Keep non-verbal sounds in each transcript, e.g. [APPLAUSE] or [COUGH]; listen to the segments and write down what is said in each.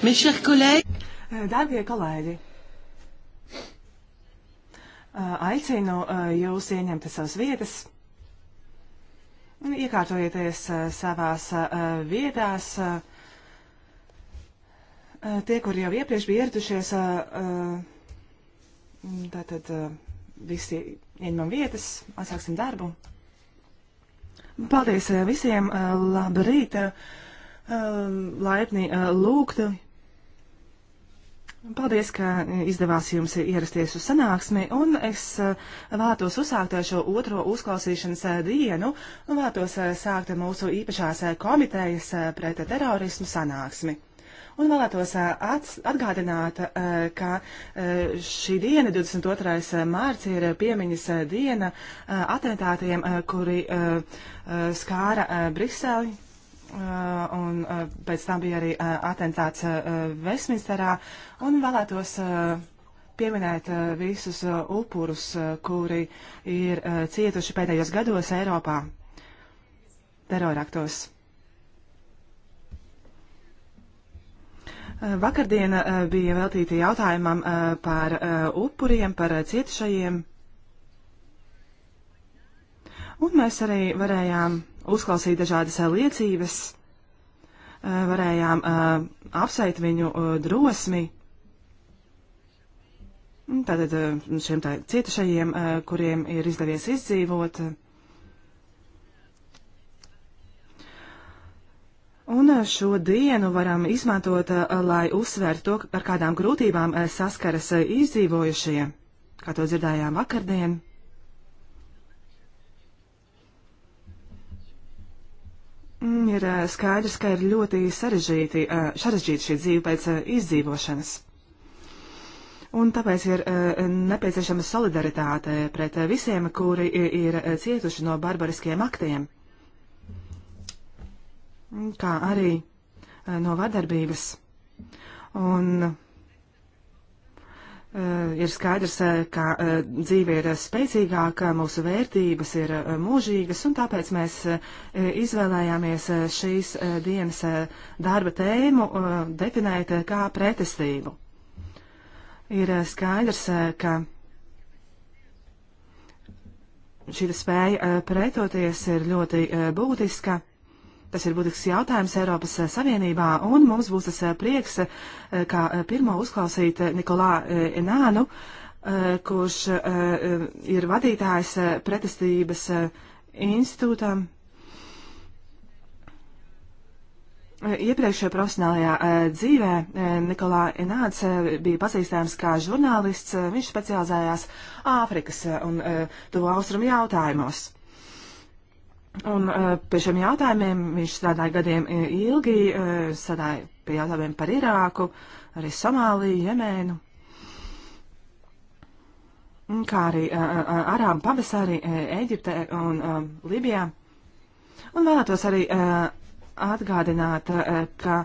Eh, darbie kolēģi, eh, aicinu eh, jūs ieņemt savas vietas, iekārtojieties savās vietās. Tie, kur jau iepriekš bija ieradušies, tātad visi ieņemam vietas, atsāksim darbu. Paldies visiem, labrīt, laipni lūgtu Paldies, ka izdevās jums ierasties uz sanāksmi, un es eh, vēlētos uzsākt šo otro uzklausīšanas eh, dienu, un vēlētos eh, sākt mūsu īpašās komitejas pret terorismu sanāksmi. Un vēlētos atgādināt, ka šī diena, 22. mārts, ir piemiņas diena atentātiem, kuri skāra Briseli Uh, un uh, pēc tam bija arī uh, atentāts Vesminsterā, un vēlētos pieminēt visus upurus, kuri ir cietuši pēdējos gados Eiropā teroraktos. Vakardiena bija veltīta jautājumam par upuriem, par cietušajiem. Un mēs arī varējām uzklausīt dažādas eh, liecības, eh, varējām eh, apsveikt viņu drosmi. Tātad šiem tā cietušajiem, kuriem ir izdevies izdzīvot. Un šo dienu varam izmantot, lai uzsvērtu to, ar kādām grūtībām saskaras izdzīvojušie, kā to dzirdējām vakardien. Mm, ir eh, skaidrs, ka ir ļoti sarežģīti, eh, sarežģīti šī dzīve pēc eh, izdzīvošanas. Un tāpēc ir nepieciešama solidaritāte pret visiem, kuri ir cietuši no barbariskiem aktiem, mm, kā arī no vardarbības. Un Eh, ir skaidrs, eh, ka eh, dzīve ir spēcīgāka, mūsu vērtības ir mūžīgas, un tāpēc mēs izvēlējāmies šīs dienas darba tēmu definēt kā pretestību. Ir skaidrs, ka šī spēja pretoties ir ļoti būtiska Tas ir būtisks jautājums Eiropas eh, Savienībā, un mums būs tas eh, prieks, eh, kā pirmo uzklausīt Nikolā Enānu, kurš ir vadītājs pretestības institūtam. Iepriekšējā profesionālajā dzīvē Nikolā Enāts bija pazīstams kā žurnālists. Viņš specializējās Āfrikas un tuvu austrumu jautājumos. Un eh, pie šiem jautājumiem viņš strādāja gadiem eh, ilgi, eh, strādāja pie jautājumiem par Irāku, arī Somāliju, Jemēnu. Kā arī Arābu pavasarī Eģiptē un Libijā. Un vēlētos arī atgādināt, ka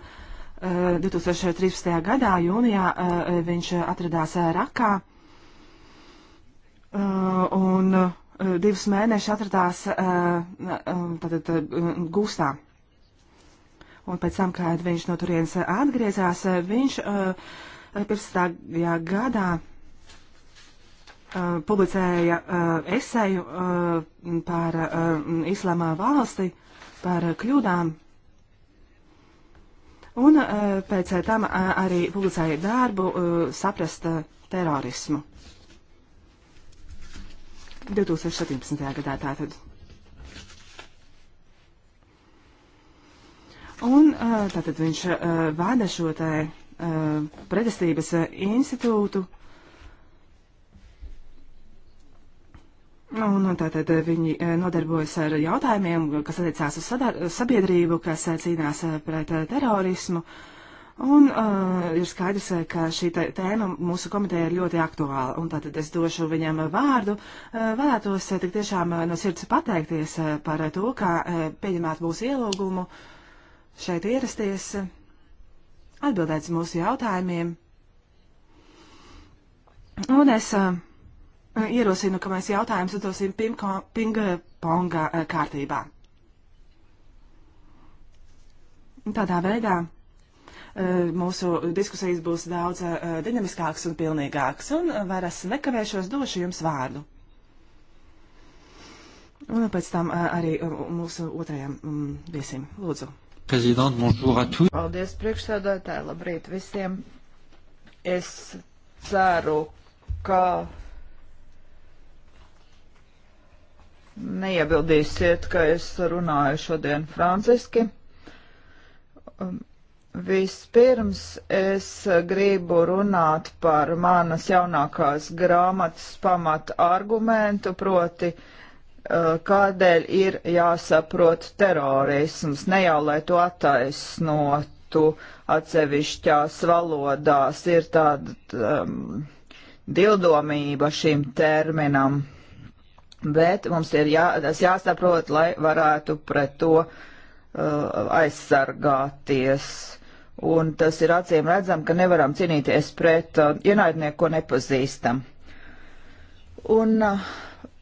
2013. gadā jūnijā viņš atradās Rakā. Un Eh, divus mēnešus atradās eh, eh, tātad, gūstā. Un pēc tam, kad viņš no turienes atgriezās, viņš pirms tā gadā publicēja esēju par islāmā valsti, par kļūdām. Un pēc tam arī publicēja darbu saprast terorismu. 2017. gadā tātad. Un uh, tātad viņš uh, vada šo tā uh, pretestības institūtu. Un tātad viņi nodarbojas ar jautājumiem, kas attiecās uz sabiedrību, kas cīnās pret terorismu. Uh, Un uh, ir skaidrs, eh, ka šī tēma mūsu komiteja ir ļoti aktuāla, un tātad es došu viņam vārdu. Uh, vēlētos uh, tik tiešām uh, no sirds pateikties uh, par uh, to, ka uh, pieņemāt mūsu ielūgumu šeit ierasties, uh, atbildēt uz mūsu jautājumiem. Un es uh, ierosinu, ka mēs jautājumus uzdosim ping-ponga uh, kārtībā. Tādā veidā Eh, mūsu diskusijas būs daudz eh, dinamiskākas un pilnīgākas, un eh, varas nekavēšos došu jums vārdu. Un pēc tam arī mūsu otrajam mm, viesim. Lūdzu. Paldies, priekšsēdētāji, labrīt visiem. Es ceru, ka neiebildīsiet, ka es runāju šodien franciski. Um, Vispirms es gribu runāt par manas jaunākās grāmatas pamata argumentu, proti, eh, kādēļ ir jāsaprot terorisms, ne jau lai to attaisnotu atsevišķās valodās, ir tāda um, ehm, dildomība šim terminam, bet mums ir jā, jāsaprot, lai varētu pret to uh, aizsargāties un tas ir acīm redzam, ka nevaram cīnīties pret uh, ienaidnieku, ko nepazīstam. Un uh,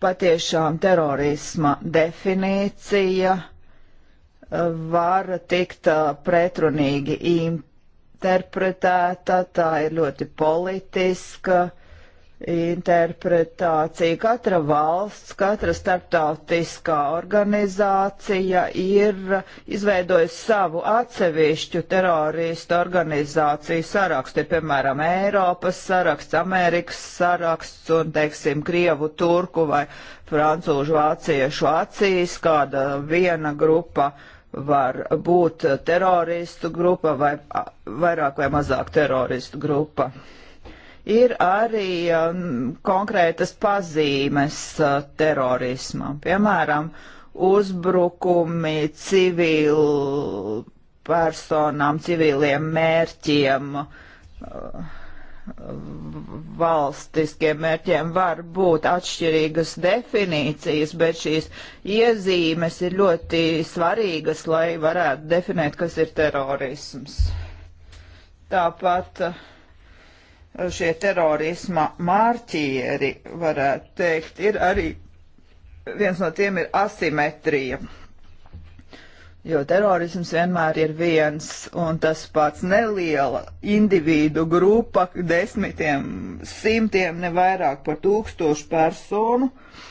patiešām terorisma definīcija uh, var tikt uh, pretrunīgi interpretēta, tā ir ļoti politiska interpretācija. Katra valsts, katra starptautiskā organizācija ir izveidojusi savu atsevišķu teroristu organizāciju sarakstu, piemēram, Eiropas saraksts, Amerikas saraksts un, teiksim, Krievu, Turku vai Francūžu, Vāciešu acīs, kāda viena grupa var būt teroristu grupa vai vairāk vai mazāk teroristu grupa ir arī um, konkrētas pazīmes uh, terorismam. Piemēram, uzbrukumi civil personām, civiliem mērķiem, uh, valstiskiem mērķiem var būt atšķirīgas definīcijas, bet šīs iezīmes ir ļoti svarīgas, lai varētu definēt, kas ir terorisms. Tāpat uh, šie terorisma mārķieri, varētu teikt, ir arī viens no tiem ir asimetrija. Jo terorisms vienmēr ir viens un tas pats neliela individu grupa, desmitiem, simtiem, ne vairāk par tūkstošu personu. Uh,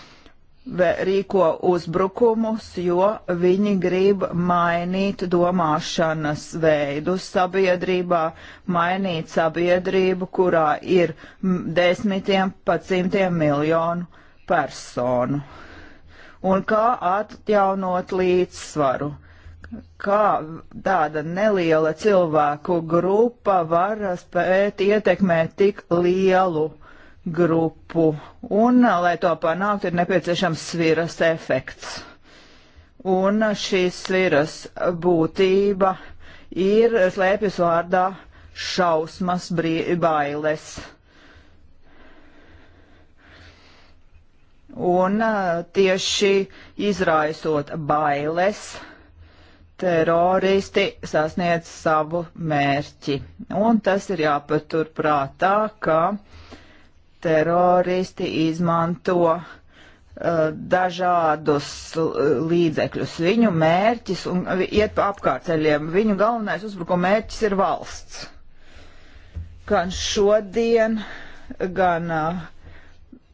rīko uzbrukumus, jo viņi grib mainīt domāšanas veidu sabiedrībā, mainīt sabiedrību, kurā ir desmitiem pat simtiem miljonu personu. Un kā atjaunot līdzsvaru? Kā tāda neliela cilvēku grupa var spēt ietekmēt tik lielu uh, grupu. Un, lai to panākt, ir nepieciešams sviras efekts. Un šīs sviras būtība ir slēpjas vārdā šausmas, bailes. Un tieši izraisot bailes, teroristi sasniedz savu mērķi. Un tas ir jāpatur prātā, ka uh, teroristi izmanto uh, dažādus līdzekļus. Viņu mērķis un iet pa apkārtceļiem. Viņu galvenais uzbrukuma mērķis ir valsts. Gan šodien, gan uh,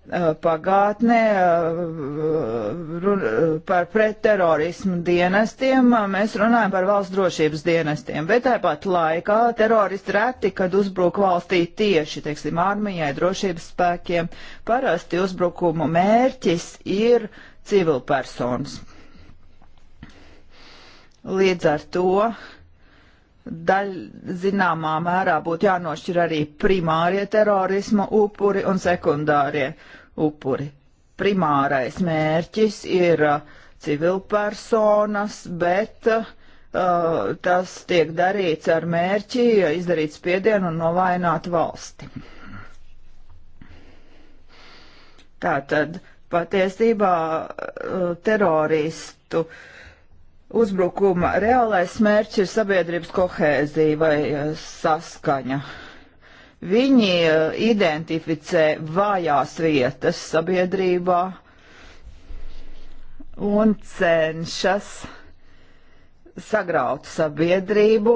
Uh, pagātnē uh, uh, par pretterorismu dienestiem, mēs runājam par valsts drošības dienestiem, bet tāpat laikā teroristi reti, kad uzbruk valstī tieši, teiksim, armijai, drošības spēkiem, parasti uzbrukumu mērķis ir civilpersonas. Līdz ar to daļ, zināmā mērā būtu jānošķir arī primārie terorisma upuri un sekundārie. Uh, upuri. Primārais mērķis ir uh, civilpersonas, bet uh, tas tiek darīts ar mērķi izdarīt spiedienu un novainot valsti. Tātad patiesībā uh, teroristu uzbrukuma reālais mērķis ir sabiedrības kohēzija vai uh, saskaņa. Uh, Viņi eh, identificē vājās vietas sabiedrībā un cenšas sagraut sabiedrību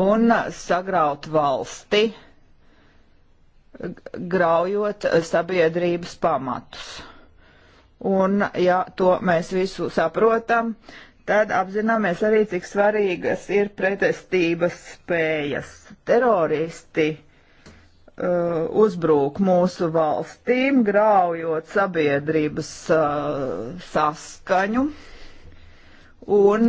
un sagraut valsti, graujot sabiedrības pamatus. Un, ja to mēs visu saprotam, tad apzināmies arī, cik svarīgas ir pretestības spējas teroristi uh, uzbrūk mūsu valstīm, graujot sabiedrības uh, saskaņu. Un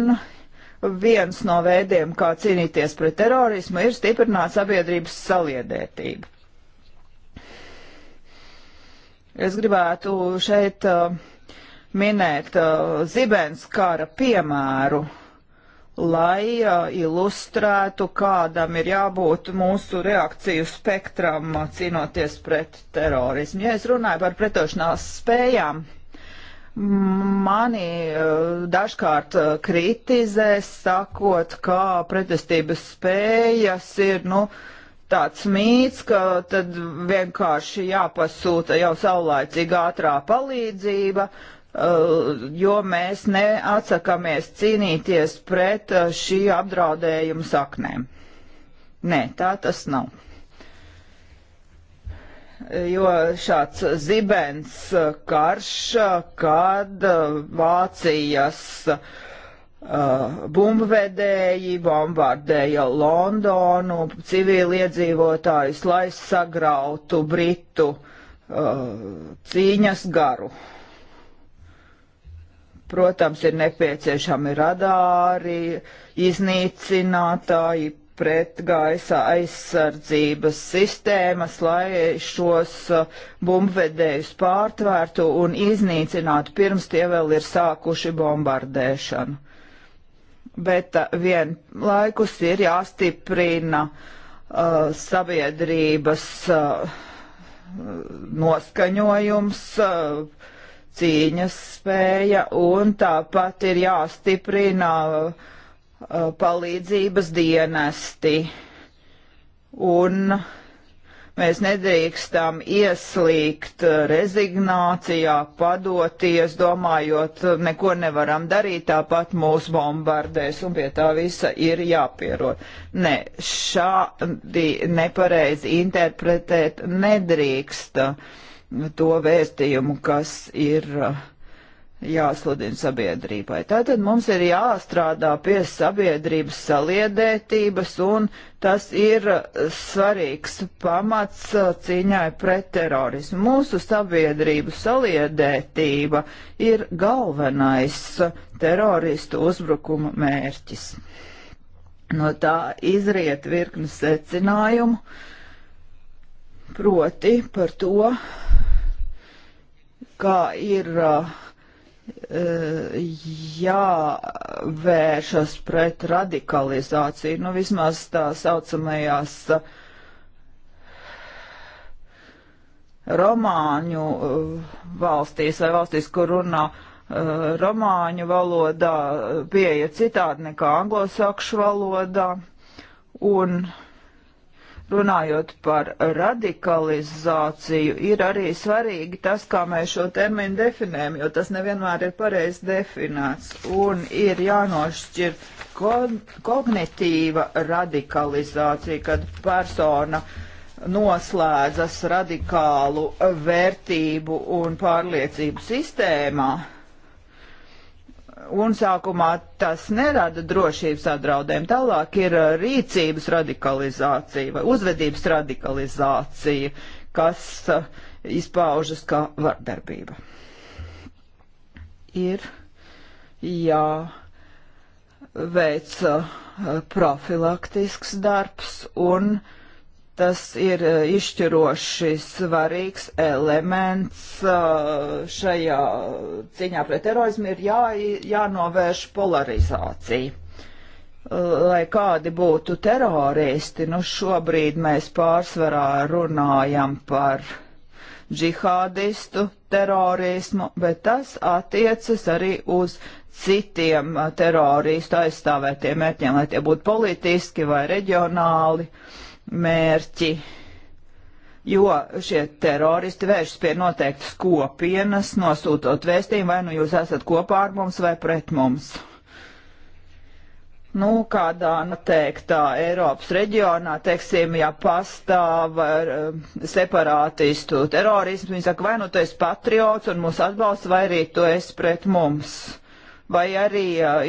viens no veidiem, kā cīnīties pret terorismu, ir stiprināt sabiedrības saliedētību. Es gribētu šeit uh, minēt uh, Zibenskara piemēru. Uh, lai uh, ilustrētu, kādam ir jābūt mūsu reakciju spektram cīnoties pret terorismu. Ja es runāju par pretošanās spējām, mani uh, dažkārt uh, kritizē, sakot, kā pretestības spējas ir, nu, tāds mīts, ka tad vienkārši jāpasūta jau saulēcīga ātrā palīdzība, Eh, jo mēs neatsakāmies cīnīties pret eh, šī apdraudējuma saknēm. Nē, tā tas nav. Eh, jo šāds zibens karš, kad Vācijas bumbvedēji bombardēja Londonu, civiliedzīvotājus, lai sagrautu Britu cīņas garu. Protams, ir nepieciešami radāri, iznīcinātāji, pret gaisa aizsardzības sistēmas, lai šos uh, bumbvedējus pārtvērtu un iznīcinātu pirms tie vēl ir sākuši bombardēšanu. Bet uh, vienlaikus ir jāstiprina uh, sabiedrības uh, noskaņojums, uh, cīņas spēja un tāpat ir jāstiprina uh, palīdzības dienesti. Un mēs nedrīkstam ieslīgt rezignācijā, padoties, domājot, neko nevaram darīt, tāpat mūs bombardēs, un pie tā visa ir jāpierod. Nē, šādi nepareizi interpretēt nedrīkst. Uh, to vēstījumu, kas ir uh, jāsludina sabiedrībai. Tātad mums ir jāstrādā pie sabiedrības saliedētības, un tas ir uh, svarīgs pamats uh, cīņai pret terorismu. Mūsu sabiedrību saliedētība ir galvenais teroristu uzbrukuma mērķis. No tā izriet virkni secinājumu proti par to, kā ir uh, jāvēršas pret radikalizāciju, nu vismaz tā saucamajās eh, romāņu eh, valstīs vai valstīs, kur runā romāņu valodā, pieeja citādi nekā anglosakšu valodā. Un uh, Runājot par radikalizāciju, ir arī svarīgi tas, kā mēs šo terminu definējam, jo tas nevienmēr ir pareizi definēts un ir jānošķir kognitīva radikalizācija, kad persona noslēdzas radikālu vērtību un pārliecību sistēmā un sākumā tas nerada drošības apdraudējumu. Tālāk ir uh, rīcības radikalizācija vai uzvedības radikalizācija, kas uh, izpaužas kā vardarbība. Ir jāveic uh, profilaktisks darbs un uh, tas ir eh, izšķiroši svarīgs elements eh, šajā cīņā pret terorismu, ir jā, jānovērš polarizācija. Eh, lai kādi būtu teroristi, nu šobrīd mēs pārsvarā runājam par džihādistu terorismu, bet tas attiecas arī uz citiem teroristu aizstāvētiem mērķiem, lai tie būtu politiski vai reģionāli. Uh, mērķi, jo šie teroristi vēršas pie noteiktas kopienas, nosūtot vēstījumu, vai nu jūs esat kopā ar mums vai pret mums. Nu, kādā noteiktā nu, Eiropas reģionā, teiksim, ja pastāv ar, eh, separātistu terorismu, viņi saka, vai nu tu esi patriots un mūs atbalsts, vai arī tu esi pret mums vai arī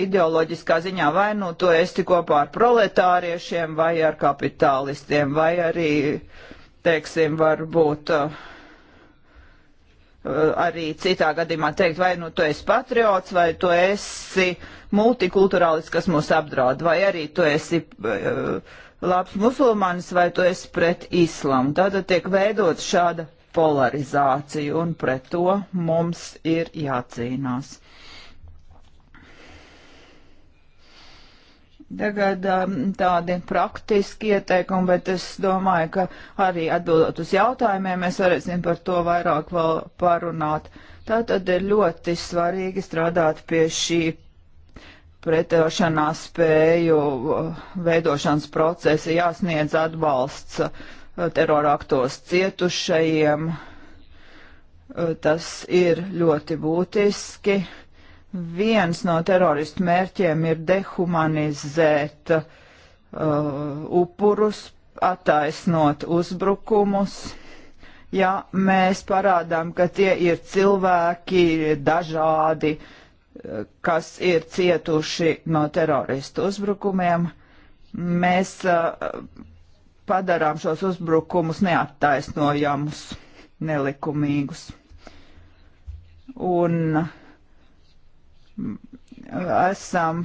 ideoloģiskā ziņā vai nu tu esi kopā ar proletāriešiem vai ar kapitālistiem, vai arī, teiksim, varbūt arī citā gadījumā teikt, vai nu tu esi patriots, vai tu esi multikulturālis, kas mūs apdraud, vai arī tu esi labs musulmanis, vai tu esi pret islamu. Tātad tiek veidot šāda polarizācija, un pret to mums ir jācīnās. Tagad um, tādi praktiski ieteikumi, bet es domāju, ka arī atbildot uz jautājumiem, mēs varēsim par to vairāk vēl parunāt. Tātad ir ļoti svarīgi strādāt pie šī pretošanās spēju uh, veidošanas procesa, jāsniedz atbalsts uh, teroraktos cietušajiem. Uh, tas ir ļoti būtiski Viens no teroristu mērķiem ir dehumanizēt uh, upurus, attaisnot uzbrukumus. Ja mēs parādām, ka tie ir cilvēki dažādi, uh, kas ir cietuši no teroristu uzbrukumiem, mēs uh, padarām šos uzbrukumus neattaisnojamus, nelikumīgus. Un uh, esam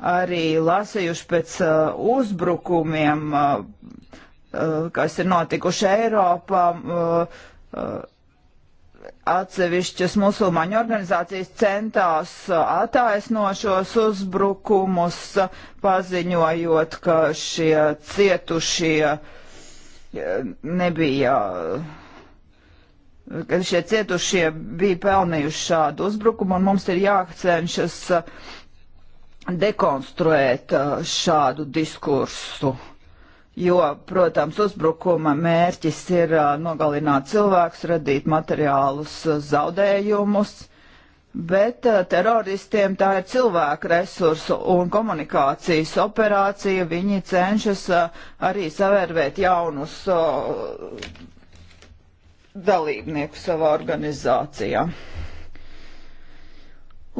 arī lasījuši pēc uh, uzbrukumiem, uh, uh, kas ir notikuši Eiropā. Uh, uh, Atsevišķas musulmaņu organizācijas centās uh, attaisnot šos uzbrukumus, uh, paziņojot, ka šie cietušie uh, nebija uh, ka šie cietušie bija pelnījuši šādu uzbrukumu, un mums ir jācenšas uh, dekonstruēt uh, šādu diskursu. Jo, protams, uzbrukuma mērķis ir uh, nogalināt cilvēkus, radīt materiālus zaudējumus, bet teroristiem tā ir cilvēka resursu un komunikācijas operācija. Viņi cenšas arī savērvēt jaunus dalībnieku savā organizācijā.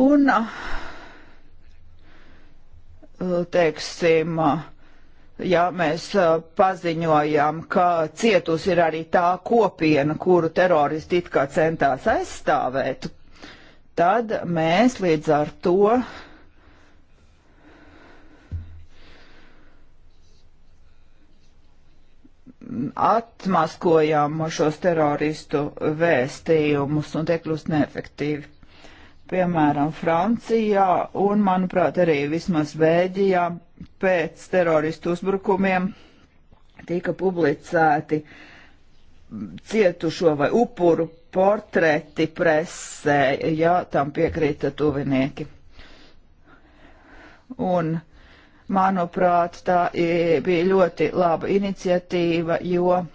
Un, uh, teiksim, uh, ja mēs uh, paziņojām, ka cietus ir arī tā kopiena, kuru teroristi it kā centās aizstāvēt, tad mēs līdz ar to uh, atmaskojām šos teroristu vēstījumus un tie kļūst neefektīvi. Piemēram, Francijā un, manuprāt, arī vismaz Vēģijā pēc teroristu uzbrukumiem tika publicēti cietušo vai upuru portreti presē, ja tam piekrīta tuvinieki. Un uh, Manuprāt, tā bija ļoti laba iniciatīva, jo uh,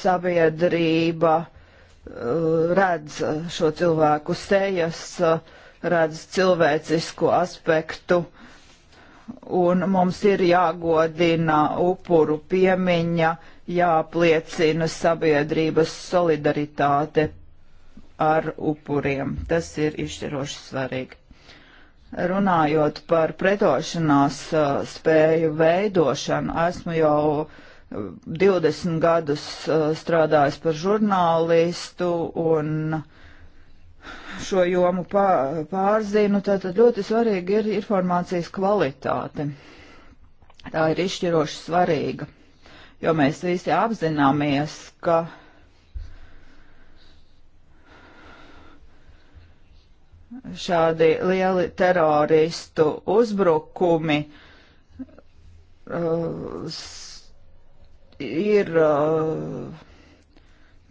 sabiedrība uh, redz uh, šo cilvēku sejas, redz cilvēcisku aspektu, un mums ir jāgodina upuru piemiņa, jāpliecina sabiedrības solidaritāte ar upuriem. Tas ir izšķiroši svarīgi runājot par pretošanās uh, spēju veidošanu, esmu jau 20 uh, gadus uh, strādājis par žurnālistu un šo jomu pārzinu, tātad ļoti svarīga ir informācijas kvalitāte. Tā ir izšķiroši svarīga, jo mēs visi apzināmies, ka šādi lieli teroristu uzbrukumi uh, ir uh,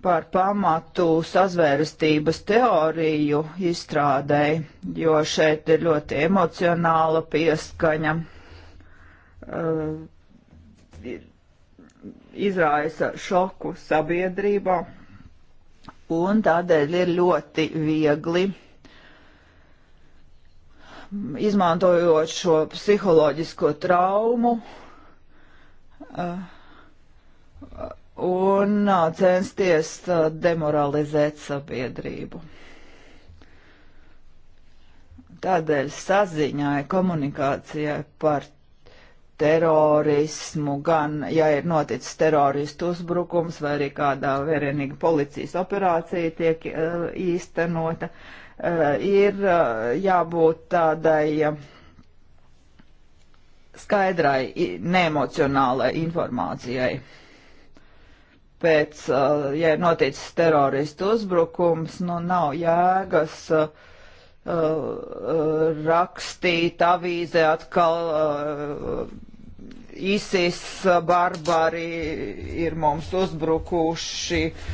par pamatu sazvērstības teoriju izstrādēji, jo šeit ir ļoti emocionāla pieskaņa. Uh, izraisa šoku sabiedrībā, un tādēļ ir ļoti viegli uh, izmantojot šo psiholoģisko traumu eh, un eh, censties eh, demoralizēt sabiedrību. Tādēļ saziņai, komunikācijai par terorismu, gan ja ir noticis teroristu uzbrukums vai arī kādā vērienīga policijas operācija tiek uh, īstenota, uh, Eh, ir eh, jābūt tādai eh, skaidrai, neemocionālai informācijai. Pēc, ja ir noticis teroristu uzbrukums, nu nav jēgas uh, rakstīt avīzē atkal uh, ISIS barbari ir mums uzbrukuši. Uh,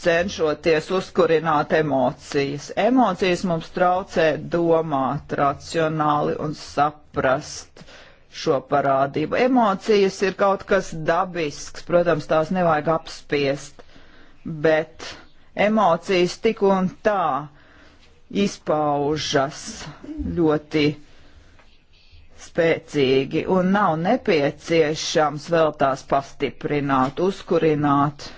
cenšoties uzkurināt emocijas. Emocijas mums traucē domāt racionāli un saprast šo parādību. Emocijas ir kaut kas dabisks, protams, tās nevajag apspiest, bet emocijas tik un tā izpaužas ļoti spēcīgi un nav nepieciešams vēl tās pastiprināt, uzkurināt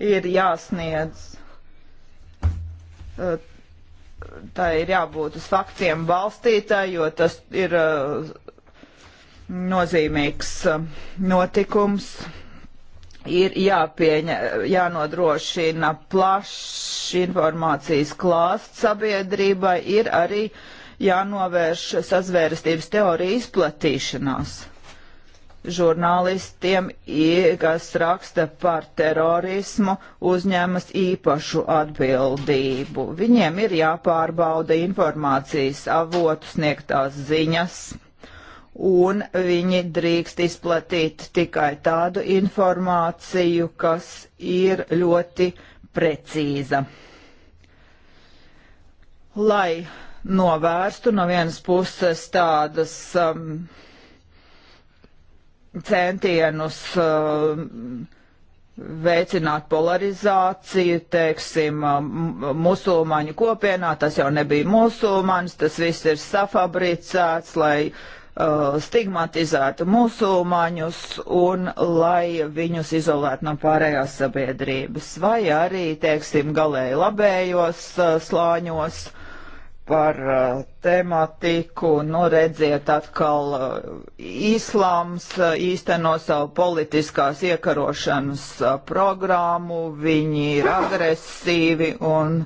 ir jāsniedz. Eh, tā ir jābūt uz faktiem balstītā, jo tas ir eh, nozīmīgs eh, notikums. Ir jāpieņa, jānodrošina plašs informācijas klāsts sabiedrībai, ir arī jānovērš sazvērestības teorija izplatīšanās žurnālistiem, kas raksta par terorismu, uzņemas īpašu atbildību. Viņiem ir jāpārbauda informācijas avotu sniegtās ziņas, un viņi drīkst izplatīt tikai tādu informāciju, kas ir ļoti precīza. Lai novērstu no vienas puses tādas um, centienus uh, veicināt polarizāciju, teiksim, um, musulmaņu kopienā, tas jau nebija musulmanis, tas viss ir safabricēts, lai uh, stigmatizētu musulmaņus un lai viņus izolētu no pārējās sabiedrības. Vai arī, teiksim, galēji labējos uh, slāņos par uh, tematiku, nu redziet atkal uh, islāms uh, īsteno savu politiskās iekarošanas uh, programmu, viņi ir agresīvi un,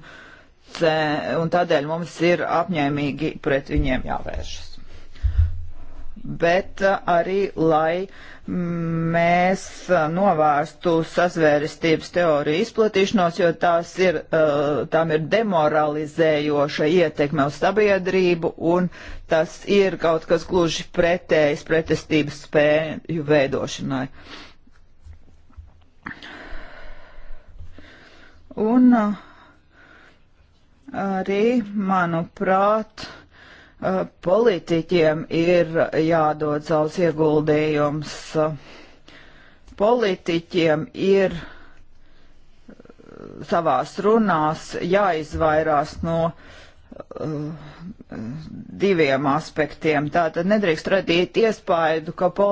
ce, un tādēļ mums ir apņēmīgi pret viņiem jāvēršas bet uh, arī, lai mm, mēs uh, novērstu sazvērestības teoriju izplatīšanos, jo tās ir, uh, tām ir demoralizējoša ietekme uz sabiedrību un tas ir kaut kas gluži pretējs pretestības spēju veidošanai. Un arī, manuprāt, uh, politiķiem ir jādod savus ieguldījums. Politiķiem ir savās runās jāizvairās no uh, diviem aspektiem. Tātad nedrīkst radīt iespaidu, ka po,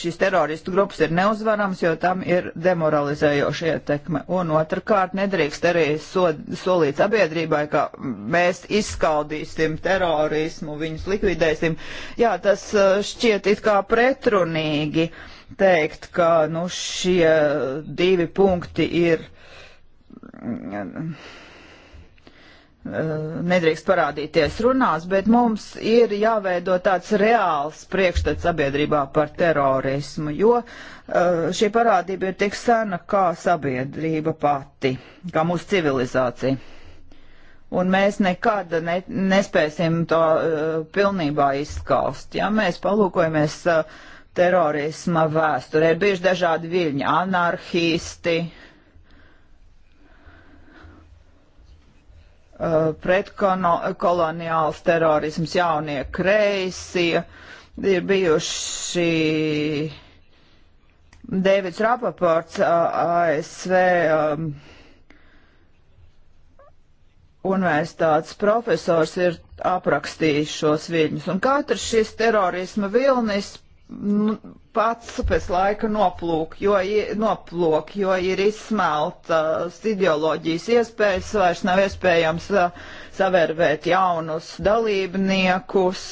šīs teroristu grupas ir neuzvarams, jo tam ir demoralizējoša ietekme. Un otrkārt, nedrīkst arī so, solīt sabiedrībai, ka mēs izskaldīsim terorismu, viņus likvidēsim. Jā, tas e, šķiet it kā pretrunīgi teikt, ka nu, šie divi punkti ir Eh, nedrīkst parādīties runās, bet mums ir jāveido tāds reāls priekšstats sabiedrībā par terorismu, jo eh, šī parādība ir tik sena kā sabiedrība pati, kā mūsu civilizācija. Un mēs nekad ne, nespēsim to uh, pilnībā izskaust. Ja mēs palūkojamies uh, terorisma vēsturē, ir bijuši dažādi viļņi, anarchisti, uh, pretkoloniāls terorisms, jaunie kreisie, ir bijuši Dēvids Rapaports, ASV um, universitātes profesors, ir aprakstījis šos viļņus. Un katrs šis terorisma vilnis Nu, pats pēc laika noplūk, jo, noplūk, jo ir izsmeltas ideoloģijas iespējas, vairs nav iespējams uh, savērvēt jaunus dalībniekus,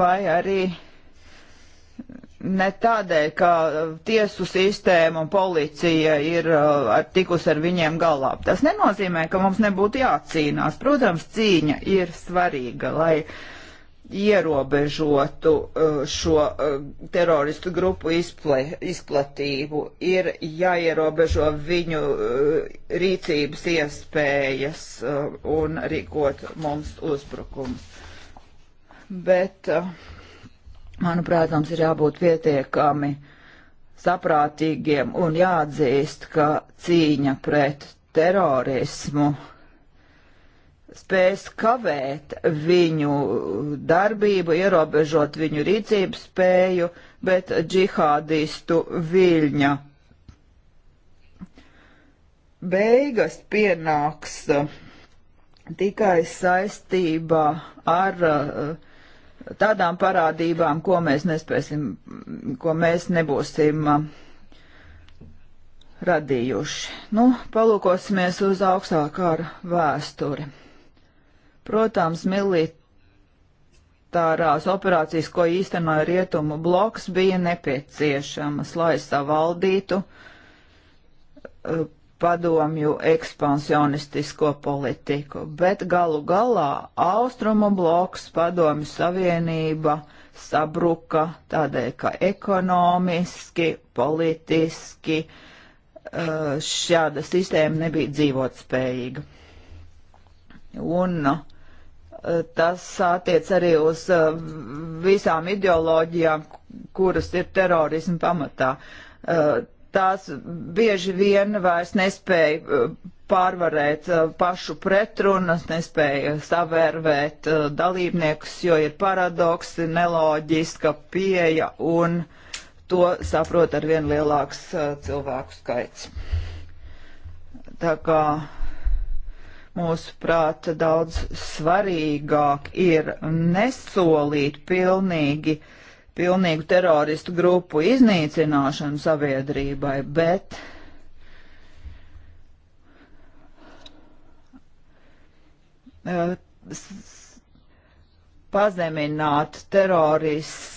vai arī ne tādēļ, ka tiesu sistēma un policija ir uh, ar, tikus ar viņiem galā. Tas nenozīmē, ka mums nebūtu jācīnās. Protams, cīņa ir svarīga, lai ierobežotu uh, šo uh, teroristu grupu izple, izplatību, ir jāierobežo viņu uh, rīcības iespējas un rīkot mums uzbrukumus. Bet, manuprāt, mums ir jābūt pietiekami saprātīgiem un jāatzīst, ka cīņa pret terorismu uh, spēs kavēt viņu darbību, ierobežot viņu rīcības spēju, bet džihādistu viļņa beigas pienāks uh, tikai saistībā ar uh, tādām parādībām, ko mēs nespēsim, ko mēs nebūsim uh, radījuši. Nu, palūkosimies uz augstākā vēsturi. Protams, militārās operācijas, ko īstenoja rietumu bloks, bija nepieciešamas, lai savaldītu uh, padomju ekspansionistisko politiku, bet galu galā austrumu bloks padomju savienība sabruka tādēļ, ka ekonomiski, politiski eh, šāda sistēma nebija dzīvotspējīga. Un uh, tas attiec arī uz uh, visām ideoloģijām, kuras ir terorismu pamatā. Uh, tās bieži vien vairs nespēja uh, pārvarēt pašu pretrunas, nespēja savērvēt dalībniekus, jo ir paradoksi, neloģiska pieeja un to saprot ar vien lielāks cilvēku skaits. Tā kā uh, Mūsuprāt, daudz svarīgāk ir nesolīt pilnīgi, pilnīgu teroristu grupu iznīcināšanu sabiedrībai, bet eh, pazemināt teroristu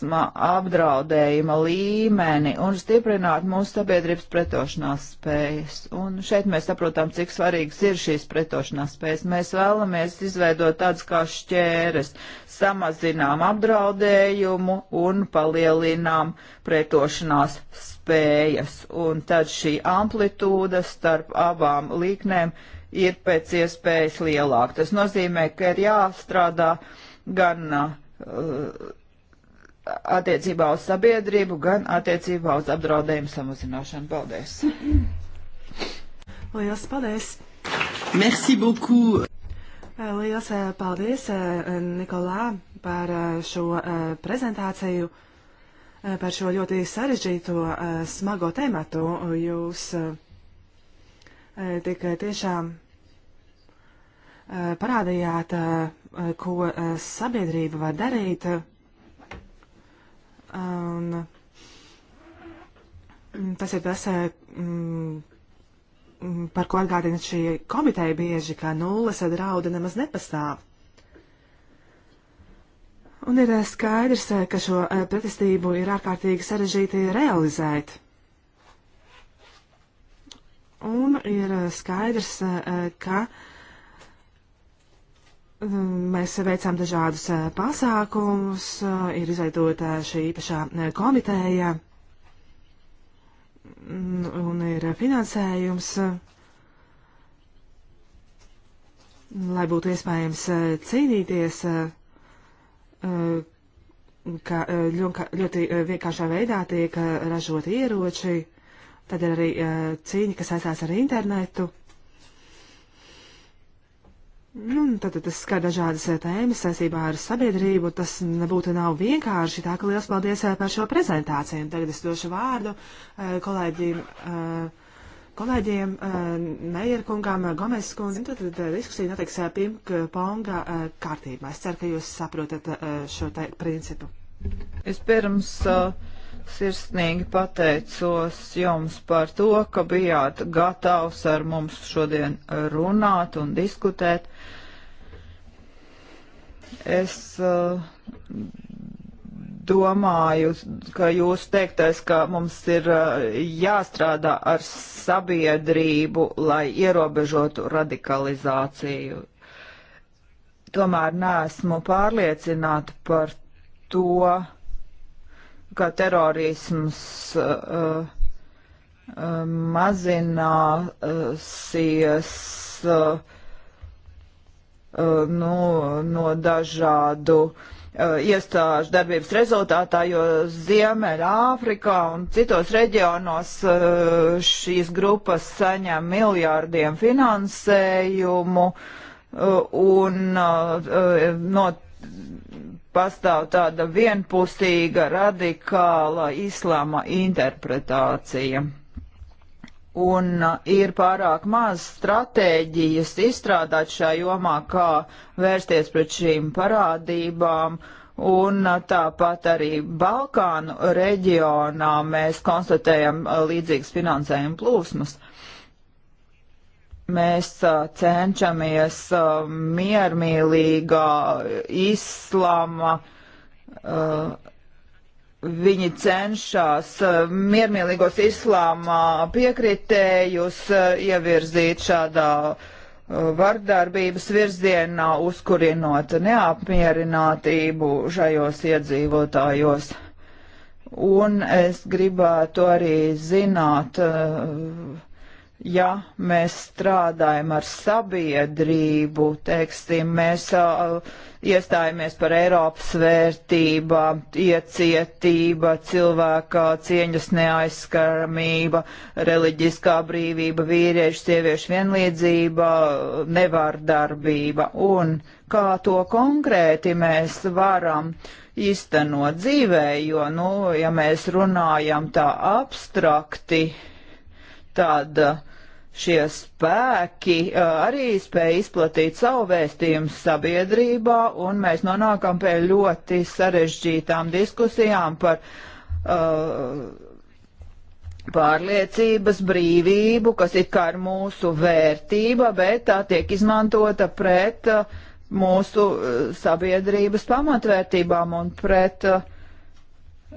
terorisma apdraudējuma līmeni un stiprināt mūsu sabiedrības pretošanās spējas. Un šeit mēs saprotam, cik svarīgas ir šīs pretošanās spējas. Mēs vēlamies izveidot tādas kā šķēres, samazinām apdraudējumu un palielinām pretošanās spējas. Un tad šī amplitūda starp abām līknēm ir pēc iespējas lielāka. Tas nozīmē, ka ir jāstrādā gan uh, attiecībā uz sabiedrību, gan attiecībā uz apdraudējumu samazināšanu. Paldies! Lielas paldies! Merci beaucoup! Eh, Lielas eh, paldies, eh, Nikolā, par šo prezentāciju, par šo ļoti sarežģīto, smago tēmatu. Jūs tik tiešām parādījāt, ko sabiedrība var darīt Un, mm, tas ir tas, eh, mm, par ko atgādina šī komiteja bieži, ka nulles drauda nemaz nepastāv. Un ir eh, skaidrs, eh, ka šo pretestību ir ārkārtīgi sarežģīti realizēt. Un ir skaidrs, ka uh, Mēs veicām dažādus eh, pasākumus, eh, ir izveidota šī īpašā eh, komiteja mm, un ir finansējums, lai būtu iespējams cīnīties ka ļoti vienkāršā veidā tiek ražoti ieroči, tad ir arī cīņa, kas saistās ar internetu Nu, tad tas skar dažādas eh, tēmas saistībā ar sabiedrību. Tas nebūtu nav vienkārši. Tā kā liels paldies eh, par šo prezentāciju. Tagad es došu vārdu eh, kolēģiem, kolēģiem Meierkungām, Gomes kundzim. Tad, tad diskusija notiks pingponga kārtībā. Es ceru, ka jūs saprotat šo te principu. Es pirms. Uh Sirsnīgi pateicos jums par to, ka bijāt gatavs ar mums šodien runāt un diskutēt. Es uh, domāju, ka jūs teiktais, ka mums ir eh, jāstrādā ar sabiedrību, lai ierobežotu radikalizāciju. Tomēr neesmu pārliecināta par to, ka terorisms uh, uh, mazināsies uh, nu, no dažādu uh, iestāžu darbības rezultātā, jo Ziemeļa Āfrikā un citos reģionos uh, šīs grupas saņem miljārdiem finansējumu uh, un no pastāv tāda vienpusīga, radikāla islāma interpretācija. Un ir pārāk maz stratēģijas izstrādāt šā jomā, kā vērsties pret šīm parādībām. Un tāpat arī Balkānu reģionā mēs konstatējam līdzīgas finansējuma plūsmas. Uh, mēs cenšamies miermīlīgā islama, viņi cenšas miermīlīgos islāma piekritējus ievirzīt šādā vardarbības virzienā, uzkurinot neapmierinātību šajos iedzīvotājos. Un es gribētu arī zināt, uh, ja mēs strādājam ar sabiedrību, teiksim, mēs uh, iestājamies par Eiropas vērtībām, iecietība, cilvēka cieņas neaizskaramība, reliģiskā brīvība, vīriešu, sieviešu vienlīdzība, nevārdarbība. Un kā to konkrēti mēs varam īstenot dzīvē, jo, nu, ja mēs runājam tā abstrakti, tad uh, šie spēki uh, arī spēja izplatīt savu vēstījumu sabiedrībā, un mēs nonākam pie ļoti sarežģītām diskusijām par uh, pārliecības brīvību, kas it kā ir mūsu vērtība, bet tā tiek izmantota pret uh, mūsu uh, sabiedrības pamatvērtībām un pret uh,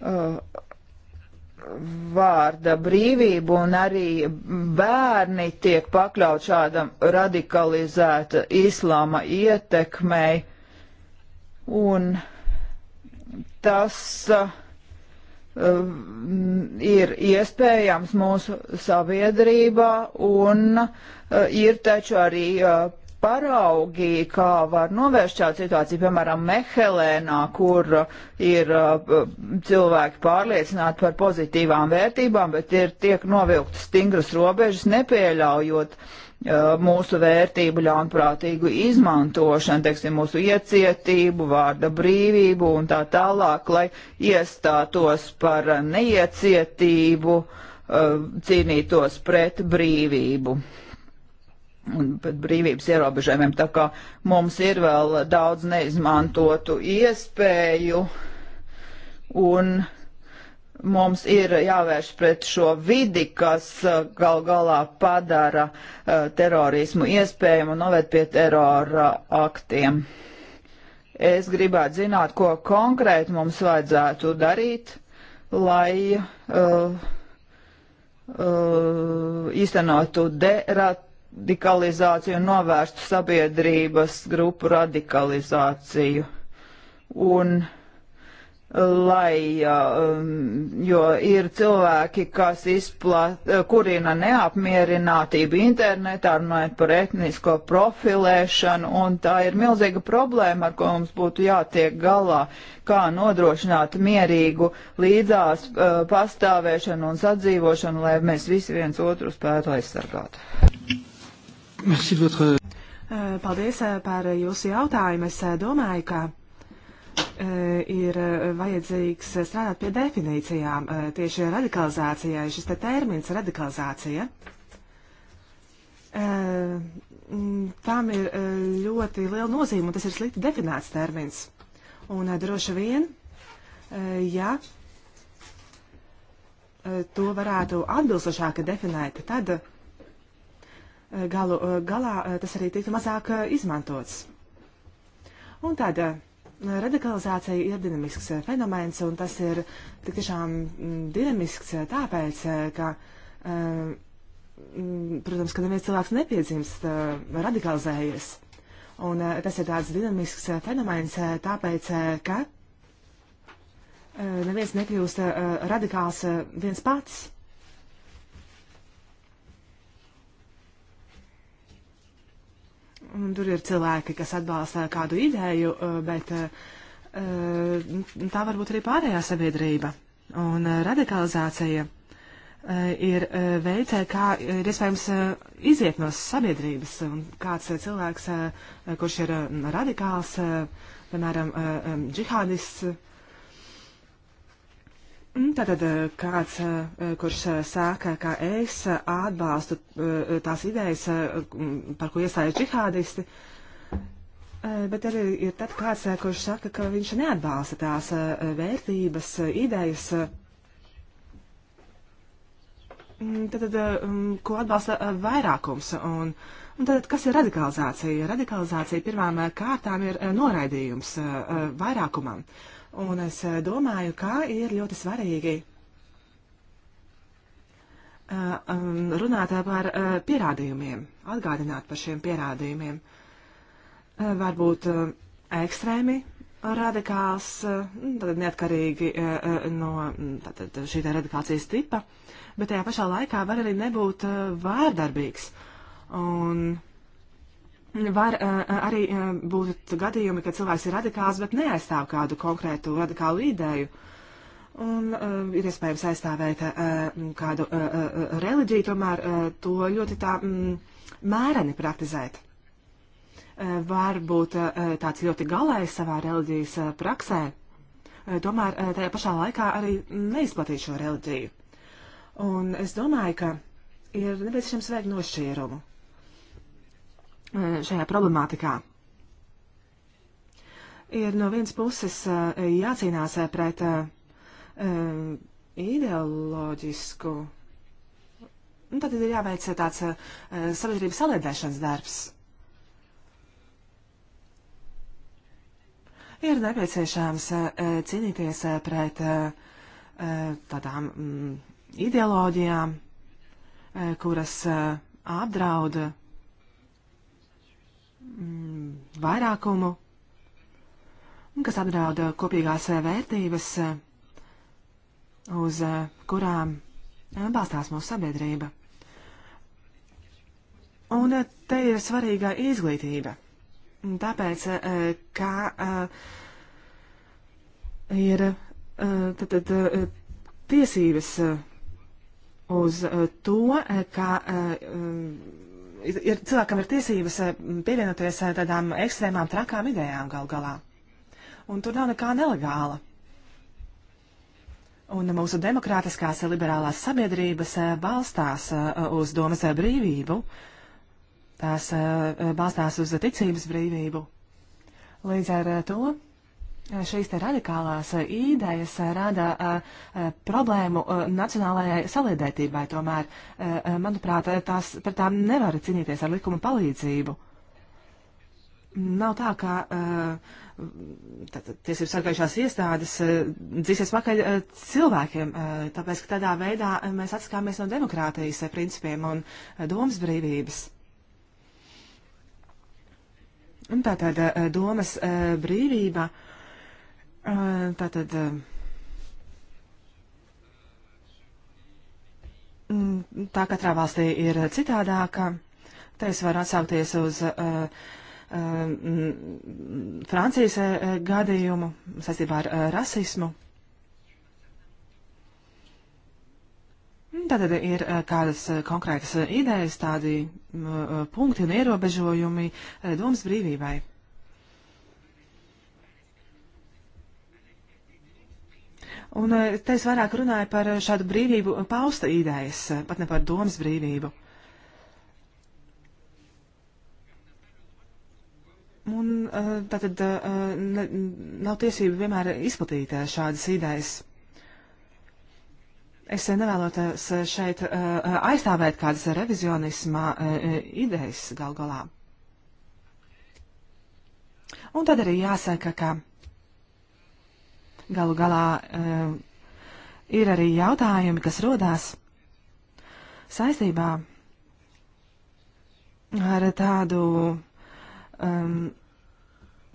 uh vārda brīvību un arī bērni tiek pakļaut šādam radikalizēta islāma ietekmei. Un tas uh, mm, ir iespējams mūsu sabiedrībā un uh, ir taču arī uh, paraugi, kā var novērst šādu situāciju, piemēram, Mehelēnā, kur uh, ir uh, cilvēki pārliecināti par pozitīvām vērtībām, bet ir tiek novilktas stingras robežas, nepieļaujot uh, mūsu vērtību ļaunprātīgu izmantošanu, teiksim, mūsu iecietību, vārda brīvību un tā tālāk, lai iestātos par neiecietību, uh, cīnītos pret brīvību un pat brīvības ierobežojumiem. Tā kā mums ir vēl daudz neizmantotu iespēju un mums ir jāvērš pret šo vidi, kas uh, gal galā padara uh, terorismu iespējumu un noved pie terora aktiem. Es gribētu zināt, ko konkrēti mums vajadzētu darīt, lai uh, uh, īstenotu derat radikalizāciju un novērstu sabiedrības grupu radikalizāciju. Un, lai, um, jo ir cilvēki, kas izplat, kurina neapmierinātību internetā, runājot par etnisko profilēšanu, un tā ir milzīga problēma, ar ko mums būtu jātiek galā, kā nodrošināt mierīgu līdzās uh, pastāvēšanu un sadzīvošanu, lai mēs visi viens otru spētu aizsargāt. Merci de votre... Eh, paldies eh, par jūsu jautājumu. Es eh, domāju, ka ir vajadzīgs strādāt pie definīcijām tieši radikalizācijai. Šis te termins radikalizācija. Tam ir ļoti liela nozīme, un tas ir slikti definēts termins. Un droši vien, ja to varētu atbilstošāk definēt, tad galu eh, galā eh, tas arī tiktu mazāk eh, izmantots. Un tāda radikalizācija ir dinamisks fenomens, un tas ir tik tiešām mm, dinamisks tāpēc, ka, mm, protams, ka neviens cilvēks nepiedzimst radikalizējies. Un tas ir tāds dinamisks fenomens tāpēc, ka neviens nekļūst radikāls viens pats. Un tur ir cilvēki, kas atbalsta kādu ideju, eh, bet eh, eh, tā varbūt arī pārējā sabiedrība. Un radikalizācija ir veids, kā ir iespējams iziet no sabiedrības. Un kāds cilvēks, kurš ir radikāls, piemēram, džihādists, Mm, tātad eh, kāds, eh, kurš eh, saka, ka es atbalstu tās idejas, par ko iestājas džihādisti, bet arī ir tad kāds, kurš saka, ka viņš neatbalsta tās vērtības, idejas, mm, tātad, ko atbalsta vairākums. Un, un tātad, kas ir radikalizācija? Radikalizācija pirmām kārtām ir noraidījums vairākumam. Un es eh, domāju, kā ir ļoti svarīgi eh, um, runāt par eh, pierādījumiem, atgādināt par šiem pierādījumiem. Varbūt ekstrēmi radikāls, nu, tad neatkarīgi no mm, tad, šī tā radikācijas tipa, bet tajā pašā laikā var arī nebūt vārdarbīgs. Un Var uh, arī uh, eh, būt gadījumi, ka cilvēks ir radikāls, bet neaizstāv kādu konkrētu radikālu ideju. Un uh, ir iespējams aizstāvēt uh, kādu uh, uh, reliģiju, tomēr uh, to ļoti tā mm, mēreni praktizēt. Uh, varbūt uh, tāds ļoti galējs savā reliģijas uh, praksē, uh, tomēr uh, tajā pašā laikā arī neizplatīt šo reliģiju. Un es domāju, ka ir nepieciešams veikt nošķīrumu šajā problemātikā. Ir no vienas puses jācīnās pret ideoloģisku. Un tad ir jāveic tāds sabiedrības saliedēšanas darbs. Ir nepieciešams cīnīties pret tādām mm, ideoloģijām, kuras apdrauda Mm, vairākumu, kas apdraud kopīgās vērtības, uz kurām balstās mūsu sabiedrība. Un te ir svarīga izglītība, tāpēc, ka eh, ir eh, tad, tad, eh, tiesības uz to, ka ir, cilvēkam ir tiesības eh, pievienoties eh, tādām ekstrēmām, trakām idejām gal galā. Un tur nav nekā nelegāla. Un mūsu demokrātiskās eh, liberālās sabiedrības balstās uz domas brīvību, tās balstās uz ticības brīvību. Līdz ar to Šīs te radikālās eh, idejas eh, rada eh, problēmu nacionālajai saliedētībai, tomēr, manuprāt, tās par tām nevar cīnīties ar likuma palīdzību. Nav tā, ka tiesību sargājušās iestādes dzīsies pakaļ cilvēkiem, tāpēc, ka tādā veidā mēs atskāmies no demokrātijas principiem un domas brīvības. Un tātad domas brīvība. Uh, Uh, tātad. Uh, mm, tā katrā valstī ir citādāka. Te es varu atsaukties uz uh, uh mm, Francijas gadījumu saistībā ar rasismu. Tātad ir kādas konkrētas idejas, tādi punkti un ierobežojumi domas brīvībai. Un eh, te es vairāk runāju par eh, šādu brīvību eh, pausta idejas, pat ne par domas brīvību. Un tātad ne, nav tiesība vienmēr izplatīt šādas idejas. Es nevēlotos šeit aizstāvēt kādas revizionisma idejas gal galā. Un tad arī jāsaka, ka Galu galā um, ir arī jautājumi, kas rodās saistībā ar tādu um,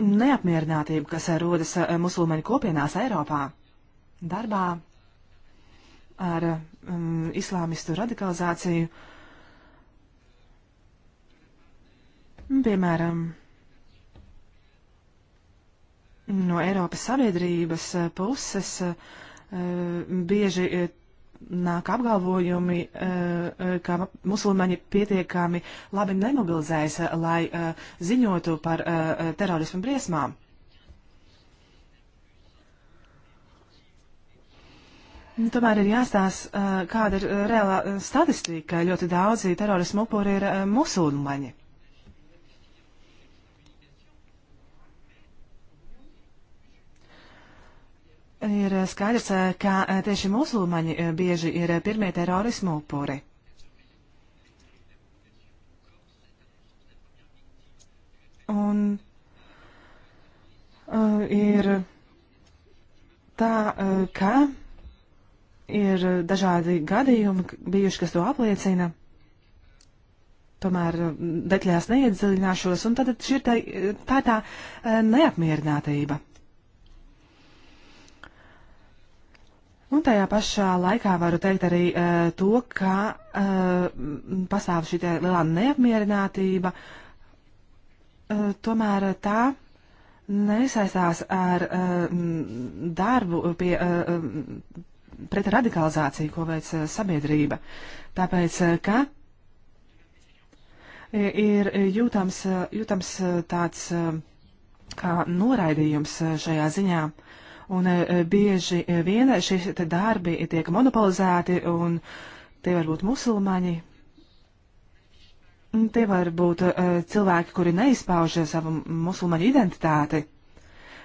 neapmierinātību, kas rodas eh, musulmaņu kopienās Eiropā, darbā ar um, islāmistu radikalizāciju. Piemēram, no Eiropas sabiedrības eh, puses eh, bieži eh, nāk apgalvojumi, ka musulmaņi pietiekami labi nemobilizējas, lai ziņotu par terorismu briesmām. Tomēr ir jāstāsta, kāda ir reālā statistika. Ļoti daudzi terorismu upuri ir musulmaņi. Ir skaidrs, ka tieši musulmaņi eh, bieži ir eh, pirmie terorismu upuri. Un uh, ir tā, uh, ka ir dažādi gadījumi bijuši, kas to apliecina. Tomēr detaļās neiedziļināšos, un tad šī ir tā, tā, tā neapmierinātība. Un tajā pašā laikā varu teikt arī uh, to, ka uh, pastāv šī lielā neapmierinātība, uh, tomēr tā nesaistās ar uh, darbu pie, uh, pret radikalizāciju, ko veic uh, sabiedrība. Tāpēc, uh, ka ir jūtams, uh, jūtams tāds uh, kā noraidījums šajā ziņā. Uh, Un e, e, bieži e, vien šie darbi tiek monopolizēti, un tie var būt musulmaņi, tie var būt cilvēki, kuri neizpauž savu musulmaņu identitāti,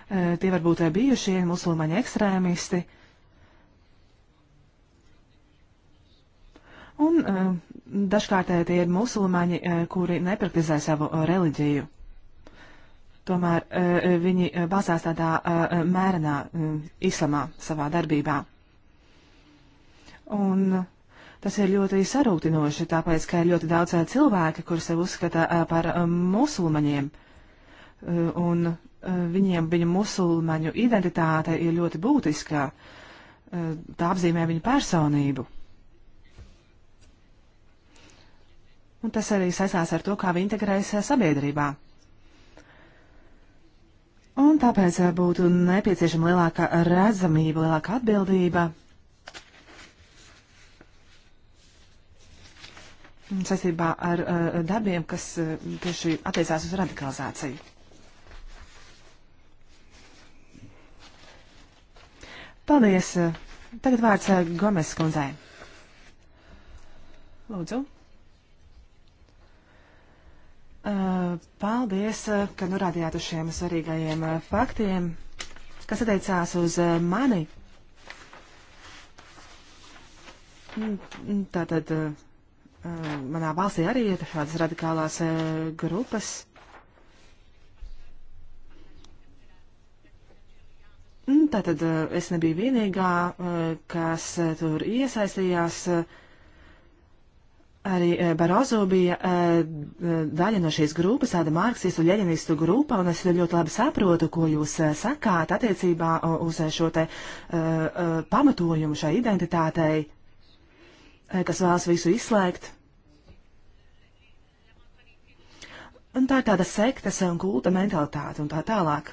tie var būt bijušie musulmaņu ekstrēmisti. Un dažkārt tie ir musulmaņi, kuri nepraktizē savu reliģiju. Tomēr eh, viņi eh, balstās tādā eh, mērenā islamā savā darbībā. Un tas ir ļoti sarūktinoši, tāpēc, ka ir ļoti daudz cilvēki, kur sev uzskata par musulmaņiem. Un viņiem viņa musulmaņu identitāte ir ļoti būtiska. Tā apzīmē viņu personību. Un tas arī saistās ar to, kā viņi integrējas sabiedrībā. Un tāpēc eh, būtu nepieciešama lielāka redzamība, lielāka atbildība. Sasībā ar uh, darbiem, kas uh, tieši attiecās uz radikalizāciju. Paldies! Tagad vārds Gomes kundzei. Lūdzu. Eh, paldies, eh, ka norādījāt uz šiem svarīgajiem eh, faktiem, kas attiecās uz mani. Mm, mm, tātad manā valstī arī ir šādas radikālās grupas. Mm, tātad es nebiju vienīgā, kas tur iesaistījās. Arī eh, Barozo bija eh, eh, daļa no šīs grupas, tāda marksistu ļeņinistu grupa, un es ļoti labi saprotu, ko jūs sakāt attiecībā uz šo te pamatojumu šai identitātei, kas vēlas visu izslēgt. Un tā ir tāda sektas un kulta mentalitāte un tā tālāk.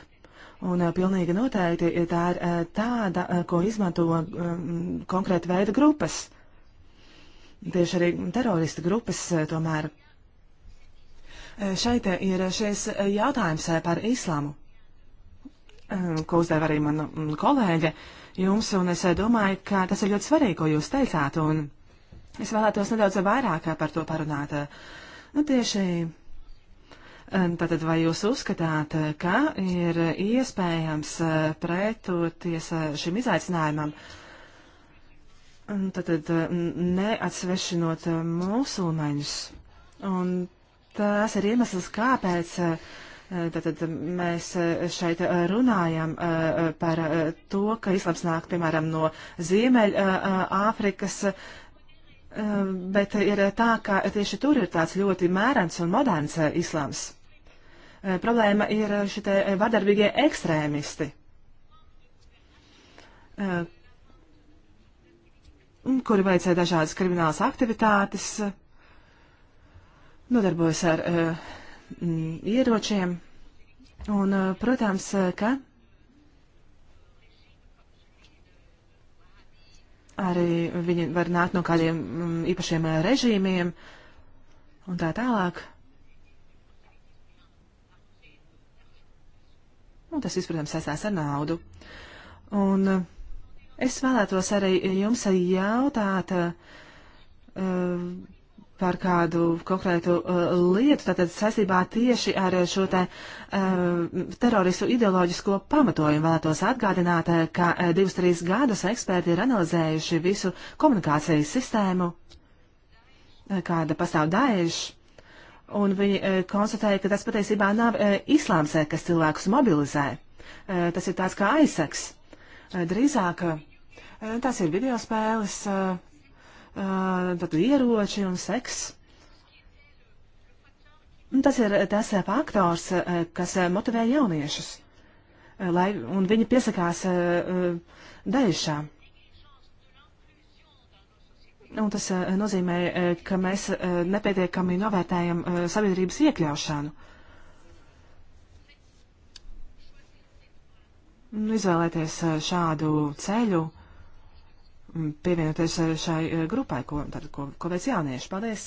Un pilnīgi noteikti tā ir tāda, ko izmanto konkrēta veida grupas. Tieši arī terorista grupas eh, tomēr. Eh, šeit eh, ir šis jautājums par islāmu, ko uzdev arī mana mm, kolēģe jums, un es domāju, ka tas ir ļoti svarīgi, ko jūs teicāt, un es vēlētos nedaudz vairāk par to parunāt. Nu, tieši tātad vai jūs uzskatāt, ka ir iespējams pretoties šim izaicinājumam? Uh, tātad eh, neatsvešinot eh, musulmaņus. Un tas ir iemesls, kāpēc tātad, eh, mēs šeit runājam par to, ka islams nāk, piemēram, no Ziemeļa Āfrikas, bet ir tā, ka tieši tur ir tāds ļoti mērens un moderns islams. Problēma ir šitie vardarbīgie ekstrēmisti kuri veicē dažādas kriminālas aktivitātes, nodarbojas ar uh, ieročiem. Un, uh, protams, eh, ka arī viņi var nākt no kādiem mm, īpašiem režīmiem un tā tālāk. Un tas viss, protams, saistās ar naudu. Un, uh, Es vēlētos arī jums jautāt eh, par kādu konkrētu eh, lietu, tātad saistībā tieši ar šo te eh, teroristu ideoloģisko pamatojumu vēlētos atgādināt, ka divus, trīs gadus eksperti ir analizējuši visu komunikācijas sistēmu, kāda pastāv Daesh. Un viņi e, konstatēja, ka tas patiesībā nav e, islāms, kas cilvēkus mobilizē. E, tas ir tāds kā aizsaks. Drīzāk Eh, Tās ir video spēles, eh, eh, tad ieroči un seks. Tas ir tas faktors, kas motivē jauniešus, lai, un viņi piesakās dēļšām. Un tas nozīmē, ka mēs nepietiekami novērtējam sabiedrības iekļaušanu. Izvēlēties šādu ceļu pievienoties šai eh, grupai, ko, tad, ko, ko veic jaunieši. Paldies!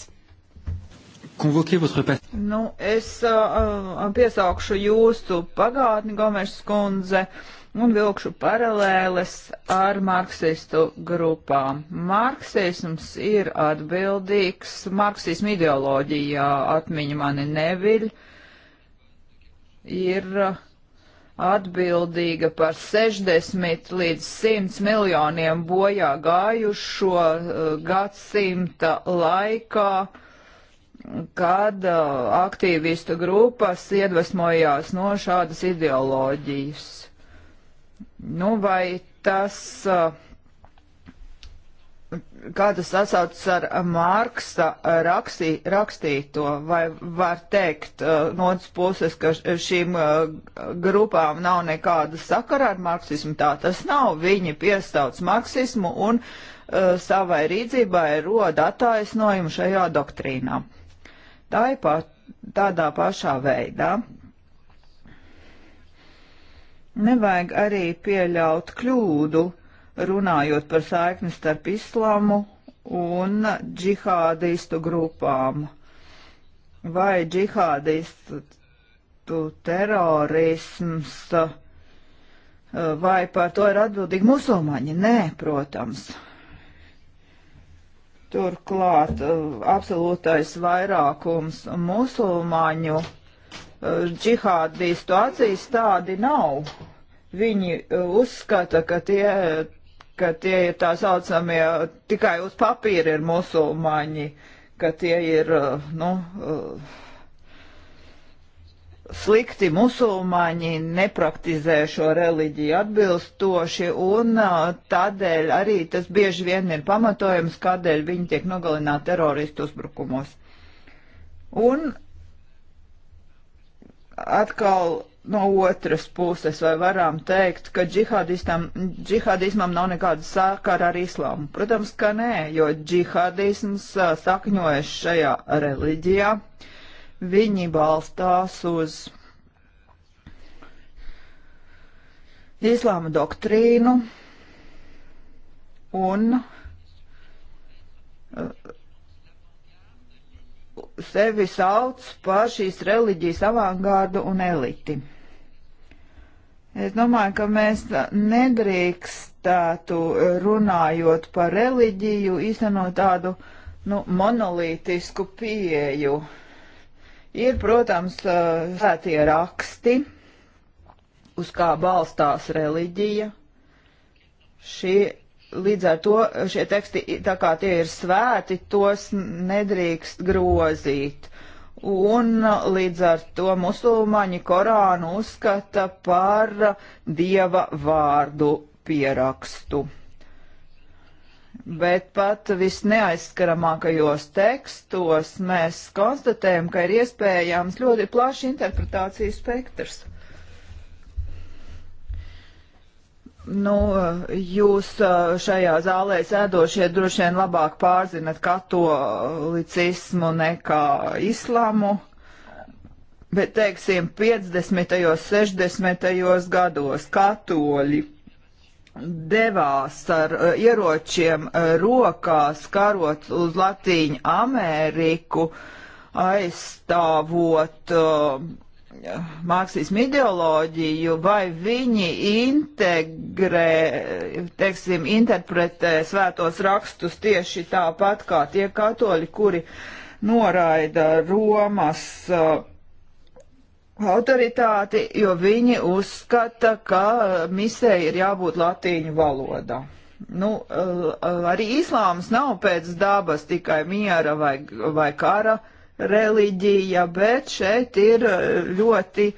Nu, es uh, piesaukšu jūsu pagātni, Gomešs kundze, un vilkšu paralēles ar marksistu grupām. Marksisms ir atbildīgs, marksismu ideoloģijā atmiņa mani neviļ, ir uh, atbildīga par 60 līdz 100 miljoniem bojā gājušo uh, gadsimta laikā, kad uh, aktīvistu grupas iedvesmojās no šādas ideoloģijas. Nu, vai tas uh, kā tas sasaucas ar Mārksa rakstī, rakstīto, vai var teikt uh, no otras puses, ka šīm uh, grupām nav nekāda sakara ar marksismu, tā tas nav, viņi piesauc marksismu un uh, savai rīdzībai roda attaisnojumu šajā doktrīnā. Tāpat tādā pašā veidā. Nevajag arī pieļaut kļūdu, uh, runājot par saikni starp islāmu un džihādistu grupām. Vai džihādistu terorisms eh, vai par to ir atbildīgi musulmaņi? Nē, protams. Turklāt eh, absolūtais vairākums musulmaņu eh, džihādistu acīs tādi nav. Viņi uzskata, ka tie ka tie ir tā saucamie, tikai uz papīra ir musulmaņi, ka tie ir, uh, nu, uh, slikti musulmaņi, nepraktizē šo reliģiju atbilstoši, un uh, tādēļ arī tas bieži vien ir pamatojums, kādēļ viņi tiek nogalināti teroristu uzbrukumos. Un atkal no otras puses, vai varam teikt, ka džihādismam nav nekāda sākara ar islāmu? Protams, ka nē, jo džihādisms sakņojas šajā reliģijā. Viņi balstās uz islāma doktrīnu un sevi sauc par šīs reliģijas avangārdu un eliti. Es domāju, ka mēs nedrīkstētu runājot par reliģiju, īstenot tādu nu, monolītisku pieeju. Ir, protams, svētie raksti, uz kā balstās reliģija. Šie, līdz ar to šie teksti, tā kā tie ir svēti, tos nedrīkst grozīt un līdz ar to musulmaņi Korānu uzskata par dieva vārdu pierakstu. Bet pat visneaizskaramākajos tekstos mēs konstatējam, ka ir iespējams ļoti plašs interpretācijas spektrs. Nu, jūs šajā zālē sēdošie droši vien labāk pārzinat katolicismu nekā islamu, bet, teiksim, 50. 60. gados katoļi devās ar ieročiem rokās karot uz Latīņu Ameriku, aizstāvot uh, mākslismu ideoloģiju, vai viņi integrē, teiksim, interpretē svētos rakstus tieši tāpat kā tie katoļi, kuri noraida Romas uh, autoritāti, jo viņi uzskata, ka misē ir jābūt latīņu valodā. Nu, uh, arī islāms nav pēc dabas tikai miera vai, vai kara reliģija, bet šeit ir e, ļoti e,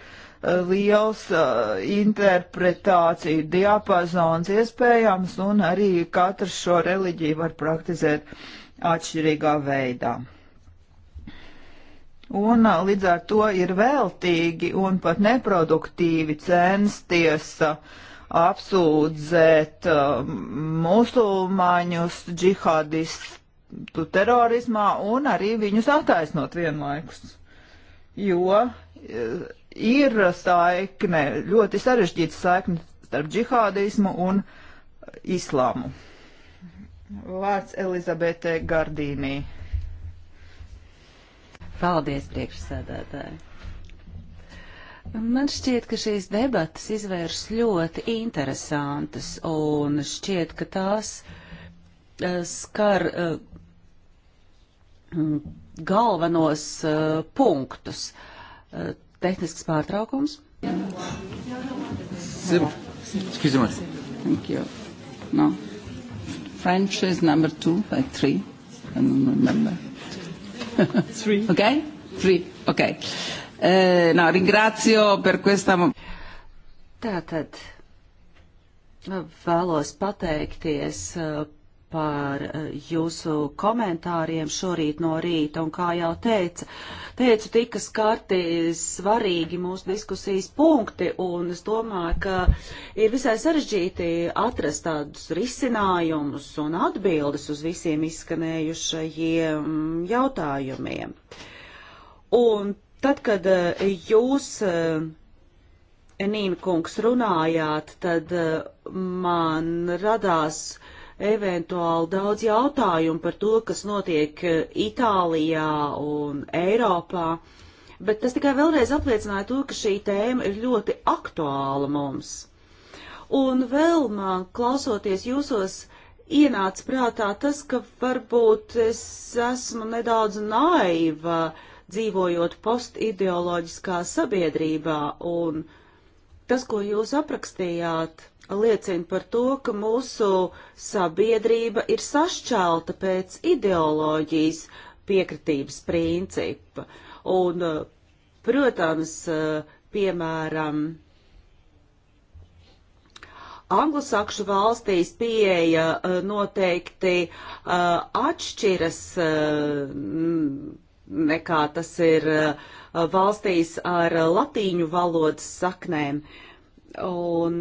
liels uh, e, interpretāciju diapazons iespējams, un arī katrs šo reliģiju var praktizēt atšķirīgā veidā. Un uh, līdz ar to ir veltīgi un pat neproduktīvi censties uh, apsūdzēt musulmaņus, džihadistus, terorismā un arī viņus attaisnot vienlaikus. Jo e, ir saikne, ļoti sarežģīta saikne starp džihādismu un islāmu. Vārds Elizabete Gardīnī. Paldies, priekšsēdētāji! Man šķiet, ka šīs debatas izvērs ļoti interesantas un šķiet, ka tās e, skar e, galvenos uh, punktus. Uh, tehnisks pārtraukums. Zero. Excuse me. Thank you. No. French is number two by three. I don't remember. [LAUGHS] three. Okay? Three. Okay. Eh, no, ringrazio per questa. Tātad eh, vēlos pateikties par eh, jūsu komentāriem šorīt no rīta, un kā jau teica, teicu, tika skarti svarīgi mūsu diskusijas punkti, un es domāju, ka ir visai sarežģīti atrast tādus risinājumus un atbildes uz visiem izskanējušajiem jautājumiem. Un tad, kad eh, jūs, eh, Nīna kungs, runājāt, tad man radās eventuāli daudz jautājumu par to, kas notiek eh, Itālijā un Eiropā, bet tas tikai vēlreiz apliecināja to, ka šī tēma ir ļoti aktuāla mums. Un vēl man klausoties jūsos ienāca prātā tas, ka varbūt es esmu nedaudz naiva dzīvojot postideoloģiskā sabiedrībā un tas, ko jūs aprakstījāt, liecina par to, ka mūsu sabiedrība ir sašķelta pēc ideoloģijas piekritības principa. Un, protams, piemēram, Anglosakšu valstīs pieeja eh, noteikti eh, atšķiras eh, nekā tas ir valstīs ar latīņu valodas saknēm. Un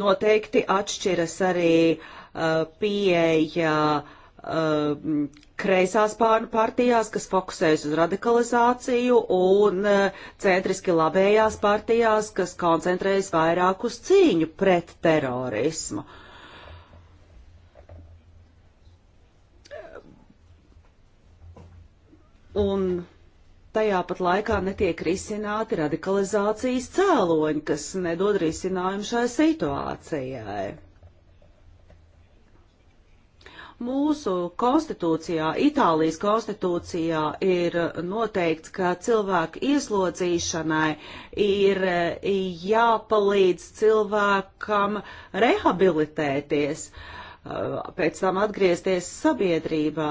noteikti atšķiras arī uh, pieeja uh, kreisās partijās, kas fokusējas uz radikalizāciju, un uh, centriski labējās partijās, kas koncentrējas vairāk uz cīņu pret terorismu. Un tajā pat laikā netiek risināti radikalizācijas cēloņi, kas nedod risinājumu šai situācijai. Mūsu konstitūcijā, Itālijas konstitūcijā ir noteikts, ka cilvēku ieslodzīšanai ir jāpalīdz cilvēkam rehabilitēties, pēc tam atgriezties sabiedrībā,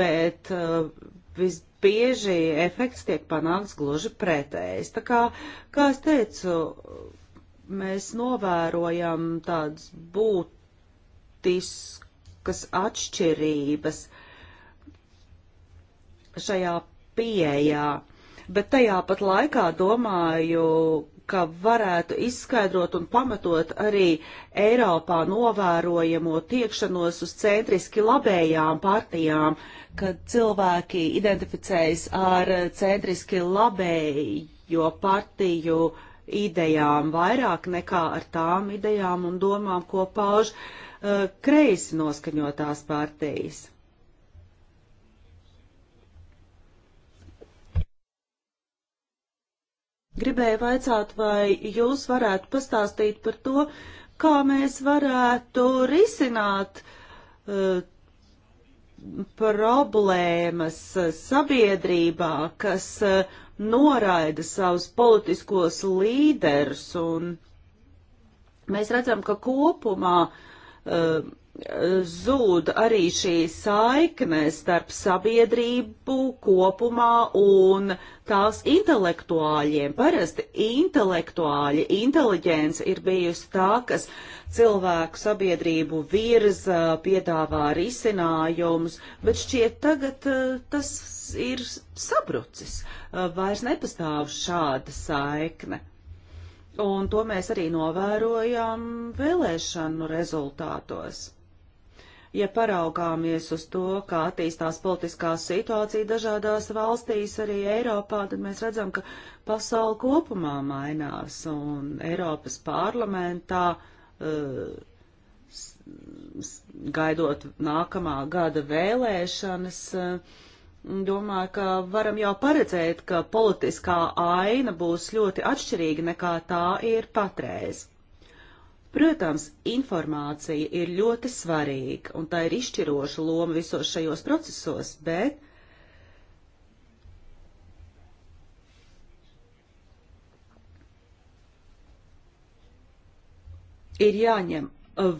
bet uh, vis, bieži efekts tiek panāks gluži pretējs. Tā kā, kā es teicu, mēs novērojam tādas būtiskas atšķirības šajā pieejā, bet tajā pat laikā domāju, ka varētu izskaidrot un pamatot arī Eiropā novērojamo tiekšanos uz centriski labējām partijām, kad cilvēki identificējas ar centriski labējo partiju idejām vairāk nekā ar tām idejām un domām, ko pauž uh, kreisi noskaņotās partijas. Gribēju vaicāt, vai jūs varētu pastāstīt par to, kā mēs varētu risināt uh, problēmas sabiedrībā, kas uh, noraida savus politiskos līderus, un mēs redzam, ka kopumā uh, zūd arī šī saikne starp sabiedrību kopumā un tās intelektuāļiem. Parasti intelektuāļi, inteliģence ir bijusi tā, kas cilvēku sabiedrību virza, piedāvā risinājumus, bet šķiet tagad eh, tas ir sabrucis. Eh, vairs nepastāv šāda saikne. Un to mēs arī novērojam vēlēšanu rezultātos ja paraugāmies uz to, kā attīstās politiskā situācija dažādās valstīs, arī Eiropā, tad mēs redzam, ka pasauli kopumā mainās un Eiropas parlamentā uh, gaidot nākamā gada vēlēšanas. Uh, Domāju, ka varam jau paredzēt, ka politiskā aina būs ļoti atšķirīga nekā tā ir patreiz. Protams, informācija ir ļoti svarīga, un tā ir izšķiroša loma visos šajos procesos, bet ir jāņem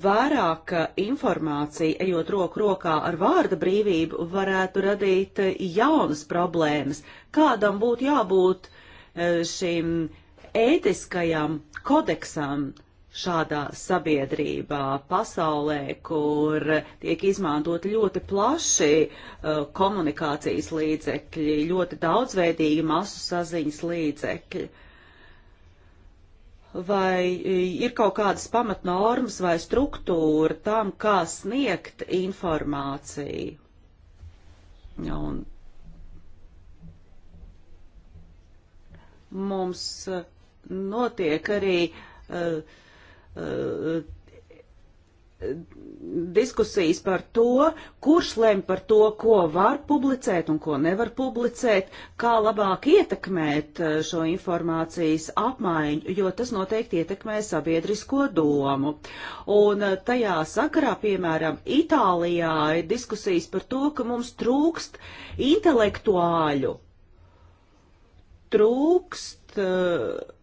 vērā, ka informācija, ejot roku rokā ar vārda brīvību, varētu radīt jaunas problēmas. Kādam būtu jābūt eh, šim ētiskajam kodeksam, šādā sabiedrībā, pasaulē, kur tiek izmantot ļoti plaši uh, komunikācijas līdzekļi, ļoti daudzveidīgi masu saziņas līdzekļi. Vai ir kaut kādas pamatnormas vai struktūra tam, kā sniegt informāciju? Un mums uh, notiek arī uh, Eh, diskusijas par to, kurš lem par to, ko var publicēt un ko nevar publicēt, kā labāk ietekmēt eh, šo informācijas apmaiņu, jo tas noteikti ietekmē sabiedrisko domu. Un eh, tajā sakarā, piemēram, Itālijā ir diskusijas par to, ka mums trūkst intelektuāļu, trūkst uh,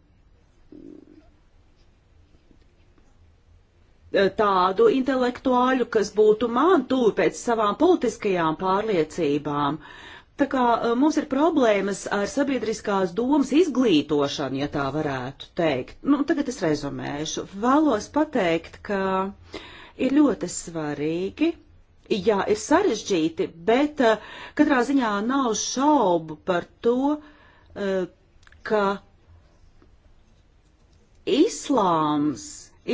Eh, tādu intelektuāļu, kas būtu man tuvu pēc savām politiskajām pārliecībām. Tā kā eh, mums ir problēmas ar sabiedriskās domas izglītošanu, ja tā varētu teikt. Nu, tagad es rezumēšu. Vēlos pateikt, ka ir ļoti svarīgi Jā, ir sarežģīti, bet uh, katrā ziņā nav šaubu par to, uh, ka islāms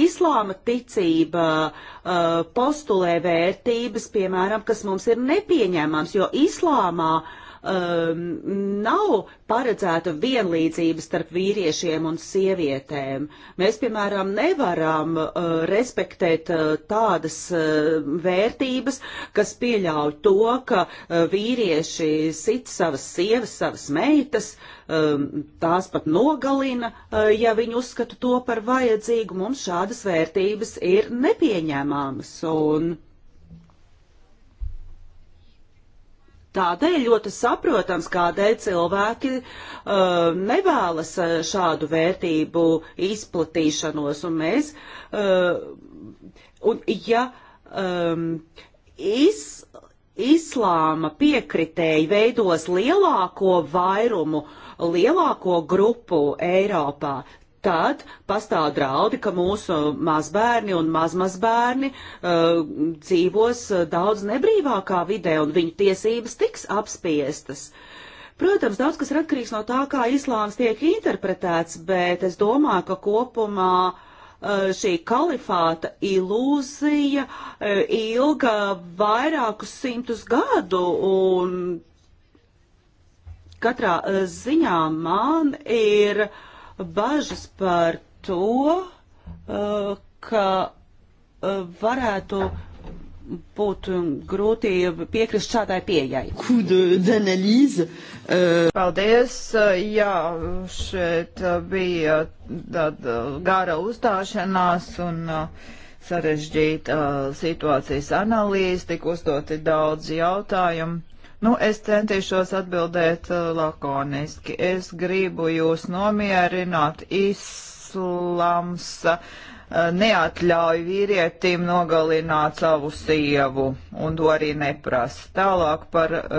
Islāma ticība uh, postulē vērtības, piemēram, kas mums ir nepieņēmams, jo islāmā uh, um, nav paredzēta vienlīdzība starp vīriešiem un sievietēm. Mēs, piemēram, nevaram uh, respektēt uh, tādas uh, vērtības, kas pieļauj to, ka uh, vīrieši sit savas sievas, savas meitas, um, tās pat nogalina, uh, ja viņi uzskata to par vajadzīgu. Mums šādas vērtības ir nepieņemamas. Un, uh, Tādēļ ļoti saprotams, kādēļ cilvēki uh, nevēlas uh, šādu vērtību izplatīšanos, un mēs, uh, un ja um, iz, islāma piekritēji veidos lielāko vairumu, lielāko grupu Eiropā, tad pastāv draudi, ka mūsu mazbērni un mazmazbērni uh, dzīvos uh, daudz nebrīvākā vidē un viņu tiesības tiks apspiestas. Protams, daudz kas ir atkarīgs no tā, kā islāms tiek interpretēts, bet es domāju, ka kopumā uh, šī kalifāta ilūzija uh, ilga vairākus simtus gadu un katrā uh, ziņā man ir uh, bažas par to, uh, ka uh, varētu būt grūti piekrist šādai pieejai. Uh, Paldies, jā, šeit bija tāda gara uzstāšanās un sarežģīta situācijas analīze, tik uzdoti daudz jautājumu. Nu, es centīšos atbildēt uh, lakoniski. Es gribu jūs nomierināt. Islams uh, neatļauj vīrietim nogalināt savu sievu, un to arī neprasa. Tālāk par uh,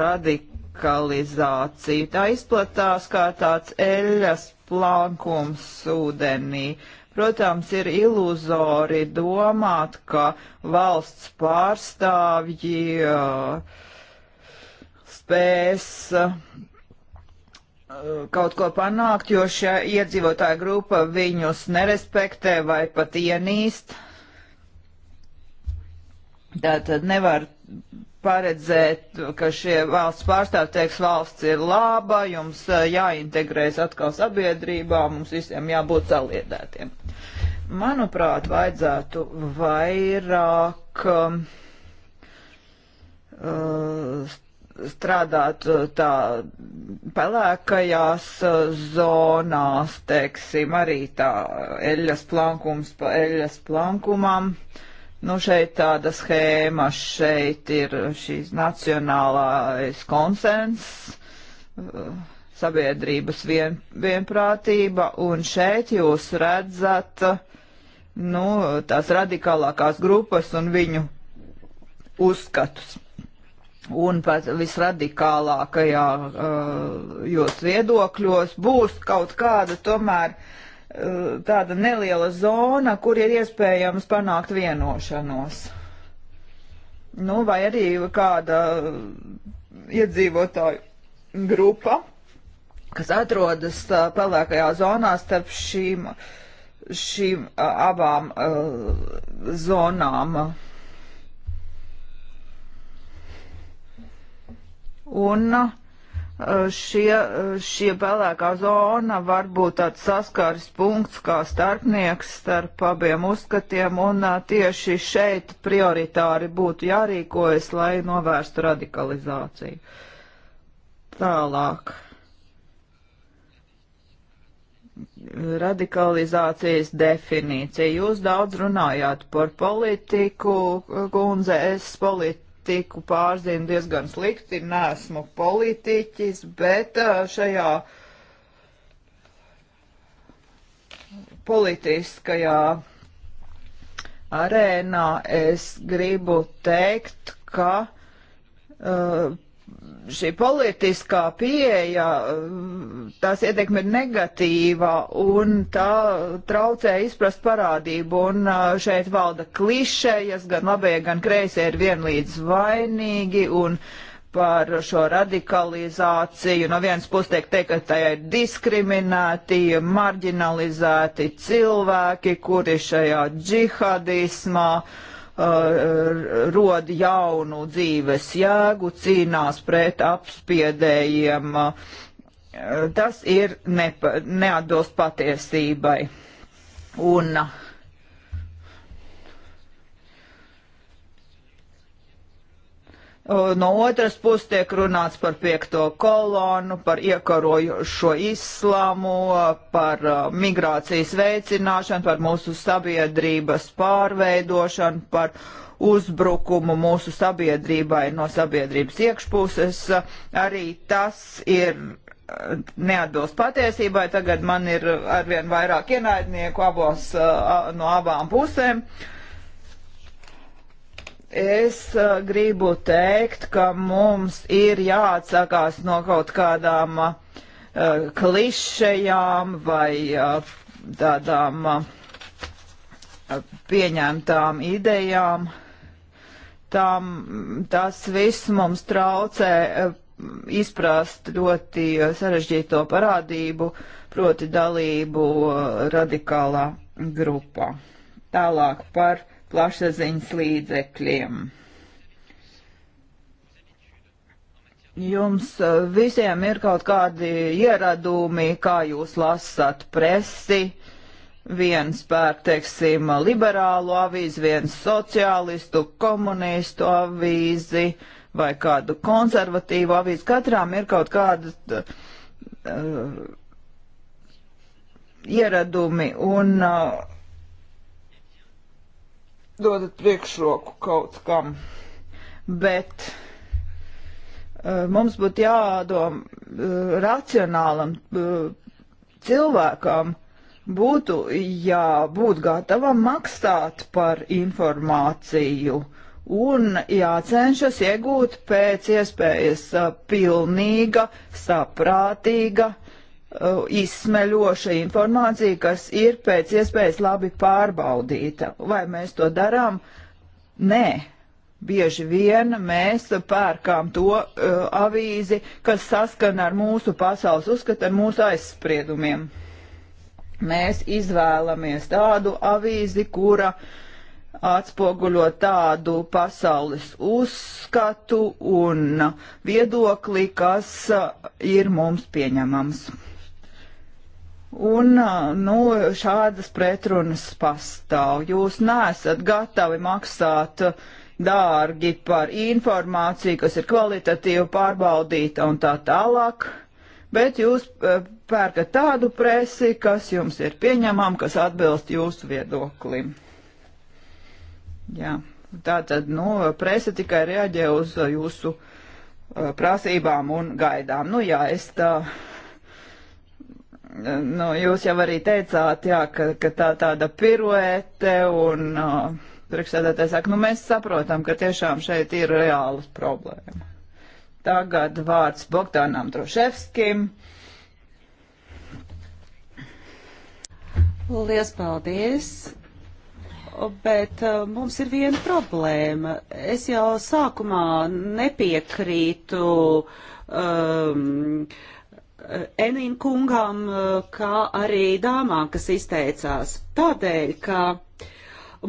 radikalizāciju. Tā izplatās kā tāds eļas plankums ūdenī. Protams, ir iluzori domāt, ka valsts pārstāvji uh, spēs uh, kaut ko panākt, jo šī iedzīvotāja grupa viņus nerespektē vai pat ienīst. Tātad nevar paredzēt, ka šie valsts pārstāvji teiks, valsts ir laba, jums uh, jāintegrējas atkal sabiedrībā, mums visiem jābūt saliedētiem. Manuprāt, vajadzētu vairāk um, uh, strādāt uh, tā pelēkajās uh, zonās, teiksim, arī tā eļas plankums pa eļas plankumam. Nu, šeit tāda schēma, šeit ir šīs nacionālais konsens, uh, sabiedrības vien, vienprātība, un šeit jūs redzat, nu, tās radikālākās grupas un viņu uzskatus un pat visradikālākajā uh, jūs viedokļos būs kaut kāda tomēr uh, tāda neliela zona, kur ir iespējams panākt vienošanos. Nu, vai arī kāda iedzīvotāju grupa, kas atrodas uh, pelēkajā zonā starp šīm, šīm uh, abām uh, zonām. Un uh, šie, uh, šie pelēkā zona var būt tāds saskaris punkts kā starpnieks starp abiem uzskatiem, un uh, tieši šeit prioritāri būtu jārīkojas, lai novērstu radikalizāciju. Tālāk. Radikalizācijas definīcija. Jūs daudz runājāt par politiku, kundze, es politiku politiku pārzinu diezgan slikti, nesmu politiķis, bet šajā politiskajā arēnā es gribu teikt, ka uh, šī politiskā pieeja, tās ietekme ir negatīva un tā traucē izprast parādību. Un šeit valda klišejas, gan labie, gan kreisie ir vienlīdz vainīgi. Un, par šo radikalizāciju. No vienas puses tiek teikt, ka tajā ir diskriminēti, marginalizēti cilvēki, kuri šajā džihadismā uh, uh, rod jaunu dzīves jēgu, cīnās pret apspiedējiem. Uh, tas ir nepa, neatbilst patiesībai. Un uh, No otras puses tiek runāts par piekto kolonu, par iekarojošo islāmu, par migrācijas veicināšanu, par mūsu sabiedrības pārveidošanu, par uzbrukumu mūsu sabiedrībai no sabiedrības iekšpuses. Arī tas ir e, neatbilst patiesībai. Tagad man ir arvien vairāk ienaidnieku abos, e, no abām pusēm. Uh, Es uh, gribu teikt, ka mums ir jāatsakās no kaut kādām uh, klišejām vai uh, tādām uh, pieņemtām idejām. Tam, tas viss mums traucē uh, izprast ļoti uh, sarežģīto parādību, proti dalību radikālā grupā. Tālāk par plašsaziņas līdzekļiem. Jums eh, visiem ir kaut kādi ieradumi, kā jūs lasat presi. Viens pērk, teiksim, liberālu avīzi, viens sociālistu, komunistu avīzi vai kādu konservatīvu avīzi. Katrām ir kaut kāda uh, ieradumi un uh, dodat priekšroku kaut kam, bet uh, mums būtu jādom uh, racionālam uh, cilvēkam būtu jābūt gatavam maksāt par informāciju un jācenšas iegūt pēc iespējas pilnīga, saprātīga Uh, izsmeļoša informācija, kas ir pēc iespējas labi pārbaudīta. Vai mēs to darām? Nē. Bieži vien mēs pērkām to uh, avīzi, kas saskana ar mūsu pasaules uzskatu, ar mūsu aizspriedumiem. Mēs izvēlamies tādu avīzi, kura atspoguļo tādu pasaules uzskatu un viedokli, kas uh, ir mums pieņemams. Un nu, šādas pretrunas pastāv. Jūs neesat gatavi maksāt dārgi par informāciju, kas ir kvalitatīvi pārbaudīta un tā tālāk, bet jūs pērkat tādu presi, kas jums ir pieņemama, kas atbilst jūsu viedoklim. Jā. Tā tad nu, prese tikai reaģē uz jūsu uh, prasībām un gaidām. Nu, jā, es tā nu, jūs jau arī teicāt, jā, ka, ka tā tāda piruete un uh, priekšsēdētājs saka, nu mēs saprotam, ka tiešām šeit ir reālas problēma. Tagad vārds Bogdanam Troševskim. Lies paldies! Bet uh, mums ir viena problēma. Es jau sākumā nepiekrītu um, uh, Eh, Enīna kungām, eh, kā arī dāmām, kas izteicās. Tādēļ, ka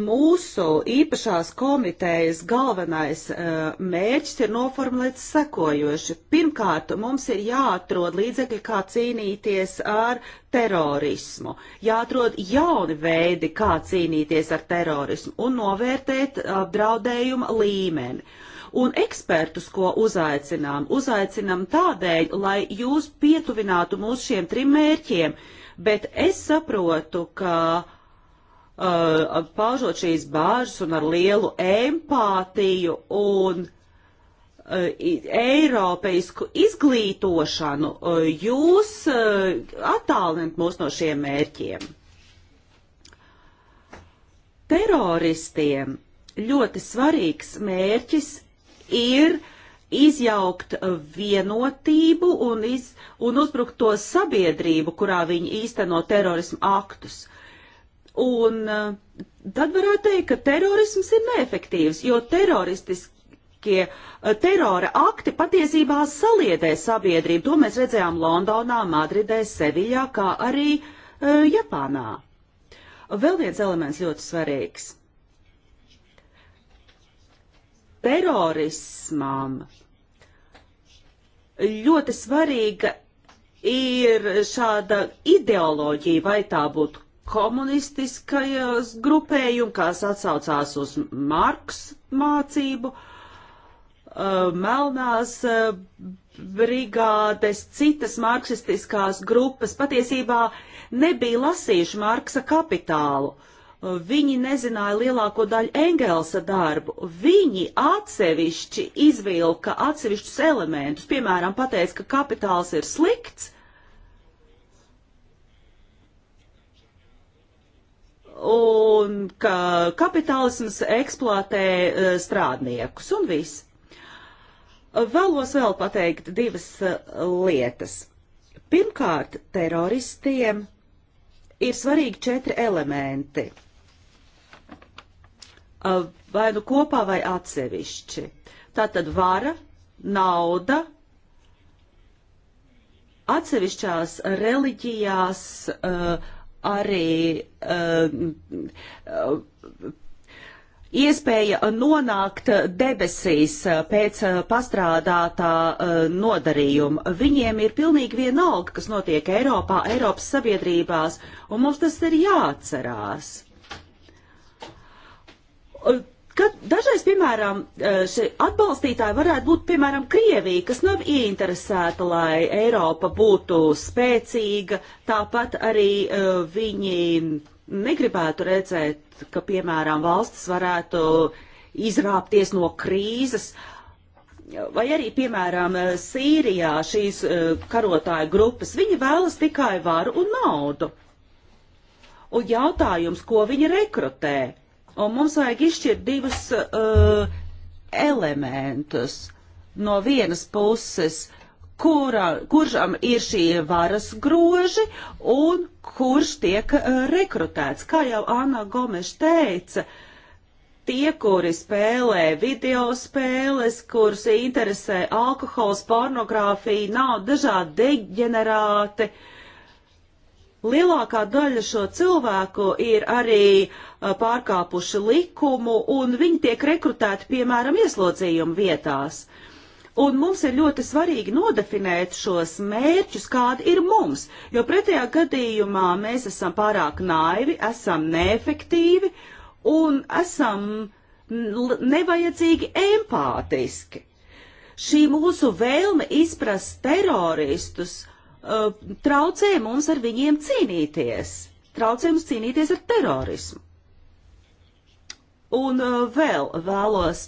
mūsu īpašās komitejas galvenais uh, mērķis ir noformulēts sekojoši. Pirmkārt, mums ir jāatrod līdzekļi, kā cīnīties ar terorismu, jāatrod jauni veidi, kā cīnīties ar terorismu un novērtēt apdraudējuma uh, līmeni un ekspertus, ko uzaicinām. Uzaicinām tādēļ, lai jūs pietuvinātu mūs šiem trim mērķiem, bet es saprotu, ka uh, paužot šīs bāžas un ar lielu empātiju un uh, Eiropeisku izglītošanu, uh, jūs uh, attālinat mūs no šiem mērķiem teroristiem ļoti svarīgs mērķis ir izjaukt vienotību un, iz, un uzbrukt to sabiedrību, kurā viņi īsteno terorismu aktus. Un eh, tad varētu teikt, ka terorisms ir neefektīvs, jo teroristiskie eh, terora akti patiesībā saliedē sabiedrību. To mēs redzējām Londonā, Madridē, Seviļā, kā arī uh, Japānā. Vēl viens elements ļoti svarīgs – terorismam ļoti svarīga ir šāda ideoloģija, vai tā būtu komunistiskajos grupējumi, kas atsaucās uz Marks mācību, Melnās brigādes, citas marksistiskās grupas patiesībā nebija lasījuši Marksa kapitālu. Uh, Viņi nezināja lielāko daļu Engelsa darbu. Viņi atsevišķi izvilka atsevišķus elementus, piemēram, pateica, ka kapitāls ir slikts. Un ka kapitālisms eksploatē e, strādniekus un viss. Vēlos vēl pateikt divas e, lietas. Pirmkārt, teroristiem ir svarīgi četri elementi vai nu kopā vai atsevišķi. Tātad vara, nauda, atsevišķās reliģijās uh, arī uh, uh, iespēja nonākt debesīs pēc pastrādātā nodarījuma. Viņiem ir pilnīgi vienalga, kas notiek Eiropā, Eiropas sabiedrībās, un mums tas ir jāatcerās. Kad dažreiz, piemēram, e, šie atbalstītāji varētu būt, piemēram, Krievija, kas nav ieinteresēta, lai Eiropa būtu spēcīga, tāpat arī e, viņi negribētu redzēt, ka, piemēram, valstis varētu izrāpties no krīzes. Vai arī, piemēram, Sīrijā šīs e, karotāju grupas, viņi vēlas tikai varu un naudu. Un jautājums, ko viņi rekrutē? Un mums vajag izšķirt divus uh, elementus. No vienas puses, kura, kuram ir šie varas groži un kurš tiek uh, rekrutēts. Kā jau Anna Gomeša teica, uh, Tie, kuri spēlē video spēles, kurus interesē alkohols, pornogrāfija, nav dažādi deģenerāti, uh, Lielākā daļa šo cilvēku ir arī pārkāpuši likumu, un viņi tiek rekrutēti, piemēram, ieslodzījuma vietās. Un mums ir ļoti svarīgi nodefinēt šos mērķus, kādi ir mums, jo pretējā gadījumā mēs esam pārāk naivi, esam neefektīvi un esam nevajadzīgi empātiski. Šī mūsu vēlme izprast teroristus uh, traucē mums ar viņiem cīnīties, traucē mums cīnīties ar terorismu. Un uh, vēl vēlos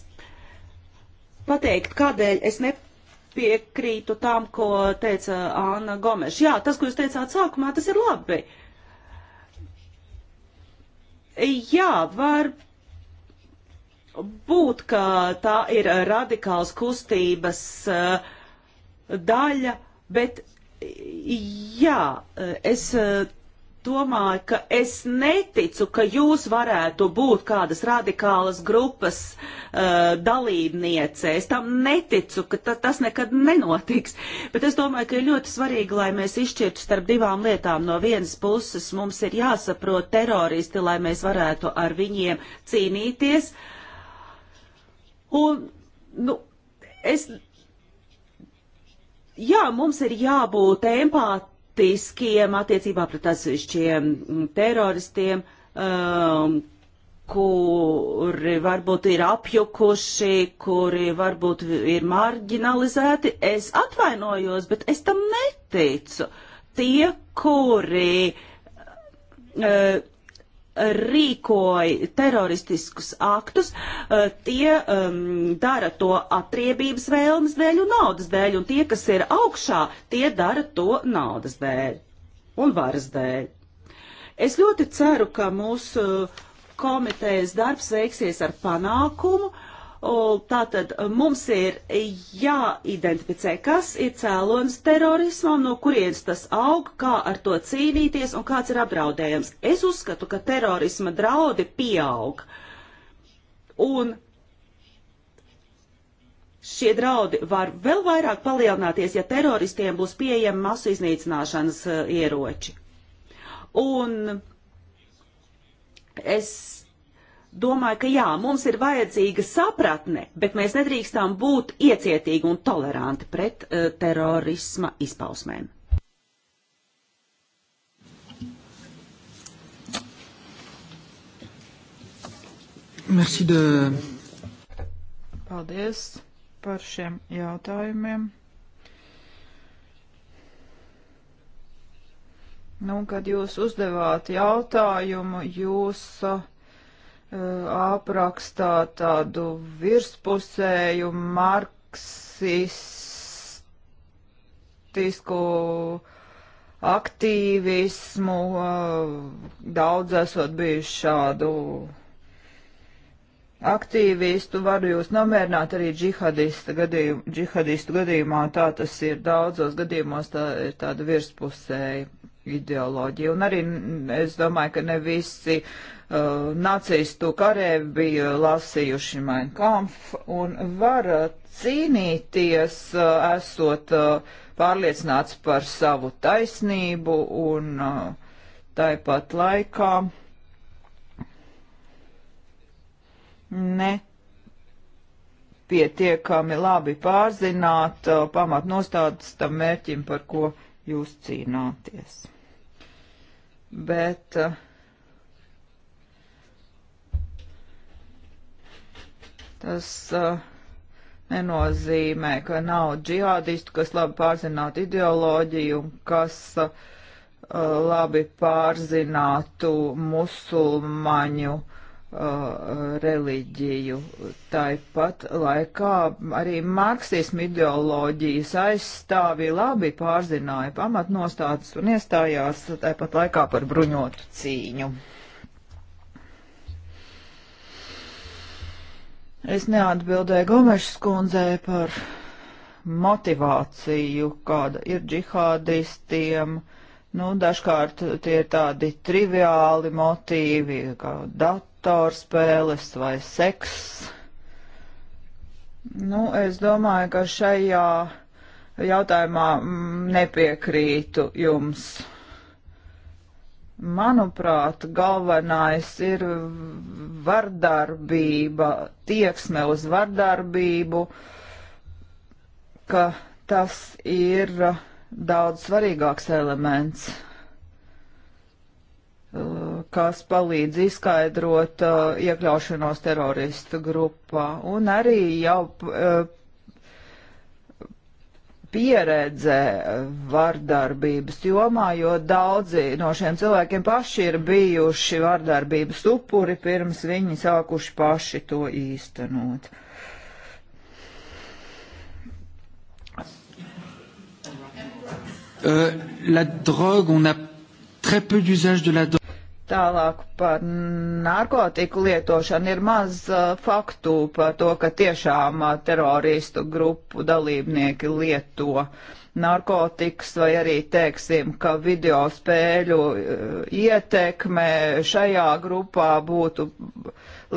pateikt, kādēļ es nepiekrītu tam, ko teica Anna Gomeša. Jā, tas, ko jūs teicāt sākumā, tas ir labi. Jā, var būt, ka tā ir radikāls kustības uh, daļa, bet jā, es eh, domāju, ka es neticu, ka jūs varētu būt kādas radikālas grupas uh, dalībniece. Es tam neticu, ka ta, tas nekad nenotiks. Bet es domāju, ka ir ļoti svarīgi, lai mēs izšķirtu starp divām lietām. No vienas puses mums ir jāsaprot teroristi, lai mēs varētu ar viņiem cīnīties. Un, nu, es jā, mums ir jābūt empātiskiem attiecībā pret atsevišķiem mm, teroristiem, um, kuri varbūt ir apjukuši, kuri varbūt ir marginalizēti. Es atvainojos, bet es tam neticu. Tie, kuri uh, rīkoja teroristiskus aktus, e, tie um, dara to atriebības vēlmes dēļ un naudas dēļ, un tie, kas ir augšā, tie dara to naudas dēļ un varas dēļ. Es ļoti ceru, ka mūsu komitejas darbs veiksies ar panākumu, uh, Tātad mums ir jāidentificē, kas ir cēlonis terorismam, no kurienes tas aug, kā ar to cīnīties un kāds ir apdraudējums. Es uzskatu, ka terorisma draudi pieaug. Un šie draudi var vēl vairāk palielināties, ja teroristiem būs pieejami masu iznīcināšanas eh, ieroči. Un es domāju, ka jā, mums ir vajadzīga sapratne, bet mēs nedrīkstām būt iecietīgi un toleranti pret uh, terorisma izpausmēm. Merci de... Paldies par šiem jautājumiem. Nu, kad jūs uzdevāt jautājumu, jūs uh, aprakstā tādu virspusēju marksistisku aktīvismu, daudz esot bijuši šādu aktīvistu, varu jūs nomierināt arī džihadista gadījum, džihadistu gadījumā, tā tas ir daudzos gadījumos, tā ir tāda virspusēja ideoloģiju. Un arī es domāju, ka ne visi uh, nacistu karēvi bija lasījuši Mein Kampf un var cīnīties, uh, esot uh, pārliecināts par savu taisnību un uh, tāpat laikā ne pietiekami labi pārzināt uh, pamatnostādes tam mērķim, par ko jūs cīnāties bet eh, tas eh, nenozīmē, ka nav džihādistu, kas labi pārzinātu ideoloģiju un kas eh, labi pārzinātu musulmaņu uh, Uh, reliģiju. Tāpat laikā arī marksismu ideoloģijas aizstāvi labi pārzināja pamatnostādes un iestājās tāpat laikā par bruņotu cīņu. Es neatbildēju Gomešas kundzei par motivāciju, kāda ir džihādistiem. Nu, dažkārt tie ir tādi triviāli motīvi, kā dati datorspēles vai seks. Nu, es domāju, ka šajā jautājumā mm, nepiekrītu jums. Manuprāt, galvenais ir vardarbība, tieksme uz vardarbību, ka tas ir daudz svarīgāks elements kas palīdz izskaidrot uh, iekļaušanos teroristu grupā. Un arī jau uh, pieredze vardarbības jomā, jo daudzi no šiem cilvēkiem paši ir bijuši vardarbības upuri, pirms viņi sākuši paši to īstenot. Uh, la drogue, on a très peu d'usage de la drogue. Tālāk par narkotiku lietošanu ir maz uh, faktu par to, ka tiešām uh, teroristu grupu dalībnieki lieto narkotikas vai arī teiksim, ka video spēļu uh, ietekme šajā grupā būtu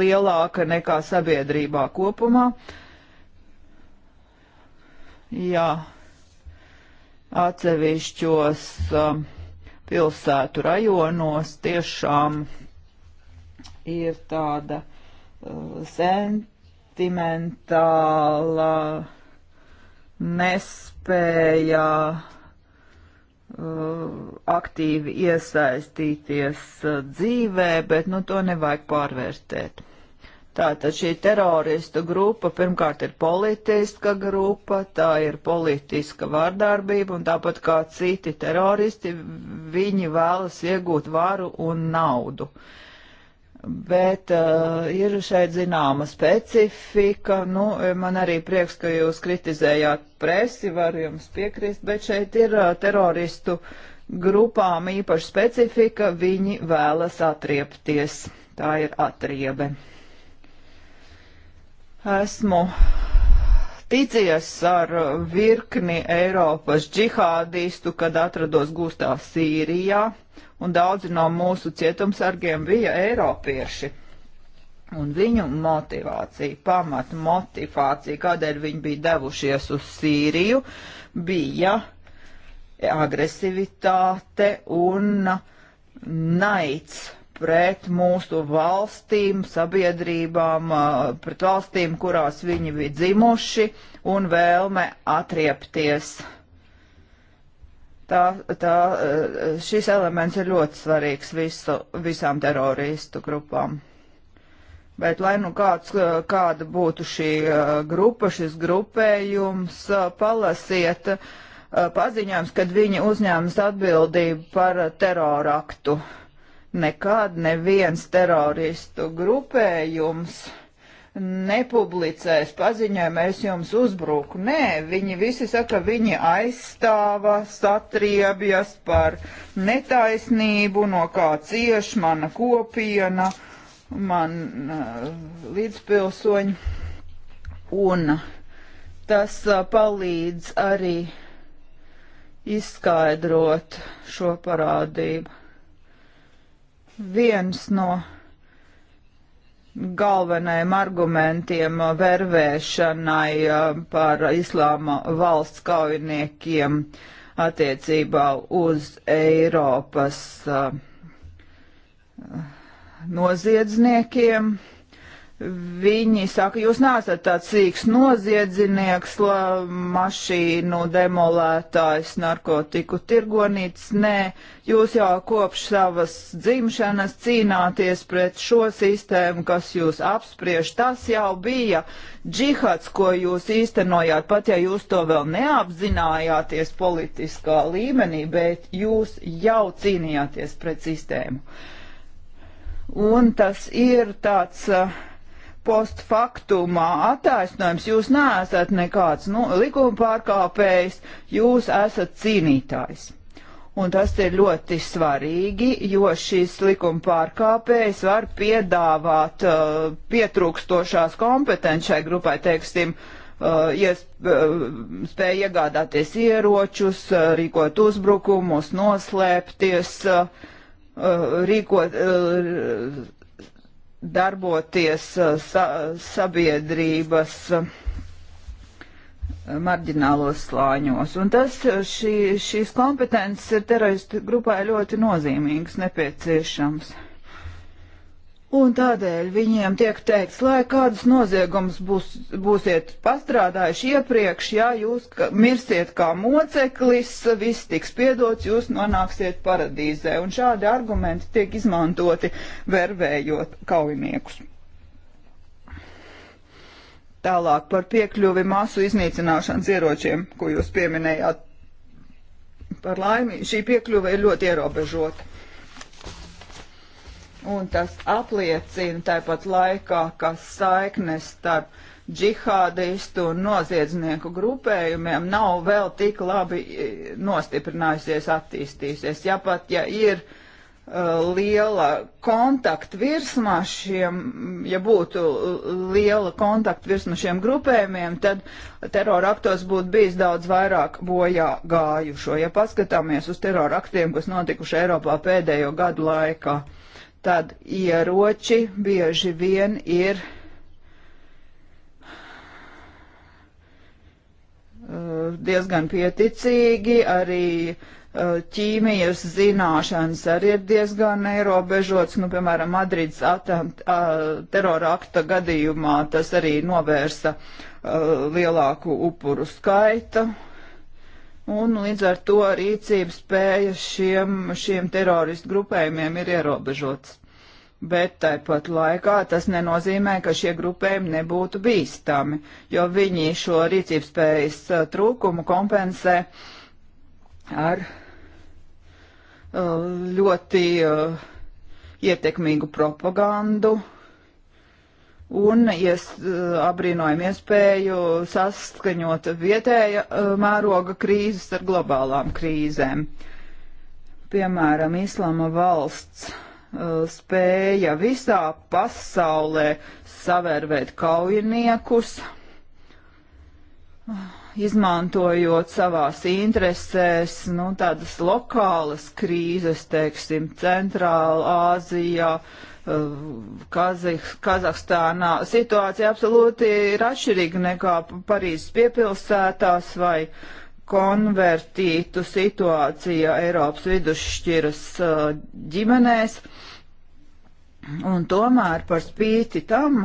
lielāka nekā sabiedrībā kopumā. Jā, atsevišķos. Um, pilsētu rajonos tiešām ir tāda uh, sentimentāla nespēja uh, aktīvi iesaistīties uh, dzīvē, bet nu to nevajag pārvērtēt. Tātad šī teroristu grupa pirmkārt ir politiska grupa, tā ir politiska vārdarbība, un tāpat kā citi teroristi, viņi vēlas iegūt varu un naudu. Bet uh, ir šeit zināma specifika. Nu, man arī prieks, ka jūs kritizējāt presi, varu jums piekrist, bet šeit ir uh, teroristu grupām īpaša specifika. Viņi vēlas atriepties. Tā ir atriebe. Esmu ticies ar virkni Eiropas džihādistu, kad atrados gūstā Sīrijā, un daudzi no mūsu cietumsargiem bija eiropieši. Un viņu motivācija, pamata motivācija, kādēļ viņi bija devušies uz Sīriju, bija agresivitāte un naids pret mūsu valstīm, sabiedrībām, pret valstīm, kurās viņi bija dzimuši, un vēlme atriepties. Tā, tā, šis elements ir ļoti svarīgs visu, visām teroristu grupām. Bet, lai nu kāds, kāda būtu šī grupa, šis grupējums, palasiet paziņojums, kad viņi uzņēmas atbildību par teroraktu. aktu nekad neviens teroristu grupējums nepublicēs paziņojumu, es jums uzbruku. Nē, viņi visi saka, viņi aizstāva, satriebjas par netaisnību, no kā cieš mana kopiena, man uh, līdzpilsoņi. Un tas uh, palīdz arī izskaidrot šo parādību. Viens no galvenajiem argumentiem vervēšanai eh, par islāma valsts kaujiniekiem attiecībā uz Eiropas eh, noziedzniekiem. Uh, Viņi saka, jūs neesat tāds sīks noziedznieks, mašīnu demolētājs, narkotiku tirgonīts. Nē, jūs jau kopš savas dzimšanas cīnāties pret šo sistēmu, kas jūs apspriež. Tas jau bija džihads, ko jūs īstenojāt, pat ja jūs to vēl neapzinājāties politiskā līmenī, bet jūs jau cīnījāties pret sistēmu. Un tas ir tāds. Uh, post faktumā attaisnojums, jūs neesat nekāds nu, likuma pārkāpējs, jūs esat cīnītājs. Un tas ir ļoti svarīgi, jo šis likuma pārkāpējs var piedāvāt uh, pietrūkstošās kompetences šai grupai, teiksim, uh, ies, uh, spēja iegādāties ieročus, uh, rīkot uzbrukumus, noslēpties, uh, uh, rīkot. Uh, darboties uh, sa sabiedrības uh, marģinālos slāņos. Un tas, uh, šī, šīs kompetences ir teroristu grupai ļoti nozīmīgas, nepieciešams. Un tādēļ viņiem tiek teikts, lai kādus noziegumus būs, būsiet pastrādājuši iepriekš, ja jūs mirsiet kā moceklis, viss tiks piedots, jūs nonāksiet paradīzē. Un šādi argumenti tiek izmantoti vervējot kaujiniekus. Tālāk par piekļuvi masu iznīcināšanas ieročiem, ko jūs pieminējāt. Par laimi šī piekļuve ir ļoti ierobežota Un tas apliecina tāpat laikā, ka saiknes starp džihādistu un noziedznieku grupējumiem nav vēl tik labi e, nostiprinājusies, attīstījusies. Ja pat ja ir uh, liela kontaktu virsma šiem, ja būtu e, liela kontaktu virsma šiem grupējumiem, tad teroraktos būtu bijis daudz vairāk bojā gājušo. Ja paskatāmies uz teroraktiem, kas notikuši Eiropā pēdējo gadu laikā, uh, Tad ieroči bieži vien ir eh, diezgan pieticīgi, arī eh, ķīmijas zināšanas arī ir diezgan neierobežots. Nu, piemēram, Madrids terora akta gadījumā tas arī novērsa eh, lielāku upuru skaitu un līdz ar to rīcības spēja šiem, šiem teroristu grupējumiem ir ierobežotas. Bet tāpat laikā tas nenozīmē, ka šie grupējumi nebūtu bīstami, jo viņi šo rīcības spējas uh, trūkumu kompensē ar uh, ļoti uh, ietekmīgu propagandu, un ies, eh, apbrīnojam iespēju saskaņot vietēja eh, mēroga krīzes ar globālām krīzēm. Piemēram, Islama valsts eh, spēja visā pasaulē savērvēt kaujiniekus, izmantojot savās interesēs, nu, tādas lokālas krīzes, teiksim, Centrāla Āzijā, uh, Kazih, Kazahstānā situācija absolūti ir atšķirīga nekā Parīzes piepilsētās vai konvertītu situācija Eiropas vidusšķiras ģimenēs. Un tomēr par spīti tam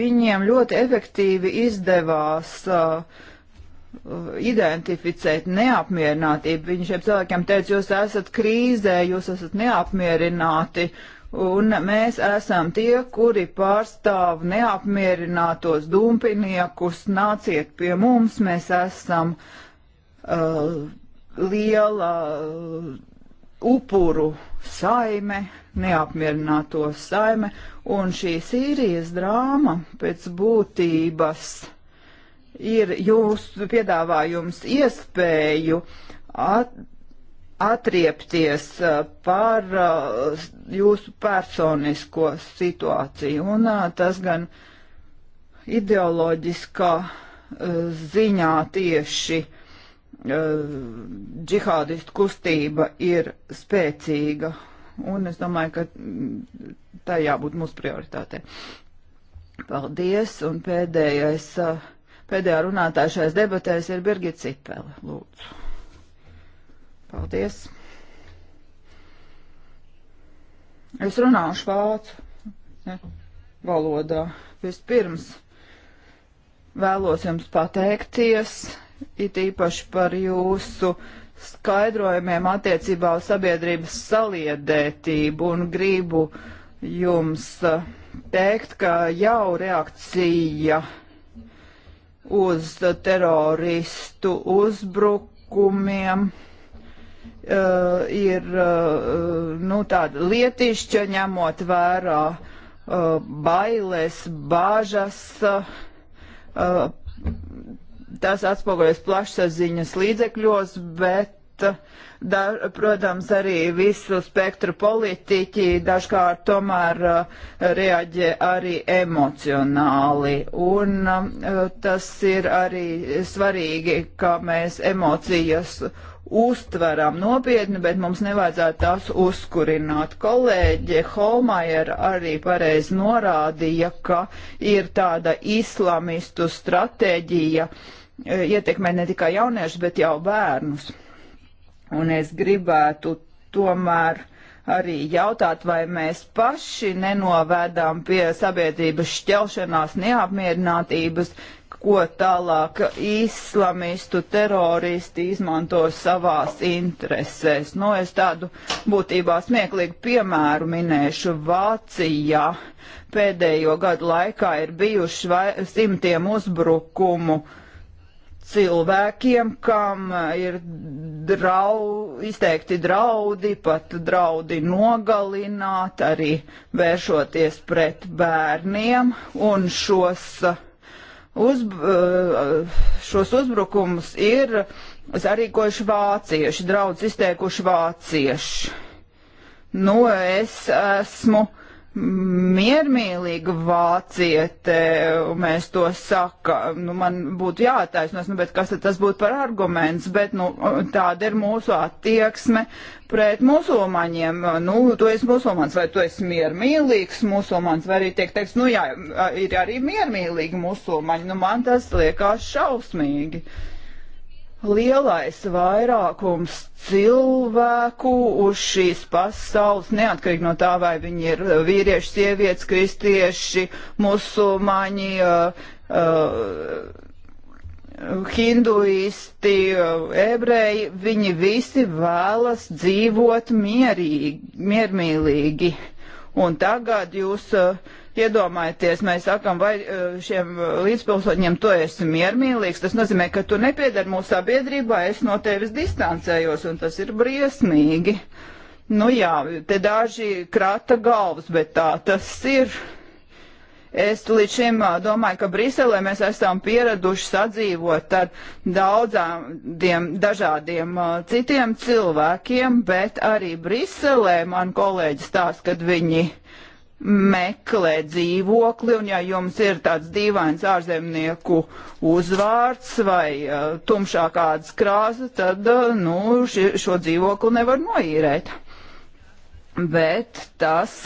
viņiem ļoti efektīvi izdevās uh, identificēt neapmierinātību. Viņš šiem cilvēkiem teica, jūs esat krīzē, jūs esat neapmierināti, Un mēs esam tie, kuri pārstāv neapmierinātos dumpiniekus. Nāciet pie mums, mēs esam uh, liela uh, upuru saime, neapmierināto saime. Un šī Sīrijas drāma pēc būtības ir jūsu piedāvājums iespēju at atriepties uh, par uh, jūsu personisko situāciju. Un uh, tas gan ideoloģiskā ziņā tieši džihādistu kustība ir spēcīga. Un es domāju, ka mm, tā jābūt mūsu prioritātei. Paldies, un pēdējais, pēdējā runātāja šais debatēs ir Birgit Cipele, lūdzu. Paldies. Es runāšu vācu ne, valodā. Vispirms vēlos jums pateikties, it īpaši par jūsu skaidrojumiem attiecībā uz sabiedrības saliedētību un gribu jums eh, teikt, ka jau reakcija uz teroristu uzbrukumiem uh, ir uh, nu, tāda lietišķa, ņemot vērā uh, bailes, bāžas. Uh, tas atspoguļojas plašsaziņas līdzekļos, bet, uh, da, protams, arī visu spektru politiķi dažkārt tomēr uh, reaģē arī emocionāli. Un uh, tas ir arī svarīgi, ka mēs emocijas uh, uztveram nopietni, bet mums nevajadzētu tās uzkurināt. Kolēģe Holmajera arī pareizi norādīja, ka ir tāda islamistu stratēģija e, ietekmē ne tikai jauniešus, bet jau bērnus. Un es gribētu tomēr arī jautāt, vai mēs paši nenovēdām pie sabiedrības šķelšanās, neapmierinātības, uh, ko tālāk islamistu teroristi izmanto savās interesēs. Nu, es tādu būtībā smieklīgu piemēru minēšu Vācijā. Pēdējo gadu laikā ir bijuši vai, simtiem uzbrukumu cilvēkiem, kam ir drau, izteikti draudi, pat draudi nogalināt, arī vēršoties pret bērniem un šos uh, uz, eh, šos uzbrukumus ir sarīkojuši vācieši, draudz izteikuši vācieši. Nu, es esmu miermīlīga vāciete, mēs to sakam, nu man būtu jātaisnos, nu bet kas tad tas būtu par arguments, bet nu tāda ir mūsu attieksme pret musulmaņiem, nu tu esi musulmans vai tu esi miermīlīgs musulmans, vai arī tiek teiks, nu jā, ir arī miermīlīgi musulmaņi, nu man tas liekas šausmīgi. Uh, lielais vairākums cilvēku uz šīs pasaules, neatkarīgi no tā, vai viņi ir vīrieši, sievietes, kristieši, musulmaņi, uh, uh, hinduisti, uh, ebreji, viņi visi vēlas dzīvot mierīgi, miermīlīgi. Un tagad jūs uh, Iedomājieties, mēs sakam, vai e, šiem e, līdzpilsoņiem to esi miermīlīgs. Tas nozīmē, ka tu nepiedar mūsu sabiedrībā, es no tevis distancējos, un tas ir briesmīgi. Nu jā, te daži krāta galvas, bet tā tas ir. Es līdz šim e, domāju, ka Briselē mēs esam pieraduši sadzīvot ar daudzām dažādiem citiem cilvēkiem, bet arī Briselē man kolēģis tās, kad viņi uh, meklē dzīvokli, un ja jums ir tāds dīvains ārzemnieku uzvārds vai uh, tumšā kādas krāsa, tad, uh, nu, ši, šo dzīvokli nevar noīrēt. Bet tas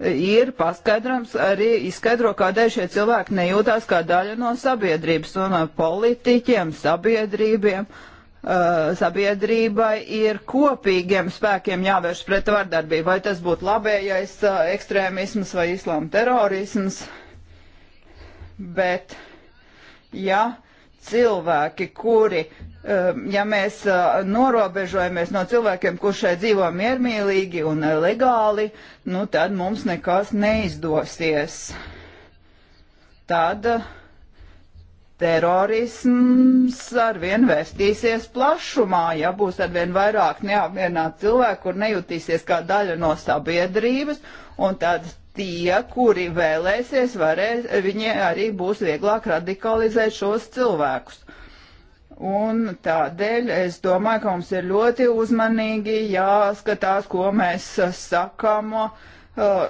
ir paskaidrojums arī izskaidro, kādēļ šie cilvēki nejūtās kā daļa no sabiedrības un uh, politiķiem, sabiedrībiem. Uh, Uh, sabiedrībai ir kopīgiem spēkiem jāvērš pret vardarbību, vai tas būtu labējais uh, ekstrēmisms vai islāma terorisms. Bet, ja cilvēki, kuri, um, ja mēs uh, norobežojamies no cilvēkiem, kur šeit dzīvo miermīlīgi un legāli, nu tad mums nekas neizdosies. Tad uh, terorisms arvien vērstīsies plašumā, ja būs arvien vairāk neapmierināti cilvēki, kur nejutīsies kā daļa no sabiedrības, un tad tie, kuri vēlēsies, varēs, viņi arī būs vieglāk radikalizēt šos cilvēkus. Un tādēļ es domāju, ka mums ir ļoti uzmanīgi jāskatās, ko mēs sakam, uh,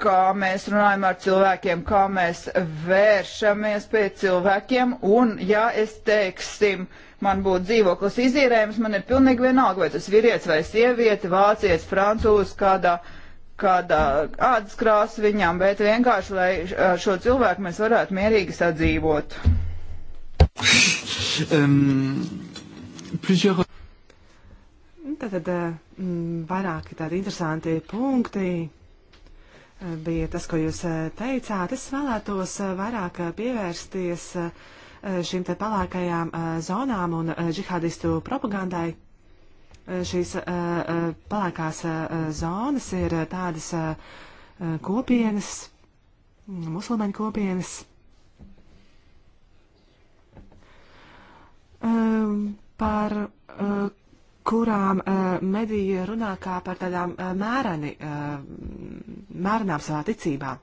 kā mēs runājam ar cilvēkiem, kā mēs vēršamies pie cilvēkiem, un ja es teiksim, man būtu dzīvoklis izīrējums, man ir pilnīgi vienalga, vai tas vīrietis vai sieviete, vācietis, francūzs, kādā, kādā ādas krāsa viņam, bet vienkārši, lai šo cilvēku mēs varētu mierīgi sadzīvot. um, [LAUGHS] plusieurs... Tātad vairāki tādi interesanti punkti bija tas, ko jūs eh, teicāt. Es vēlētos eh, vairāk eh, pievērsties šīm te palākajām zonām un džihādistu propagandai. Šīs palākās zonas ir tādas kopienas, musulmaņu kopienas. Par kurām eh, medija runā kā par tādām eh, mēreni, eh, mērenām savā ticībā.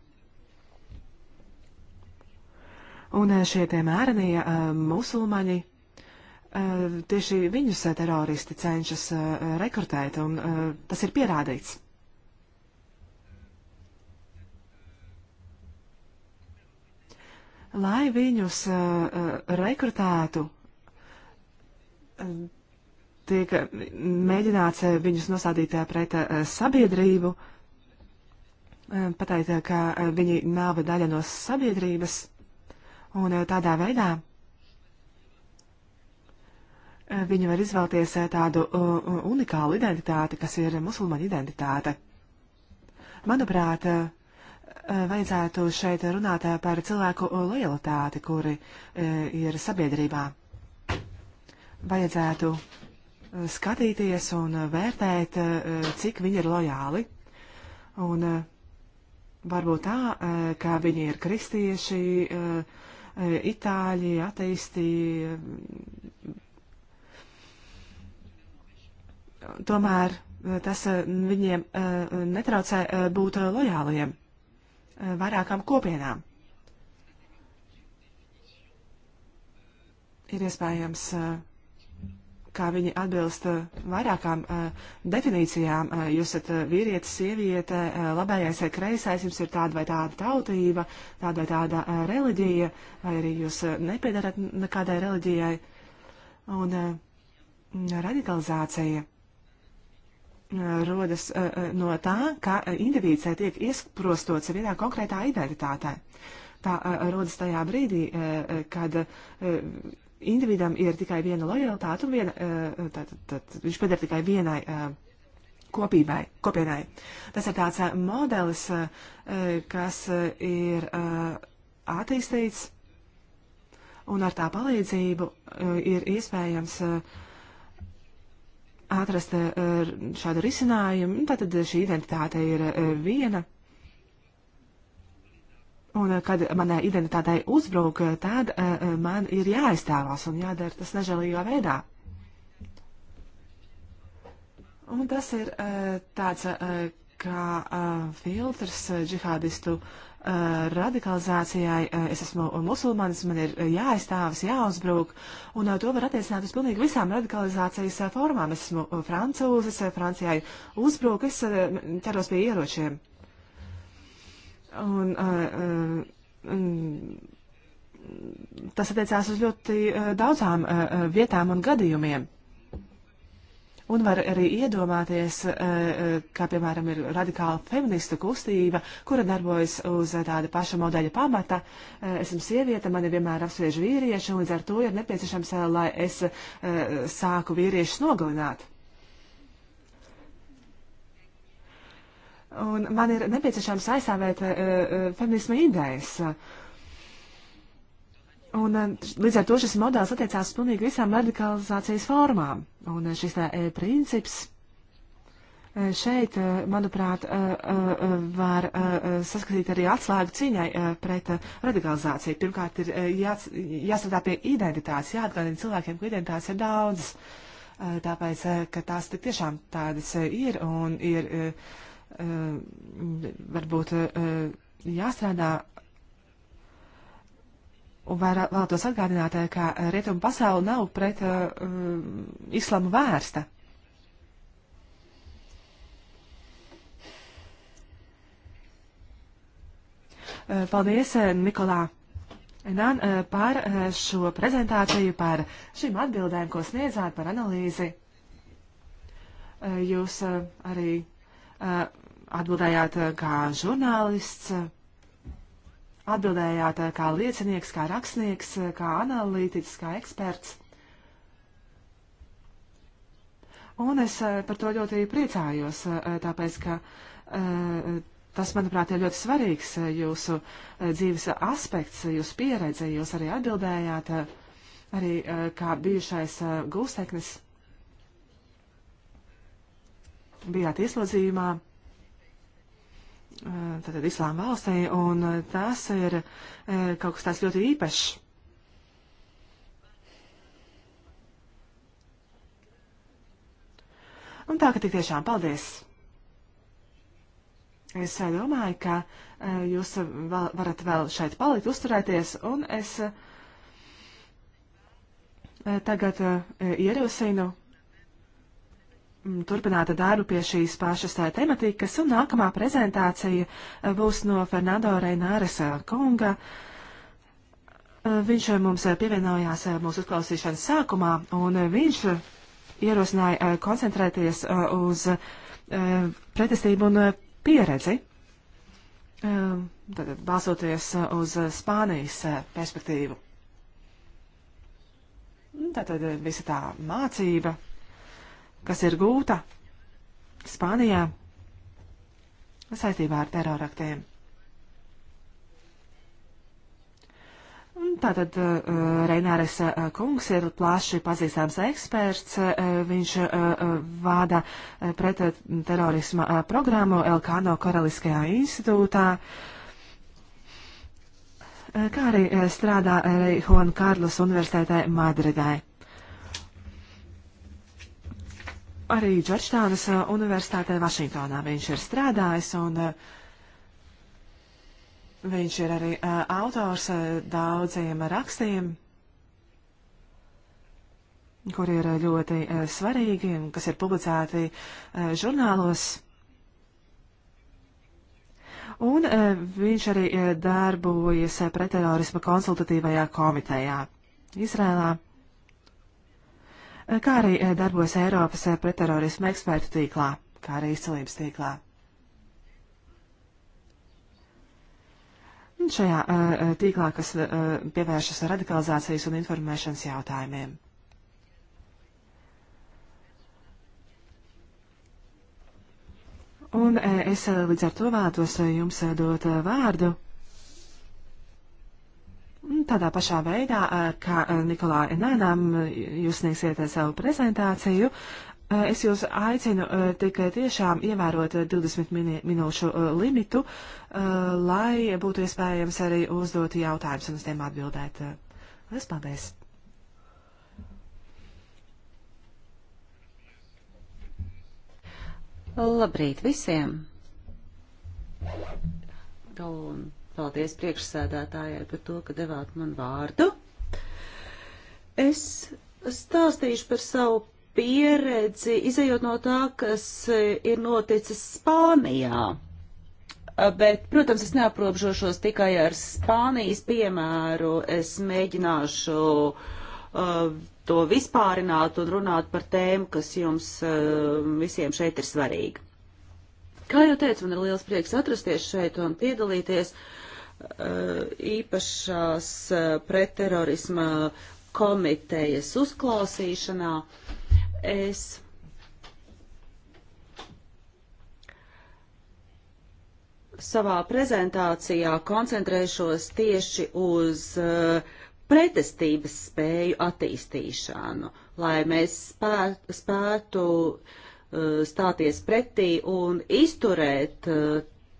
Un šie tie mērenie musulmaņi, tieši viņus teroristi cenšas rekrutēt, un tas ir pierādīts. Lai viņus rekrutētu, tiek mēģināts eh, viņus nostādīt eh, pret eh, sabiedrību, pateikt, ka viņi nav daļa no sabiedrības, un tādā veidā viņi var izvēlties tādu unikālu identitāti, kas ir musulmaņu identitāte. Manuprāt, vajadzētu šeit runāt par cilvēku lojalitāti, kuri ir sabiedrībā. Vajadzētu skatīties un eh, vērtēt, eh, cik viņi ir lojāli. Un eh, varbūt tā, ka viņi ir kristieši, itāļi, ateisti. Tomēr tas viņiem netraucē būt lojāliem vairākām kopienām. Ir iespējams uh, kā viņi atbilst eh, vairākām eh, definīcijām. Eh, jūs esat vīrietis, sieviete, labējais vai kreisais, jums ir tāda vai tāda tautība, tāda vai tāda reliģija, vai arī jūs nepiedarat nekādai reliģijai. Un radikalizācija rodas no tā, ka individuālai tiek iesprostots vienā konkrētā identitātē. Tā rodas tajā brīdī, kad individam ir tikai viena lojalitāte un viena, eh, eh, tātad, tātad, viņš pieder tikai vienai eh, kopībai, kopienai. Tas ir tāds modelis, kas ir attīstīts, un ar tā palīdzību ir iespējams atrast šādu risinājumu. Nu, tātad šī identitāte ir viena Un, eh, kad manai identitātei uzbrūk, eh, tad eh, man ir jāiztēlās un jādara tas nežēlīgā veidā. Un tas ir tāds kā filtrs džihādistu radikalizācijai. Es esmu musulmanis, man ir jāizstāvas, jāuzbrūk, un to var attiecināt uz pilnīgi visām radikalizācijas formām. Es esmu francūzis, Francijai uzbrūk, es ķeros pie ieročiem. Un, uh, uh, tas attiecās uz ļoti uh, daudzām uh, vietām un gadījumiem. Un var arī iedomāties, kā piemēram ir radikāla feministu kustība, kura darbojas uz tāda paša modeļa pamata. Esmu sieviete, mani vienmēr apsviež vīrieši, un līdz ar to ir nepieciešams, lai es sāku vīriešus nogalināt. un man ir nepieciešams aizstāvēt eh, eh, feminisma idejas. Un, eh, līdz ar to šis modelis attiecās pilnīgi visām radikalizācijas formām. Un šis tā, princips šeit, manuprāt, var saskatīt arī atslēgu cīņai pret radikalizāciju. Pirmkārt, ir jāc, jāstrādā pie identitātes, jāatgādina cilvēkiem, ka identitātes ir daudzas. Tāpēc, ka tās tiešām tādas ir un ir. ir Eh, varbūt eh, jāstrādā. Un vēlētos atgādināt, eh, ka rietumu pasauli nav pret uh, islamu vērsta. Paldies, Nikolā Enan, par šo prezentāciju, par šīm atbildēm, ko sniedzāt, par analīzi. Jūs arī Eh, atbildējāt eh, kā žurnālists, eh, atbildējāt kā liecinieks, kā rakstnieks, kā analītiķis, kā eksperts. Un es par to ļoti priecājos, tāpēc, ka tas, manuprāt, ir ļoti svarīgs jūsu dzīves aspekts, jūsu pieredze, jūs arī atbildējāt, arī kā bijušais gūsteknis bijāt ieslodzījumā, eh, tātad Islāma valstī, un eh, tas ir eh, kaut kas tāds ļoti īpašs. Un tā, ka tik tiešām paldies! Es domāju, ka jūs vēl, varat vēl šeit palikt, uzturēties, un es tagad ierosinu Mm, turpināta darbu pie šīs pašas eh, tematikas, un nākamā prezentācija eh, būs no Fernando Reināras eh, kunga. Viņš mums pievienojās mūsu uzklausīšanas sākumā, un viņš ierosināja koncentrēties uz pretestību un pieredzi, tad balsoties uz Spānijas perspektīvu. Tātad visa tā mācība, kas ir gūta Spānijā saistībā ar teroraktiem. Tātad uh, Reināres uh, kungs ir plaši pazīstams eksperts. Uh, viņš vāda pret terorisma programmu Elkano Karaliskajā institūtā, kā arī strādā Reihuan Karlas Universitētē Madridē. arī Džordžtānas uh, universitātē Vašingtonā viņš ir strādājis un uh, viņš ir arī uh, autors daudziem rakstiem kur ir ļoti uh, svarīgi un kas ir publicēti uh, žurnālos. Un uh, viņš arī darbojas pretterorisma konsultatīvajā komitejā Izrēlā kā arī eh, darbos Eiropas eh, pretterorisma ekspertu tīklā, kā arī izcelības tīklā. Un šajā uh, tīklā, kas uh, pievēršas radikalizācijas un informēšanas jautājumiem. Un uh, es līdz ar to vēlētos jums dot vārdu. Tādā pašā veidā, kā Nikolai Nēnam, jūs sniegsiet savu prezentāciju. Es jūs aicinu tikai tiešām ievērot 20 mini, minūšu limitu, lai būtu iespējams arī uzdot jautājumus un uz tiem atbildēt. Lies paldies! Labrīt visiem! Un Paldies priekšsēdētājai par to, ka devāt man vārdu. Es stāstīšu par savu pieredzi, izējot no tā, kas ir noticis Spānijā. Bet, protams, es neaprobežošos tikai ar Spānijas piemēru. Es mēģināšu uh, to vispārināt un runāt par tēmu, kas jums uh, visiem šeit ir svarīga. Kā jau teicu, man ir liels prieks atrasties šeit un piedalīties. Uh, Eh, īpašās eh, pretterorisma komitejas uzklausīšanā. Es savā prezentācijā koncentrēšos tieši uz eh, pretestības spēju attīstīšanu, lai mēs spētu stāties pretī un izturēt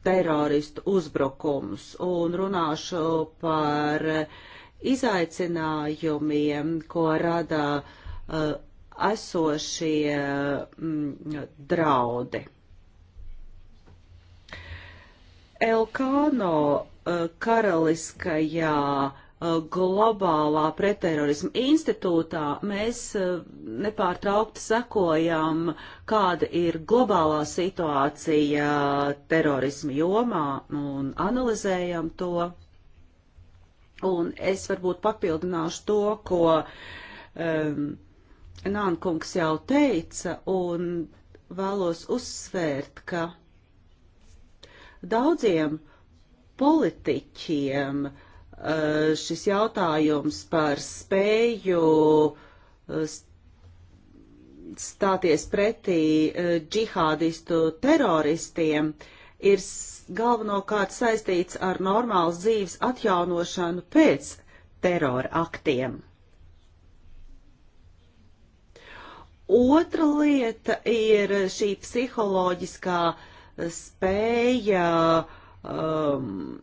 teroristu uzbrukums un runāšu par izaicinājumiem, ko rada uh, esošie mm, draudi. Elkāno uh, karaliskajā uh, Uh, globālā pretterorisma institūtā mēs uh, nepārtraukti sekojam, kāda ir globālā situācija terorisma jomā un analizējam to. Un es varbūt papildināšu to, ko um, Nānkungs jau teica, un vēlos uzsvērt, ka daudziem politiķiem uh, Eh, šis jautājums par spēju eh, stāties pretī eh, džihādistu teroristiem ir galvenokārt saistīts ar normālas dzīves atjaunošanu pēc terora aktiem. Otra lieta ir šī psiholoģiskā spēja um,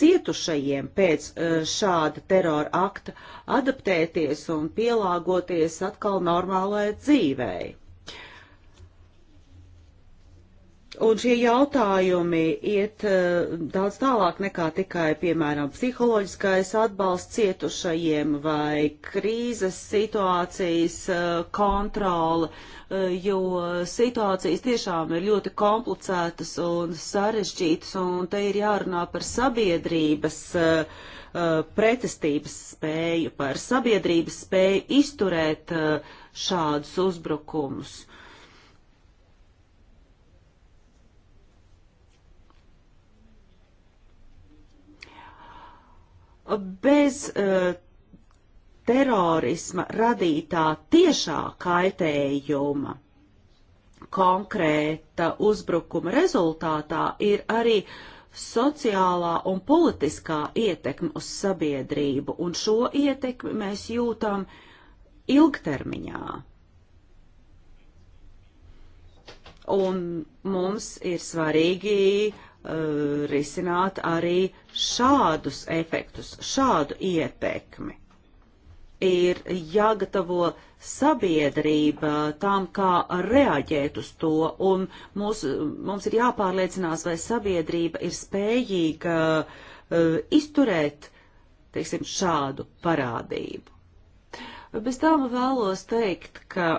cietušajiem pēc e, šāda terora akta adaptēties un pielāgoties atkal normālai dzīvei. Un šie jautājumi iet uh, daudz tālāk nekā tikai, piemēram, psiholoģiskais atbalsts cietušajiem vai krīzes situācijas uh, kontrole, uh, jo situācijas tiešām ir ļoti komplicētas un sarežģītas, un te ir jārunā par sabiedrības pretestības spēju, par sabiedrības spēju izturēt šādus uzbrukumus. bez uh, terorisma radītā tiešā kaitējuma konkrēta uzbrukuma rezultātā ir arī sociālā un politiskā ietekme uz sabiedrību, un šo ietekmi mēs jūtam ilgtermiņā. Un mums ir svarīgi uh, uh, risināt arī šādus efektus, šādu ietekmi. Ir jāgatavo sabiedrība tām, kā reaģēt uz to, un mūs, mums ir jāpārliecinās, vai sabiedrība ir spējīga uh, izturēt, teiksim, šādu parādību. Bez tām vēlos teikt, ka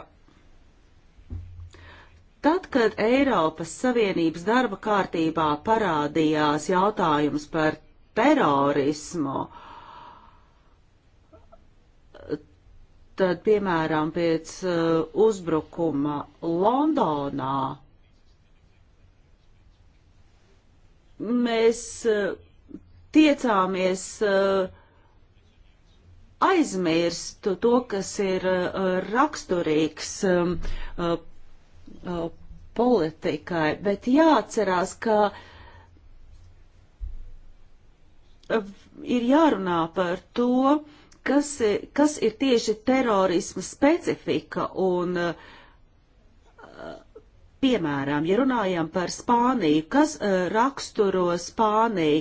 Tad, kad Eiropas Savienības darba kārtībā parādījās jautājums par terorismu, tad, piemēram, pēc uh, uzbrukuma Londonā mēs uh, tiecāmies uh, aizmirst to, kas ir raksturīgs um, uh, politikai, bet jāatcerās, ka uh, ir jārunā par to, kas, kas ir tieši terorisma specifika un uh, Piemēram, ja runājam par Spāniju, kas uh, raksturo Spāniju,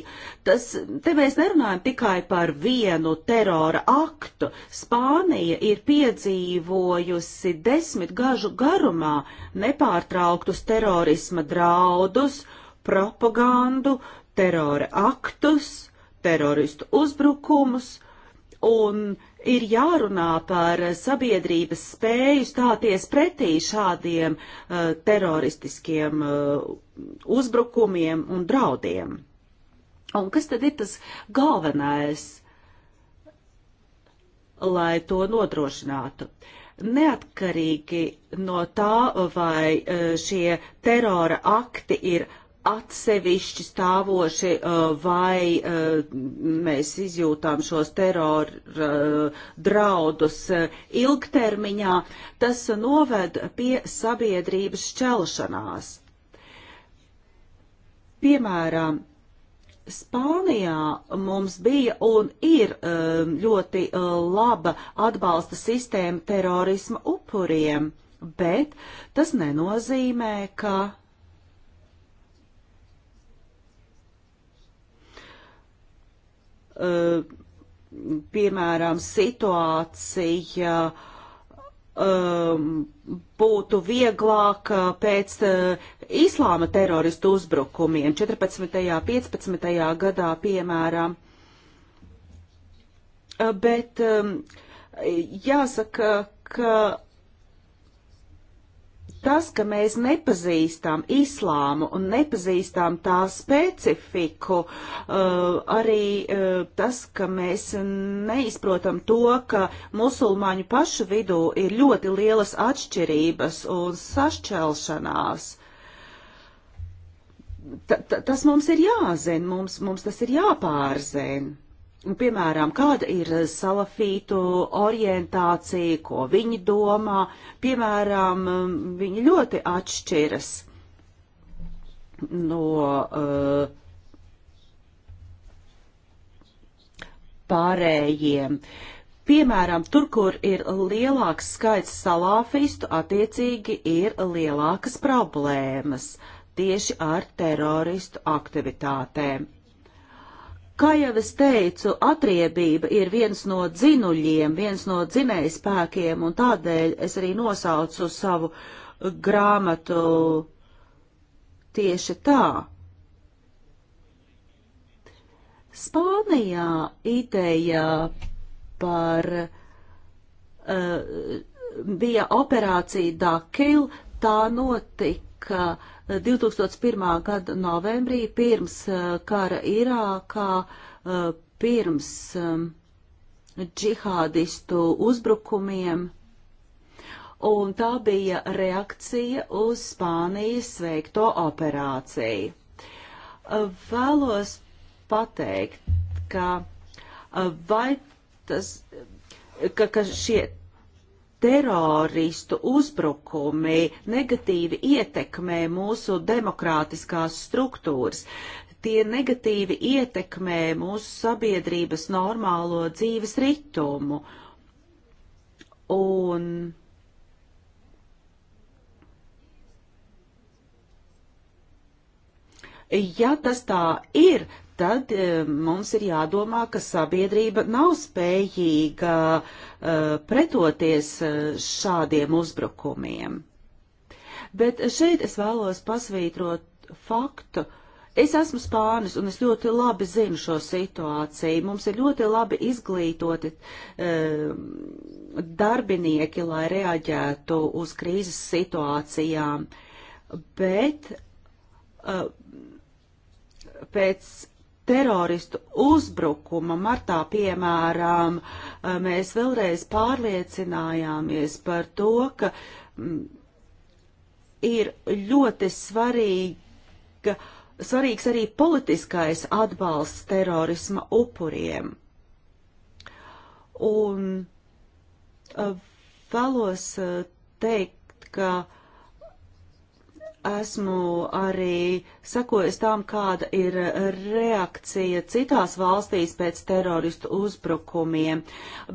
tas te mēs nerunājam tikai par vienu terora aktu. Spānija ir piedzīvojusi desmit gažu garumā nepārtrauktus terorisma draudus, propagandu, terora aktus, teroristu uzbrukumus un ir jārunā par sabiedrības spēju stāties pretī šādiem uh, teroristiskiem uh, uzbrukumiem un draudiem. Un kas tad ir tas galvenais, lai to nodrošinātu? Neatkarīgi no tā, vai uh, šie terora akti ir atsevišķi stāvoši, uh, vai uh, mēs izjūtām šos terora uh, draudus ilgtermiņā, tas noved pie sabiedrības šķelšanās. Piemēram, Spānijā mums bija un ir um, ļoti laba atbalsta sistēma terorisma upuriem, bet tas nenozīmē, ka Uh, piemēram, situācija um, būtu vieglāk uh, pēc uh, islāma teroristu uzbrukumiem 14. 15. gadā, piemēram. Bet um, jāsaka, ka Tas, ka mēs nepazīstam islāmu un nepazīstam tā specifiku, uh, arī uh, tas, ka mēs neizprotam to, ka musulmaņu pašu vidū ir ļoti lielas atšķirības un sašķelšanās. T -t Tas mums ir jāzina, mums, mums tas ir jāpārzina. Piemēram, kāda ir salafītu orientācija, ko viņi domā, piemēram, viņi ļoti atšķiras no uh, pārējiem. Piemēram, tur, kur ir lielāks skaits salāfistu, attiecīgi ir lielākas problēmas tieši ar teroristu aktivitātēm. Kā jau es teicu, atriebība ir viens no dzinuļiem, viens no dzinēja spēkiem, un tādēļ es arī nosaucu savu grāmatu tieši tā. Spānijā ideja par uh, bija operācija Dakil, tā notika uh, 2001. gada novembrī pirms uh, kara Irākā, uh, pirms um, džihādistu uzbrukumiem un tā bija reakcija uz Spānijas veikto operāciju. Uh, vēlos pateikt, ka vai tas, ka, ka šie teroristu uzbrukumi negatīvi ietekmē mūsu demokrātiskās struktūras. Tie negatīvi ietekmē mūsu sabiedrības normālo dzīves ritumu. Un ja tas tā ir, tad e, mums ir jādomā, ka sabiedrība nav spējīga e, pretoties e, šādiem uzbrukumiem. Bet šeit es vēlos pasvītrot faktu. Es esmu spānis un es ļoti labi zinu šo situāciju. Mums ir ļoti labi izglītoti darbinieki, lai reaģētu uz krīzes situācijām. Bet pēc teroristu uzbrukuma martā, piemēram, eh, mēs vēlreiz pārliecinājāmies par to, ka mm, ir ļoti svarīga, svarīgs arī politiskais atbalsts terorisma upuriem. Un eh, vēlos eh, teikt, ka uh, esmu arī sakojis tām, kāda ir reakcija citās valstīs pēc teroristu uzbrukumiem.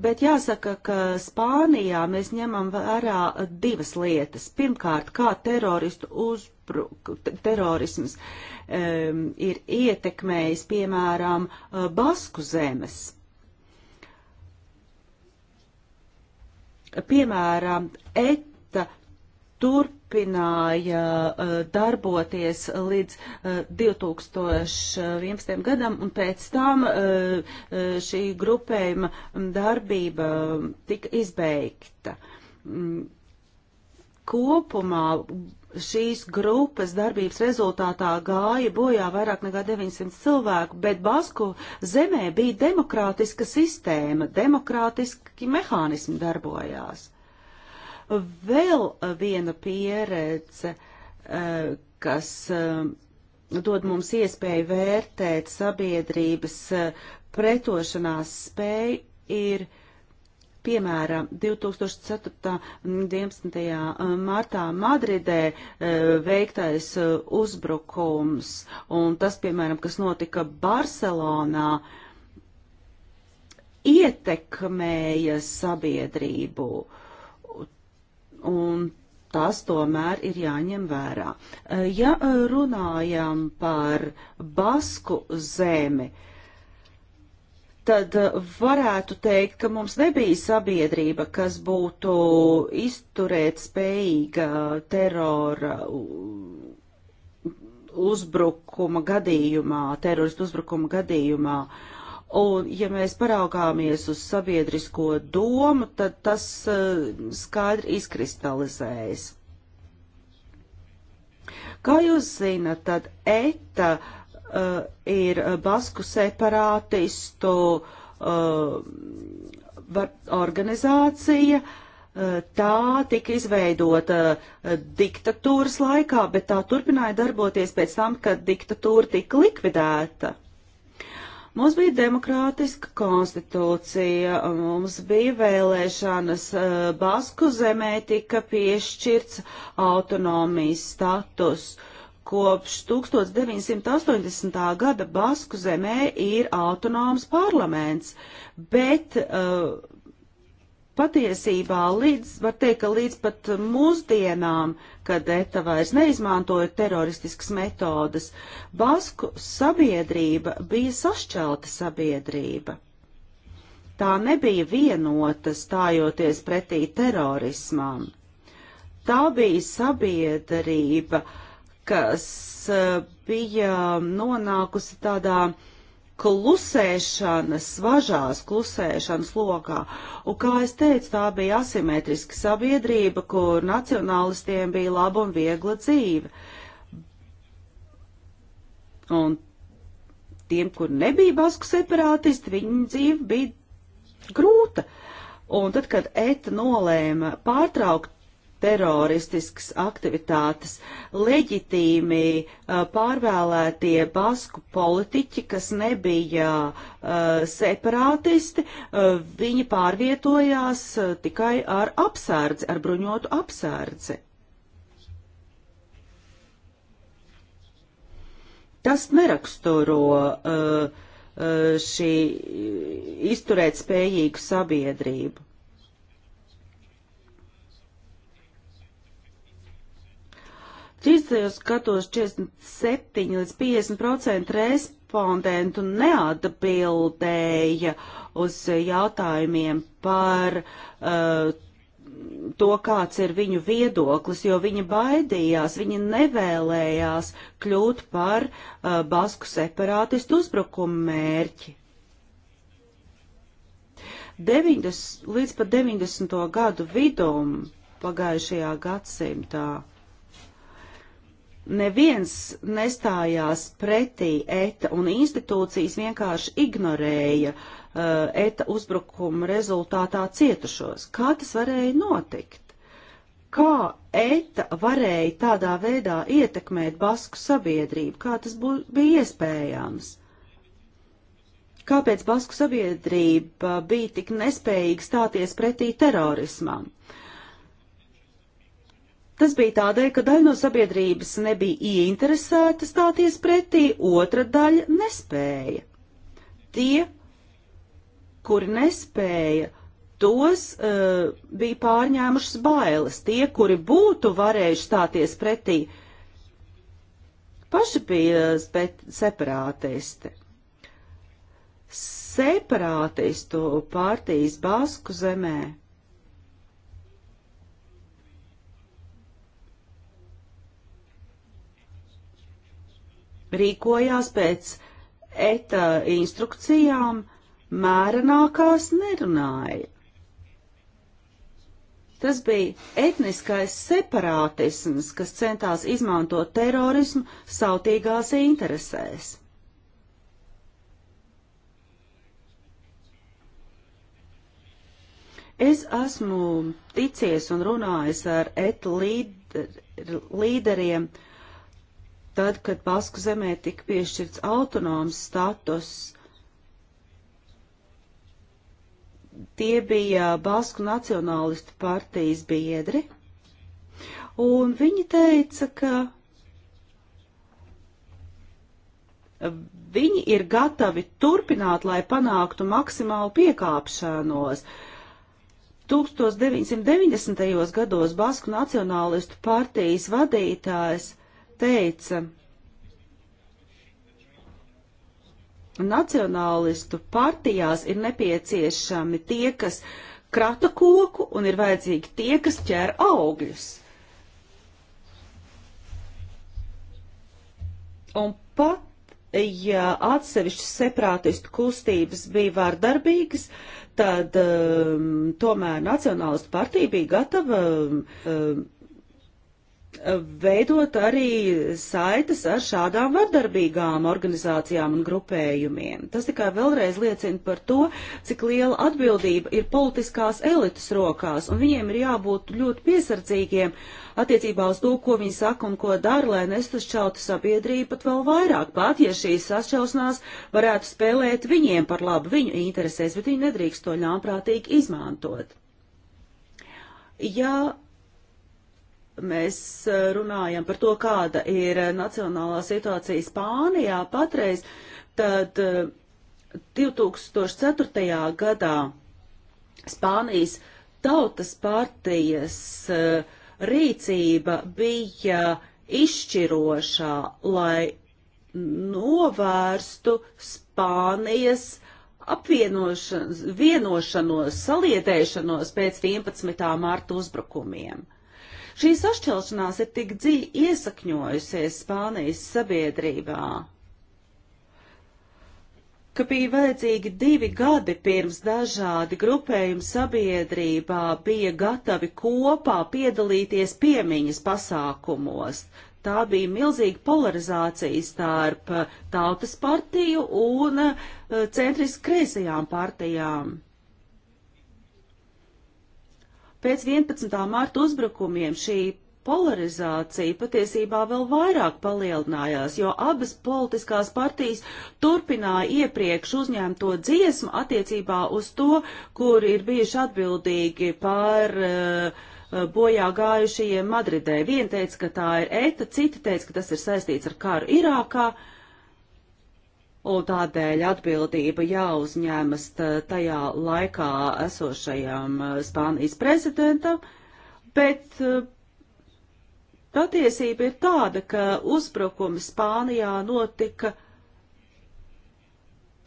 Bet jāsaka, ka Spānijā mēs ņemam vērā divas lietas. Pirmkārt, kā teroristu uzbruk, terorisms um, ir ietekmējis, piemēram, Basku zemes. Piemēram, ETA turpināja uh, darboties līdz uh, eh, 2011. gadam, un pēc tam uh, šī grupējuma darbība tika izbeigta. Mm, kopumā šīs grupas darbības rezultātā gāja bojā vairāk nekā 900 cilvēku, bet Basku zemē bija demokrātiska sistēma, demokrātiski mehānismi darbojās. Vēl viena pieredze, eh, kas eh, dod mums iespēju vērtēt sabiedrības eh, pretošanās spēju, ir Piemēram, 2004. 11. Mm, martā Madridē veiktais uzbrukums un tas, piemēram, kas notika Barcelonā, ietekmēja sabiedrību. Uh, un tas tomēr ir jāņem vērā. Eh, ja eh, runājam par Basku zemi, tad eh, varētu teikt, ka mums nebija sabiedrība, kas būtu izturēt spējīga terora uzbrukuma gadījumā, teroristu uzbrukuma gadījumā. Uh, Un, ja mēs paraugāmies uz sabiedrisko domu, tad tas uh, skaidri izkristalizējas. Kā jūs zinat, tad ETA uh, ir basku separātistu uh, organizācija, uh, Tā tika izveidota diktatūras laikā, bet tā turpināja darboties pēc tam, kad diktatūra tika likvidēta. Mums bija demokrātiska konstitūcija, mums bija vēlēšanas, eh, Basku zemē tika piešķirts autonomijas status. Kopš 1980. gada Basku zemē ir autonoms parlaments, bet uh, patiesībā līdz, var teikt, ka līdz pat mūsdienām ka ETA vairs neizmantoja teroristiskas metodas. Basku sabiedrība bija sašķelta sabiedrība. Tā nebija vienota stājoties pretī terorismam. Tā bija sabiedrība, kas eh, bija nonākusi tādā uh, klusēšanas, važās klusēšanas lokā. Un, kā es teicu, tā bija asimetriska sabiedrība, kur nacionālistiem bija laba un viegla dzīve. Un tiem, kur nebija basku separātisti, viņu dzīve bija grūta. Un tad, kad ETA nolēma pārtraukt teroristiskas aktivitātes. Leģitīmi pārvēlētie basku politiķi, kas nebija separātisti, viņi pārvietojās tikai ar apsērdzi, ar bruņotu apsērdzi. Tas neraksturo uh, šī izturēt spējīgu sabiedrību. Ķīstajos gados 47 līdz 50% respondentu neatbildēja uz jautājumiem par uh, to, kāds ir viņu viedoklis, jo viņi baidījās, viņi nevēlējās kļūt par uh, basku separātistu uzbrukumu mērķi. 90, līdz pat 90. gadu vidum pagājušajā gadsimtā neviens nestājās pretī ETA un institūcijas vienkārši ignorēja uh, ETA uzbrukuma rezultātā cietušos. Kā tas varēja notikt? Kā ETA varēja tādā veidā ietekmēt Basku sabiedrību? Kā tas bū, bija iespējams? Kāpēc Basku sabiedrība bija tik nespējīga stāties pretī terorismam? Uh, Tas bija tādēļ, ka daļa no sabiedrības nebija ieinteresēta stāties pretī, otra daļa nespēja. Tie, kuri nespēja, tos uh, bija pārņēmušas bailes. Tie, kuri būtu varējuši stāties pretī, paši bija separātisti separātistu partijas Basku zemē. rīkojās pēc ETA instrukcijām, mērenākās nerunāja. Tas bija etniskais separātisms, kas centās izmantot terorismu sautīgās interesēs. Es esmu ticies un runājis ar ETA līderiem, līderiem tad, kad Basku zemē tika piešķirts autonoms status, tie bija Basku nacionālistu partijas biedri, un viņi teica, ka viņi ir gatavi turpināt, lai panāktu maksimālu piekāpšanos. 1990. gados Basku nacionālistu partijas vadītājs teica, nacionālistu partijās ir nepieciešami tie, kas krata koku, un ir vajadzīgi tie, kas ķēra augļus. Un pat, ja atsevišķas separātistu kustības bija vārdarbīgas, tad um, tomēr Nacionālistu partija bija gatava um, veidot arī saites ar šādām vardarbīgām organizācijām un grupējumiem. Tas tikai vēlreiz liecina par to, cik liela atbildība ir politiskās elites rokās, un viņiem ir jābūt ļoti piesardzīgiem attiecībā uz to, ko viņi saka un ko dara, lai nesašķeltu sabiedrību pat vēl vairāk, pat ja šīs sašķelšanās varētu spēlēt viņiem par labu viņu interesēs, bet viņi nedrīkst to ļaunprātīgi izmantot. Ja mēs eh, runājam par to, kāda ir eh, nacionālā situācija Spānijā patreiz, tad 2004. Eh, gadā Spānijas tautas partijas rīcība bija izšķirošā, lai novērstu Spānijas apvienošanos, vienošanos, saliedēšanos pēc 11. mārta uzbrukumiem. Šī sašķelšanās ir tik dziļi iesakņojusies Spānijas sabiedrībā, ka bija vajadzīgi divi gadi pirms dažādi grupējumi sabiedrībā bija gatavi kopā piedalīties piemiņas pasākumos. Tā bija milzīga polarizācija starp tautas partiju un eh, centriski kreisajām partijām. Pēc 11. mārta uzbrukumiem šī polarizācija patiesībā vēl vairāk palielinājās, jo abas politiskās partijas turpināja iepriekš uzņemto dziesmu attiecībā uz to, kur ir bijuši atbildīgi par uh, bojā gājušajiem Madridē. Viena teica, ka tā ir ETA, cita teica, ka tas ir saistīts ar karu Irākā. Uh, Un tādēļ atbildība jāuzņemas tajā laikā esošajam uh, Spānijas prezidentam, bet uh, patiesība ir tāda, ka uzbrukumi Spānijā notika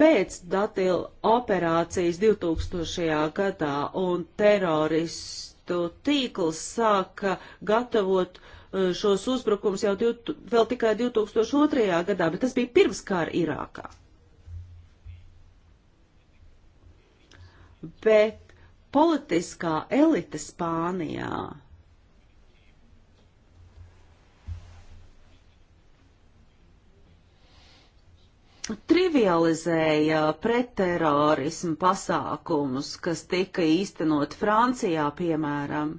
pēc datila operācijas 2000. gadā, un teroristu tīkls sāka gatavot uh, Eh, šos uzbrukums jau div, vēl tikai 2002. gadā, bet tas bija pirms kara Irākā. Bet politiskā elite Spānijā trivializēja pretterorismu pasākumus, kas tika īstenot Francijā, piemēram.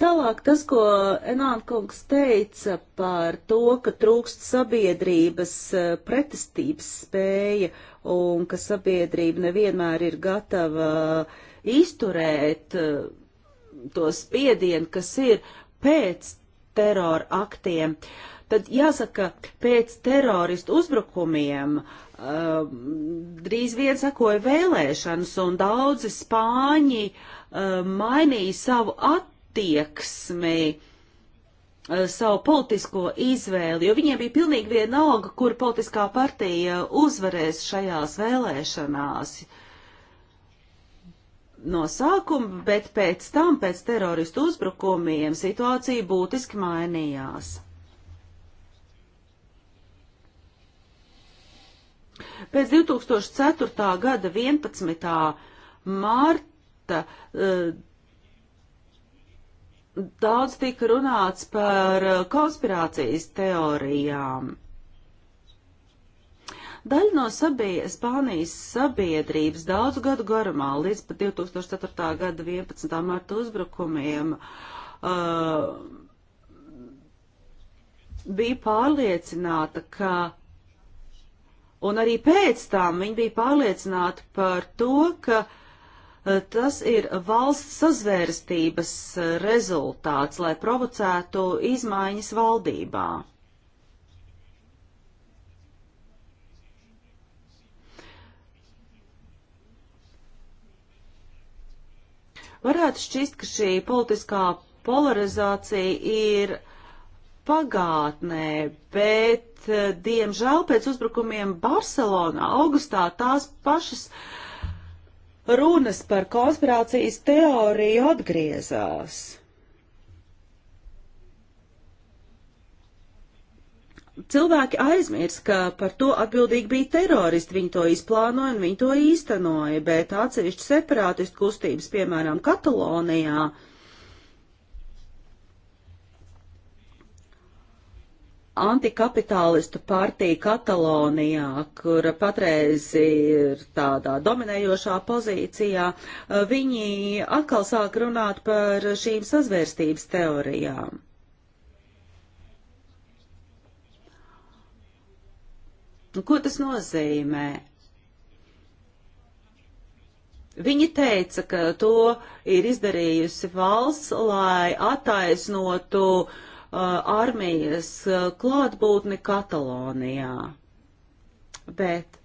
Tālāk tas, ko Enānkungs teica par to, ka trūkst sabiedrības e, pretestības spēja un ka sabiedrība nevienmēr ir gatava izturēt e, to spiedienu, kas ir pēc terora aktiem, tad jāsaka, pēc teroristu uzbrukumiem uh, drīz vien sakoja vēlēšanas, un daudzi spāņi uh, mainīja savu attieksmi attieksmi, eh, savu politisko izvēli, jo viņiem bija pilnīgi vienalga, kur politiskā partija uzvarēs šajās vēlēšanās no sākuma, bet pēc tam, pēc teroristu uzbrukumiem, situācija būtiski mainījās. Pēc 2004. gada 11. mārta eh, Daudz tika runāts par uh, konspirācijas teorijām. Daļa no sabie, Spānijas sabiedrības daudzu gadu garumā, līdz pat 2004. gada 11. marta uzbrukumiem, uh, bija pārliecināta, ka, un arī pēc tam viņi bija pārliecināti par to, ka uh, Tas ir valsts sazvērstības eh, rezultāts, lai provocētu izmaiņas valdībā. Varētu šķist, ka šī politiskā polarizācija ir pagātnē, bet eh, diemžēl pēc uzbrukumiem Barcelonā augustā tās pašas uh, runas par konspirācijas teoriju atgriezās. Cilvēki aizmirst, ka par to atbildīgi bija teroristi, viņi to izplānoja un viņi to īstenoja, bet atsevišķi separātistu kustības, piemēram, Katalonijā, uh, antikapitālistu partija Katalonijā, kur patreiz ir tādā dominējošā pozīcijā, eh, viņi atkal sāk runāt par šīm sazvērstības teorijām. Nu, ko tas nozīmē? Viņa teica, ka to ir izdarījusi valsts, lai attaisnotu uh, Uh, armijas uh, klātbūtni Katalonijā. Bet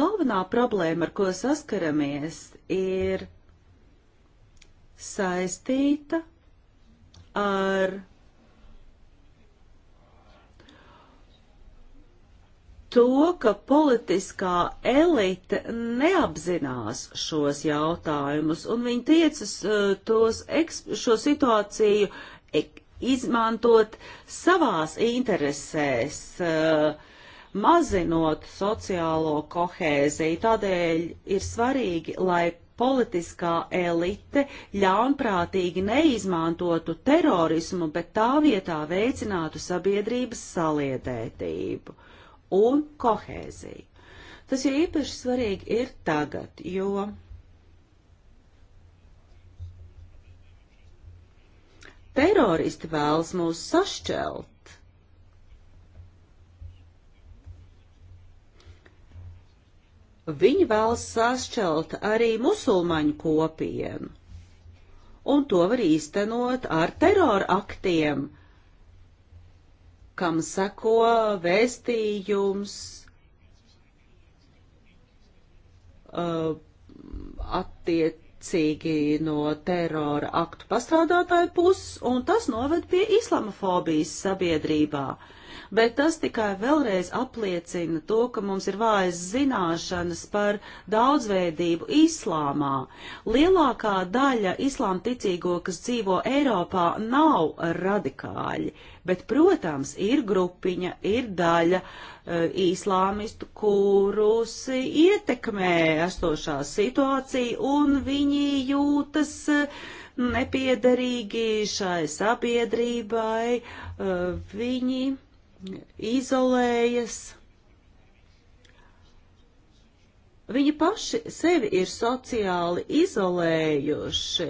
galvenā problēma, ar ko saskaramies, ir saistīta ar to, ka politiskā elite neapzinās šos jautājumus, un viņi tiecas uh, tos, šo situāciju ek izmantot savās interesēs, eh, mazinot sociālo kohēziju. Tādēļ ir svarīgi, lai politiskā elite ļaunprātīgi neizmantotu terorismu, bet tā vietā veicinātu sabiedrības saliedētību un kohēziju. Tas jau īpaši svarīgi ir tagad, jo teroristi vēlas mūs sašķelt. Viņi vēlas sašķelt arī musulmaņu kopienu, un to var īstenot ar terora aktiem, kam seko vēstījums uh, attiec spēcīgi no terora aktu pastrādātāju puses, un tas noved pie islamofobijas sabiedrībā. Uh, bet tas tikai vēlreiz apliecina to, ka mums ir vājas zināšanas par daudzveidību islāmā. Lielākā daļa islām ticīgo, kas dzīvo Eiropā, nav radikāļi, bet, protams, ir grupiņa, ir daļa eh, islāmistu, kurus ietekmē esošā situācija, un viņi jūtas eh, nepiederīgi šai sabiedrībai. Eh, viņi izolējas. Viņi paši sevi ir sociāli izolējuši,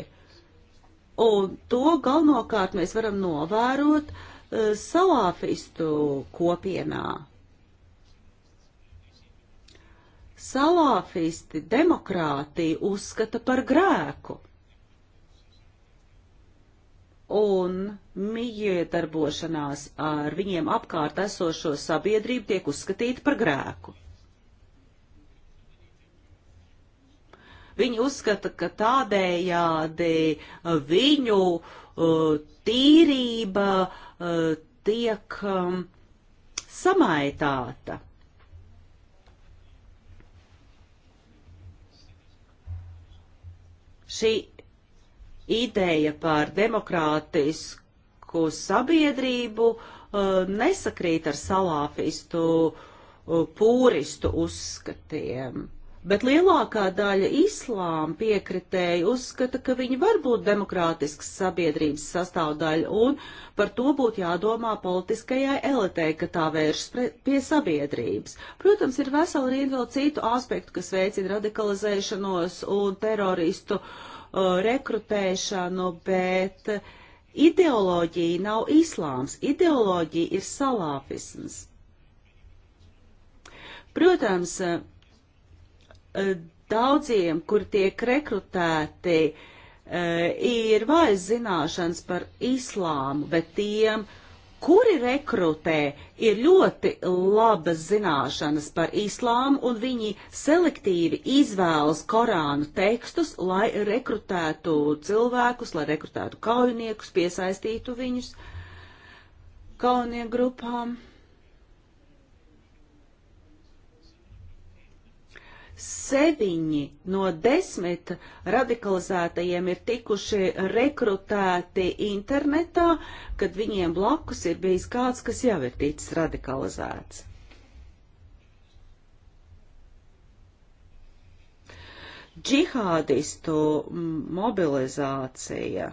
un to galvenokārt mēs varam novērot uh, salāfistu kopienā. Salāfisti demokrātiju uzskata par grēku un miedarbošanās ar viņiem apkārt esošo sabiedrību tiek uzskatīta par grēku. Viņi uzskata, ka tādējādi viņu uh, tīrība uh, tiek um, samaitāta. Šī ideja par demokrātisku sabiedrību uh, nesakrīt ar salāfistu uh, pūristu uzskatiem. Bet lielākā daļa islāma piekritēji uzskata, ka viņi var būt demokrātiskas sabiedrības sastāvdaļa, un par to būtu jādomā politiskajai elitei, ka tā vēršas pie sabiedrības. Protams, ir vesela rinda vēl citu aspektu, kas veicina radikalizēšanos un teroristu uh, Uh, rekrutēšanu, bet ideoloģija nav islāms, ideoloģija ir salāfisms. Protams, uh, daudziem, kur tiek rekrutēti, uh, ir vairs zināšanas par islāmu, bet tiem, uh, kuri rekrutē, ir ļoti labas zināšanas par islāmu, un viņi selektīvi izvēlas Korānu tekstus, lai rekrutētu cilvēkus, lai rekrutētu kaujiniekus, piesaistītu viņus kaujinieku grupām. Septiņi no desmit radikalizētajiem ir tikuši rekrutēti internetā, kad viņiem blakus ir bijis kāds, kas jau ir ticis radikalizēts. Džihādistu mobilizācija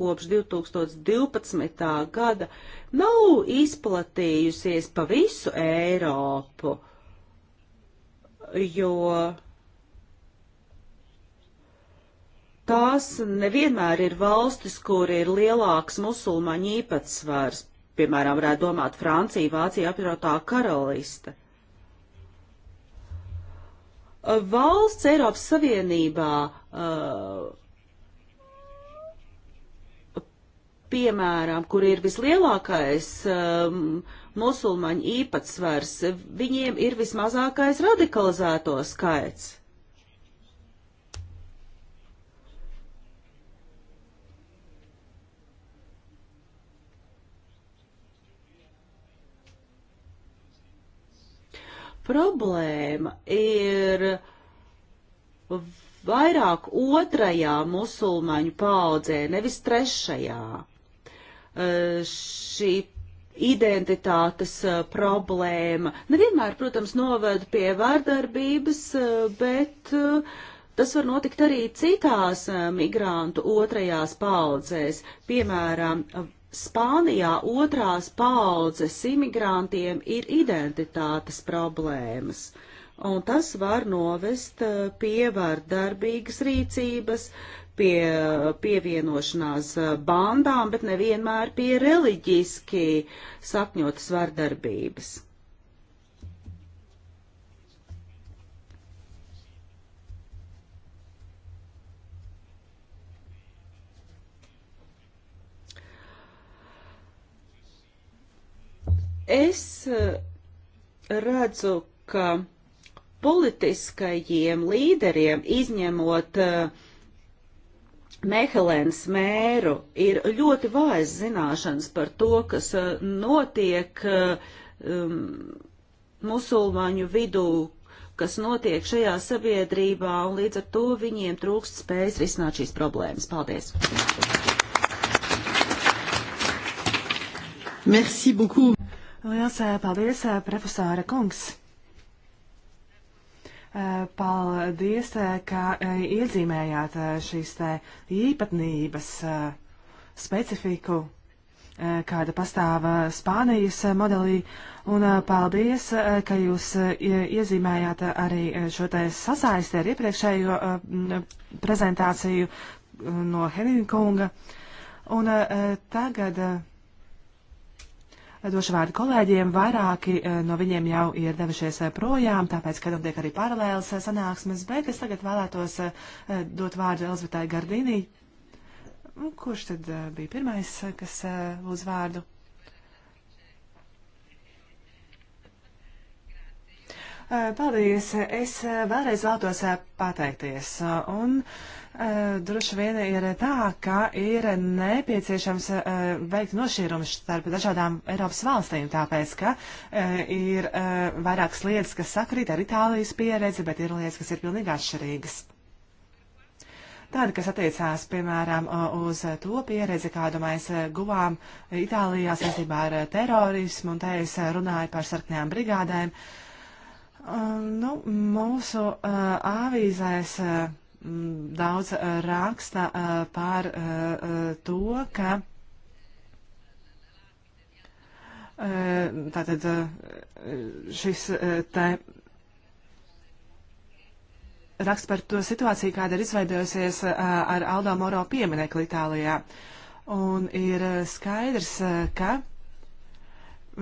kopš 2012. gada nav izplatījusies pa visu Eiropu, jo tās nevienmēr ir valstis, kur ir lielāks musulmaņu īpatsvars. Piemēram, varētu domāt Francija, Vācija, apvienotā karaliste. Valsts Eiropas Savienībā uh, piemēram, kur ir vislielākais um, musulmaņu īpatsvars, viņiem ir vismazākais radikalizēto skaits. Problēma ir vairāk otrajā musulmaņu paudzē, nevis trešajā. Eh, šī identitātes eh, problēma nevienmēr, protams, noved pie vārdarbības, eh, bet tas var notikt arī citās migrantu otrajās paudzēs. Piemēram, Spānijā otrās paudzes imigrantiem ir identitātes problēmas, un tas var novest pie vārdarbīgas rīcības, uh, pie pievienošanās eh, bandām, bet nevienmēr pie reliģiski sakņotas vardarbības. es eh, redzu, ka politiskajiem līderiem, izņemot uh, Mehelēnas mēru ir ļoti vājas zināšanas par to, kas uh, notiek uh, um, musulmaņu vidū, kas notiek šajā sabiedrībā, un līdz ar to viņiem trūkst spējas risināt šīs problēmas. Paldies! Merci beaucoup! Lielas eh, paldies, eh, profesāra kungs! Paldies, eh, ka eh, iezīmējāt eh, šīs te īpatnības specifiku, kāda pastāv Spānijas modelī, un paldies, ka jūs iezīmējāt arī šo te sasaisti ar iepriekšējo prezentāciju no Henninga kunga. Un tagad Došu vārdu kolēģiem, vairāki eh, no viņiem jau ir devušies eh, projām, tāpēc, ka notiek nu arī paralēlas eh, sanāksmes, bet es tagad vēlētos dot vārdu Elzvitai Gardīnī. Nu, kurš tad bija pirmais, kas lūdz vārdu? Paldies! Es vēlreiz vēlētos pateikties. Un, uh, Eh, droši vien ir tā, ka ir nepieciešams eh, veikt nošķīrumus starp dažādām Eiropas valstīm, tāpēc, ka eh, ir vairākas lietas, kas sakrīt ar Itālijas pieredzi, bet ir lietas, kas ir pilnīgi atšķirīgas. Tāda, kas attiecās, piemēram, uz to pieredzi, kādu mēs guvām Itālijā saistībā ar terorismu, un te es runāju par sarknējām brigādēm. Nu, mūsu avīzēs daudz eh, raksta eh, par eh, to, ka tātad šis te raksts par to situāciju, kāda ir izveidojusies ar Aldo Moro pieminekli Itālijā. Un ir skaidrs, ka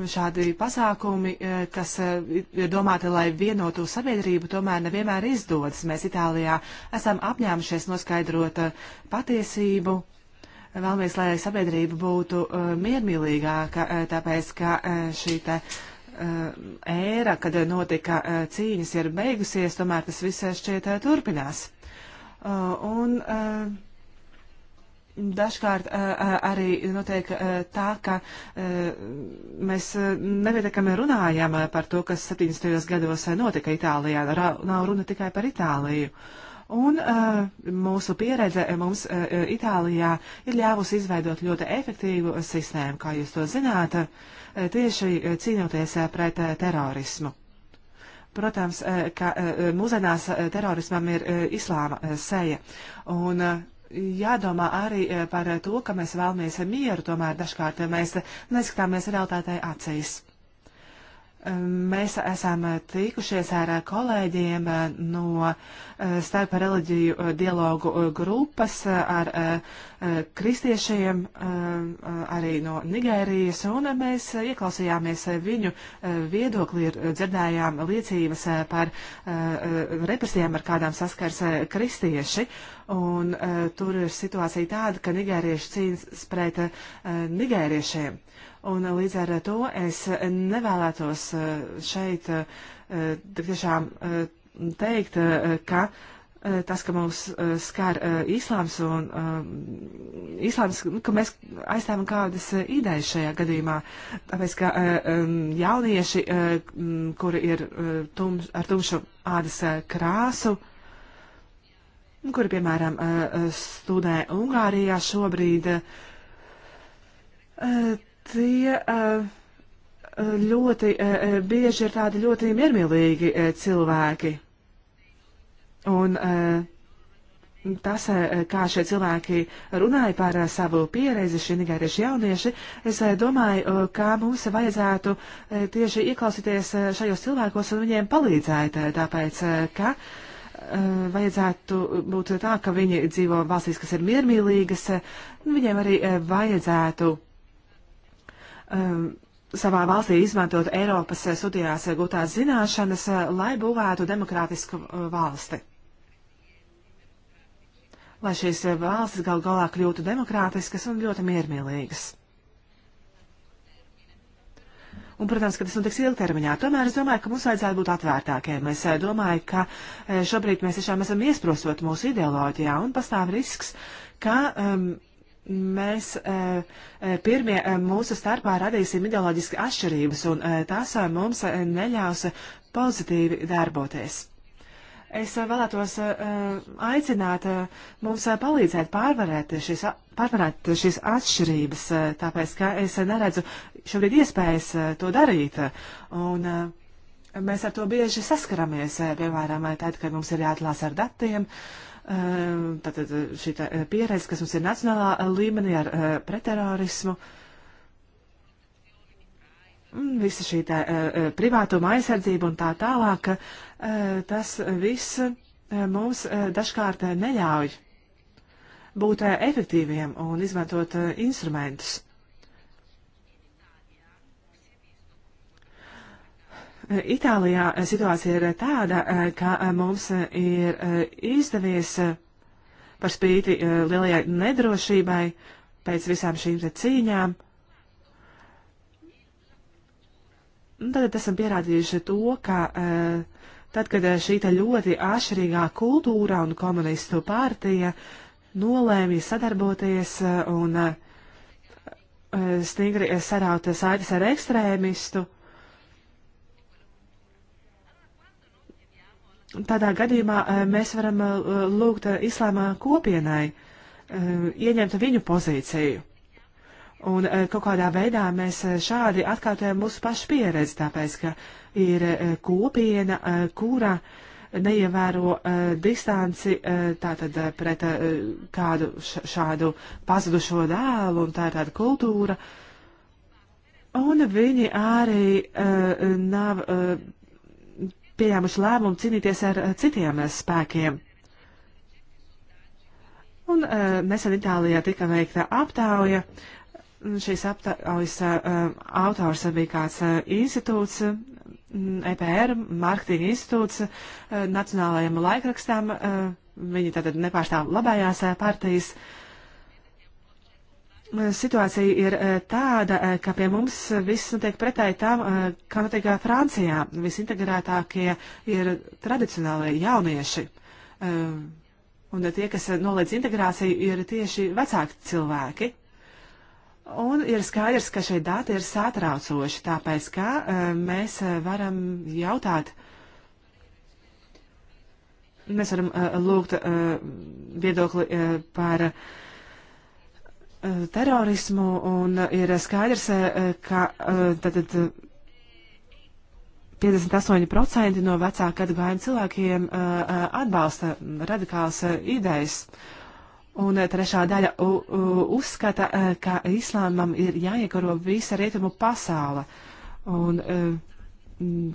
šādi pasākumi, eh, kas eh, ir domāti, lai vienotu sabiedrību, tomēr nevienmēr izdodas. Mēs Itālijā esam apņēmušies noskaidrot eh, patiesību. Vēlamies, lai sabiedrība būtu miermīlīgāka, tāpēc, ka šī te ēra, kad notika cīņas, ir beigusies, tomēr tas viss šķiet turpinās. Un, un dažkārt eh, eh, arī notiek eh, tā, ka mēs nevietiekami runājam par to, kas 70. gados notika Itālijā. Nav runa tikai par Itāliju. Un mūsu pieredze mums Itālijā ir ļāvusi izveidot ļoti efektīvu sistēmu, kā jūs to zināt, tieši cīnoties pret terorismu. Protams, ka mūsdienās terorismam ir islāma seja. Un jādomā arī eh, par to, ka mēs vēlamies mieru, tomēr dažkārt eh, mēs neskatāmies realitātei acīs. Mēs esam tikušies ar kolēģiem no eh, starp reliģiju eh, dialogu eh, grupas, ar kristiešiem, arī no Nigērijas, un mēs ieklausījāmies viņu viedokli, dzirdējām liecības par represijām, ar kādām saskars kristieši. Un tur ir situācija tāda, ka nigērieši cīnas pret nigēriešiem. Uh, Un eh, līdz ar to es eh, nevēlētos eh, šeit tiešām teikt, ka tas, ka mums skar islāms un islāms, nu, ka mēs aizstāvam kādas idejas šajā gadījumā, tāpēc, ka jaunieši, kuri ir tumš, ar tumšu ādas krāsu, nu, kuri, piemēram, studē Ungārijā šobrīd, Tie eh, eh, ļoti eh, bieži ir tādi ļoti miermīlīgi cilvēki. Un tas, kā šie cilvēki runāja par savu pieredzi, šie nigērieši jaunieši, es domāju, ka mums vajadzētu tieši ieklausīties šajos cilvēkos un viņiem palīdzēt, tāpēc, ka vajadzētu būt tā, ka viņi dzīvo valstīs, kas ir miermīlīgas, viņiem arī vajadzētu um, savā valstī izmantot Eiropas eh, studijās eh, gūtās zināšanas, eh, lai būvētu demokrātisku valsti. Lai šīs valstis gal galā kļūtu demokrātiskas un ļoti miermīlīgas. Un, protams, ka tas notiks ilgtermiņā. Tomēr es domāju, ka mums vajadzētu būt atvērtākiem. Es domāju, ka šobrīd mēs tiešām esam iesprostot mūsu ideoloģijā un pastāv risks, ka um, mēs e, e, pirmie e, mūsu starpā radīsim ideoloģiski atšķirības, un tās mums neļaus pozitīvi darboties. Es vēlētos aicināt mums palīdzēt pārvarēt šīs, pārvarēt šīs atšķirības, tāpēc, ka es neredzu šobrīd iespējas to darīt. Un, mēs ar to bieži saskaramies, piemēram, tad, kad mums ir jāatlās ar datiem. Uh, Ehm, tātad eh, šī tā eh, pieredze, kas mums ir nacionālā eh, līmenī ar preterorismu, visa šī tā privātuma aizsardzība un tā tālāk, tas viss mums dažkārt neļauj būt efektīviem un izmantot instrumentus. Itālijā eh, situācija ir tāda, eh, ka eh, mums ir izdevies par spīti lielajai nedrošībai pēc visām šīm cīņām. Tad esam pierādījuši to, ka tad, kad šī ļoti atšķirīgā kultūra un komunistu pārtija nolēmīja sadarboties un stingri saraut saites ar ekstrēmistu, tādā gadījumā eh, mēs varam eh, lūgt eh, islāma kopienai ieņemt viņu pozīciju. Un kaut kādā veidā mēs šādi atkārtojam mūsu pašu pieredzi, tāpēc, ka ir kopiena, kura neievēro distanci tātad pret kādu šādu pazudušo dēlu, un tā ir tāda kultūra. Un viņi arī nav pieņēmuši lēmumu cīnīties ar eh, citiem eh, spēkiem. Un eh, nesen Itālijā tika veikta aptauja. Šīs aptaujas autors bija kāds institūts, mm, EPR, mārketinga institūts, nacionālajiem laikrakstām. Viņi tātad nepārstāv labējās partijas. Uh, Situācija ir eh, tāda, eh, ka pie mums viss notiek pretēji tam, eh, kā notiek Francijā. Visintegrētākie ir tradicionālie jaunieši. Un tie, kas noliedz integrāciju, ir tieši vecāki cilvēki. Un ir skaidrs, ka šie dati ir satraucoši, tāpēc, ka mēs varam jautāt, mēs varam lūgt viedokli par. Uh, Eh, terorismu un ir skaidrs, eh, ka eh, tad, tad 58% no vecāku gadu gājumu cilvēkiem atbalsta radikālas idejas. Un trešā daļa uzskata, ka islāmam ir jāiekaro visa rietumu pasaule. Un, mm,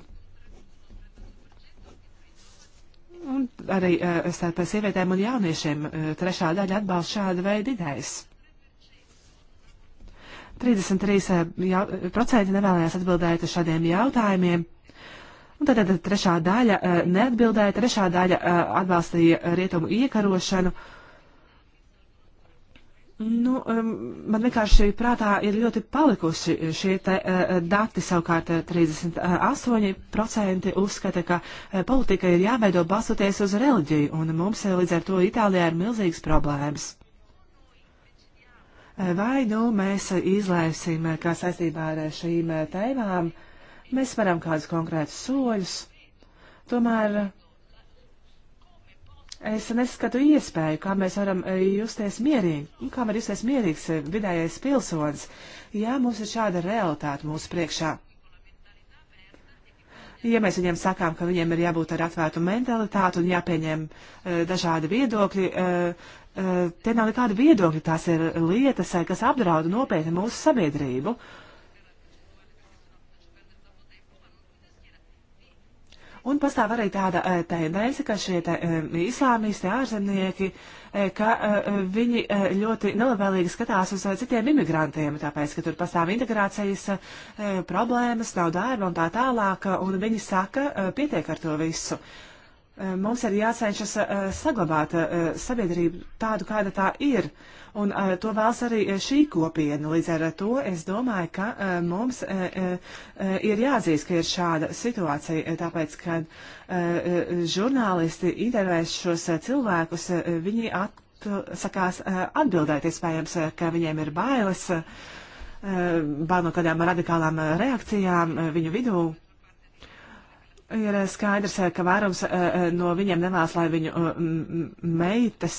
un arī starp sievietēm un jauniešiem trešā daļa atbalsta šādu veidu idejas. 33% eh, nevēlējās atbildēt uz šādiem jautājumiem. Un tad, tad trešā daļa eh, neatbildēja, trešā daļa eh, atbalstīja rietumu iekarošanu. Nu, man vienkārši prātā ir ļoti palikuši šie te dati, savukārt 38% uzskata, ka politika ir jāveido balstoties uz reliģiju, un mums līdz ar to Itālijā ir milzīgas problēmas. Eh, vai nu mēs izlēsim, eh, kā saistībā ar eh, šīm tēmām, mēs varam kādus konkrētus soļus, tomēr es neskatu iespēju, kā mēs varam justies mierīgi, kā var justies mierīgs vidējais pilsonis, ja mums ir šāda realitāte mūsu priekšā. Ja mēs viņiem sakām, ka viņiem ir jābūt ar atvērtu mentalitāti un jāpieņem eh, dažādi viedokļi, eh, eh, te nav nekādi viedokļi, tās ir lietas, kas apdraud nopietni mūsu sabiedrību. Uh, Un pastāv arī tāda eh, tendence, ka šie te, eh, islāmisti, ārzemnieki, eh, ka viņi ļoti nelabvēlīgi skatās uz citiem imigrantiem, tāpēc, ka tur pastāv integrācijas problēmas, nav darba un tā tālāk, un viņi saka, pietiek ar to visu. Mums ir jācenšas saglabāt sabiedrību tādu, kāda tā ir. Uh, Un uh, to vēlas arī eh, šī kopiena. Līdz ar to es domāju, ka uh, mums uh, uh, ir jāatzīst, ka ir šāda situācija, tāpēc, ka uh, žurnālisti intervēs šos uh, cilvēkus, uh, viņi atsakās uh, atbildēt, iespējams, uh, ka viņiem ir bailes, uh, bail no kādām radikālām reakcijām uh, viņu vidū. Ir eh, skaidrs, eh, ka vairums eh, no viņiem nevēlas, lai viņu meitas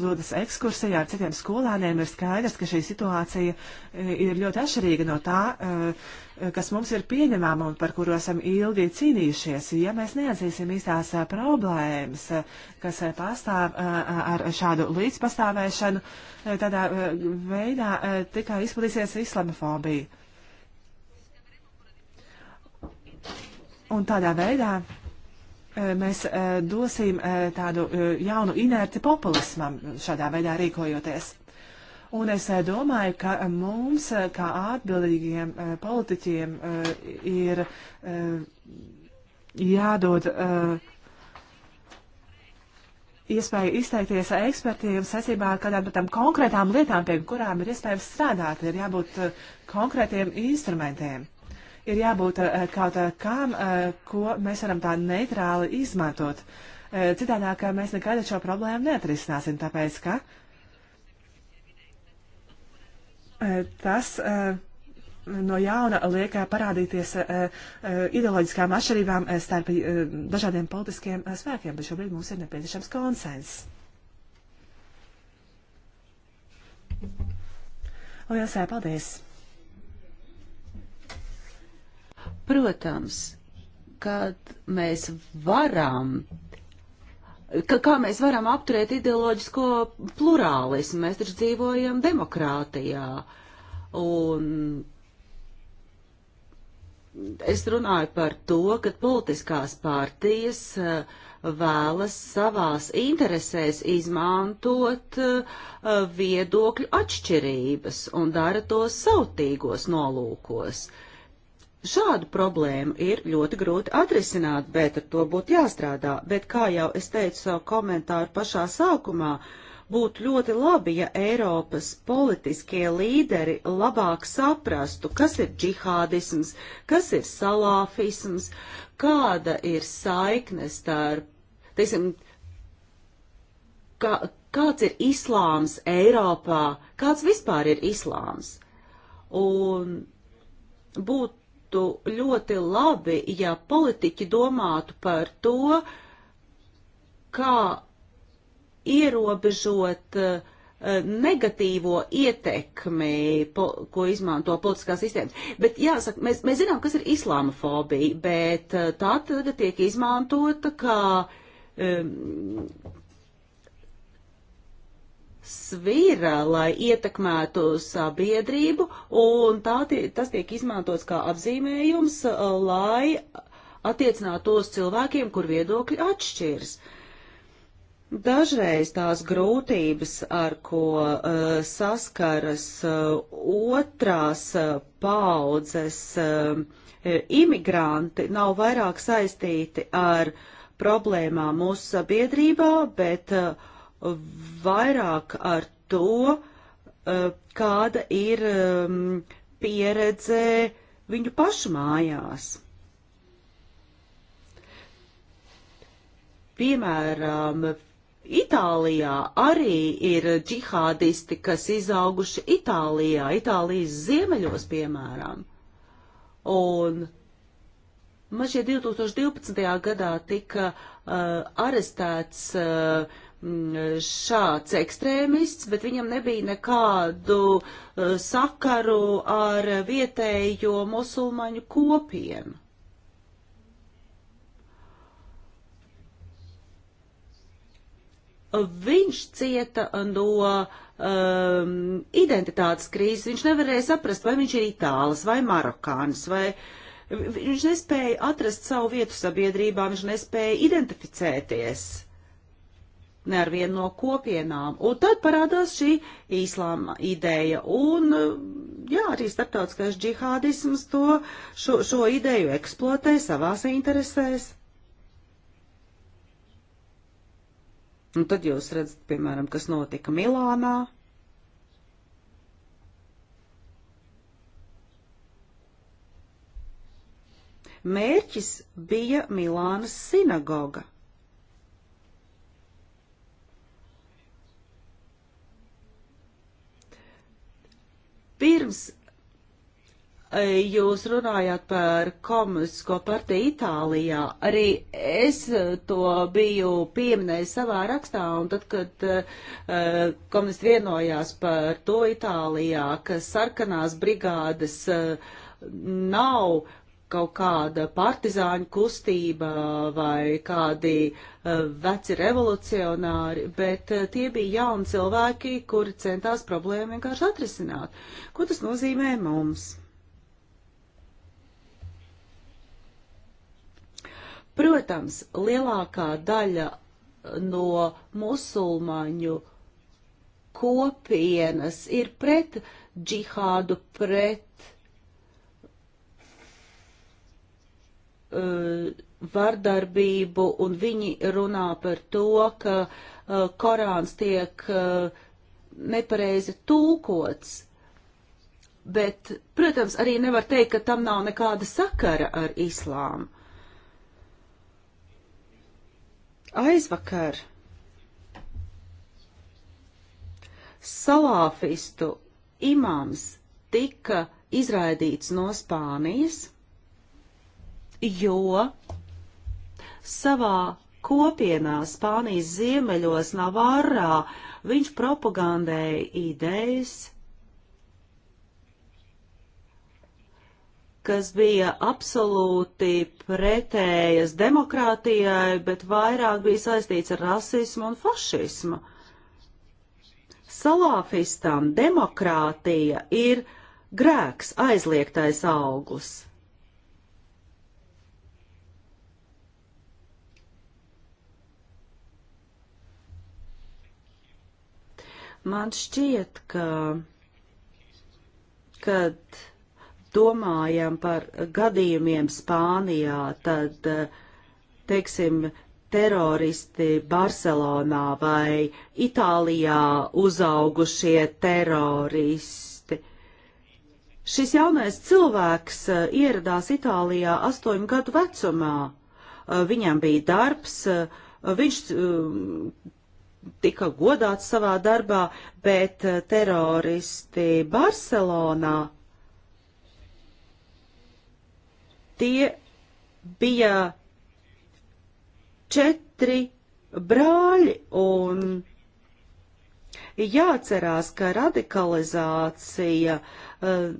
dodas ekskursijā ar citiem skolēniem. Ir skaidrs, ka šī situācija ir ļoti atšķirīga no tā, kas mums ir pieņemama un par kuru esam ilgi cīnījušies. Ja mēs neatzīsim īstās problēmas, kas pastāv ar šādu līdzpastāvēšanu, tādā veidā tikai izplatīsies islamofobija Un tādā veidā e, mēs e, dosim e, tādu jaunu inerci populismam šādā veidā rīkojoties. Un es domāju, ka mums, kā atbildīgiem politiķiem, ir jādod iespēju izteikties ekspertiem saistībā ar kādām tam konkrētām lietām, pie kurām ir iespējams strādāt, ir jābūt konkrētiem instrumentiem ir jābūt eh, kaut eh, kam, eh, ko mēs varam tā neitrāli izmantot. Citādāk mēs nekad šo problēmu neatrisināsim, tāpēc ka tas no jauna liek parādīties ideoloģiskām atšķirībām starp dažādiem politiskiem spēkiem, bet šobrīd mums ir nepieciešams konsens. Lielas paldies! Protams, kad mēs varam. Ka, kā mēs varam apturēt ideoloģisko plurālismu? Mēs taču dzīvojam demokrātijā. Un es runāju par to, ka politiskās partijas eh, vēlas savās interesēs izmantot eh, viedokļu atšķirības un dara to sautīgos nolūkos. Šādu problēmu ir ļoti grūti atrisināt, bet ar to būtu jāstrādā. Bet, kā jau es teicu savu komentāru pašā sākumā, būtu ļoti labi, ja Eiropas politiskie līderi labāk saprastu, kas ir džihādisms, kas ir salāfisms, kāda ir saikne starp, teiksim, kā, kāds ir islāms Eiropā, kāds vispār ir islāms. Un būtu būtu ļoti labi, ja politiķi domātu par to, kā ierobežot uh, negatīvo ietekmi, po, ko izmanto politiskās sistēmas. Bet jāsaka, mēs, mēs zinām, kas ir islāmofobija, bet eh, tā tagad tiek izmantota kā um, svira, lai ietekmētu sabiedrību, un tā, tas tiek izmantots kā apzīmējums, uh, lai attiecinātu tos cilvēkiem, kur viedokļi atšķiras. Dažreiz tās grūtības, ar ko uh, saskaras uh, otrās uh, paudzes uh, imigranti, nav vairāk saistīti ar problēmām mūsu sabiedrībā, bet uh, vairāk ar to, eh, kāda ir ehm, pieredze viņu pašu mājās. Piemēram, Itālijā arī ir džihādisti, kas izauguši Itālijā, Itālijas ziemeļos, piemēram. Un man šie 2012. gadā tika uh, arestēts uh, šāds ekstrēmists, bet viņam nebija nekādu e, sakaru ar vietējo musulmaņu kopienu. viņš cieta no um, identitātes krīzes. Viņš nevarēja saprast, vai viņš ir itālis vai marokānis, vai viņš nespēja atrast savu vietu sabiedrībā, viņš nespēja identificēties ne ar vienu no kopienām. Un tad parādās šī īslāma ideja. Un, jā, arī starptautiskais džihādisms to, šo, šo ideju eksploatē savās interesēs. Un tad jūs redzat, piemēram, kas notika Milānā. Mērķis bija Milānas sinagoga. Pirms e, jūs runājāt par komunistisko partiju Itālijā, arī es e, to biju pieminējis savā rakstā, un tad, kad uh, komunisti vienojās par to Itālijā, ka sarkanās brigādes uh, nav kaut kāda partizāņu kustība vai kādi eh, veci revolucionāri, bet eh, tie bija jauni cilvēki, kuri centās problēmu vienkārši atrisināt. Ko tas nozīmē mums? Protams, lielākā daļa eh, no musulmaņu kopienas ir pret džihādu, pret uh, Uh, vardarbību, un viņi runā par to, ka uh, Korāns tiek uh, nepareizi tulkots. Bet, protams, arī nevar teikt, ka tam nav nekāda sakara ar islāmu. Aizvakar salāfistu imāms tika izraidīts no Spānijas jo savā kopienā Spānijas ziemeļos Navarrā viņš propagandēja idejas, kas bija absolūti pretējas demokrātijai, bet vairāk bija saistīts ar rasismu un fašismu. Salāfistām demokrātija ir grēks aizliegtais auglis. Man šķiet, ka, kad domājam par gadījumiem Spānijā, tad, teiksim, teroristi Barcelonā vai Itālijā uzaugušie teroristi. Šis jaunais cilvēks eh, ieradās Itālijā astoņu gadu vecumā. Eh, viņam bija darbs, eh, viņš tika godāts savā darbā, bet eh, teroristi Barcelonā tie bija četri brāļi un jāatcerās, ka radikalizācija uh,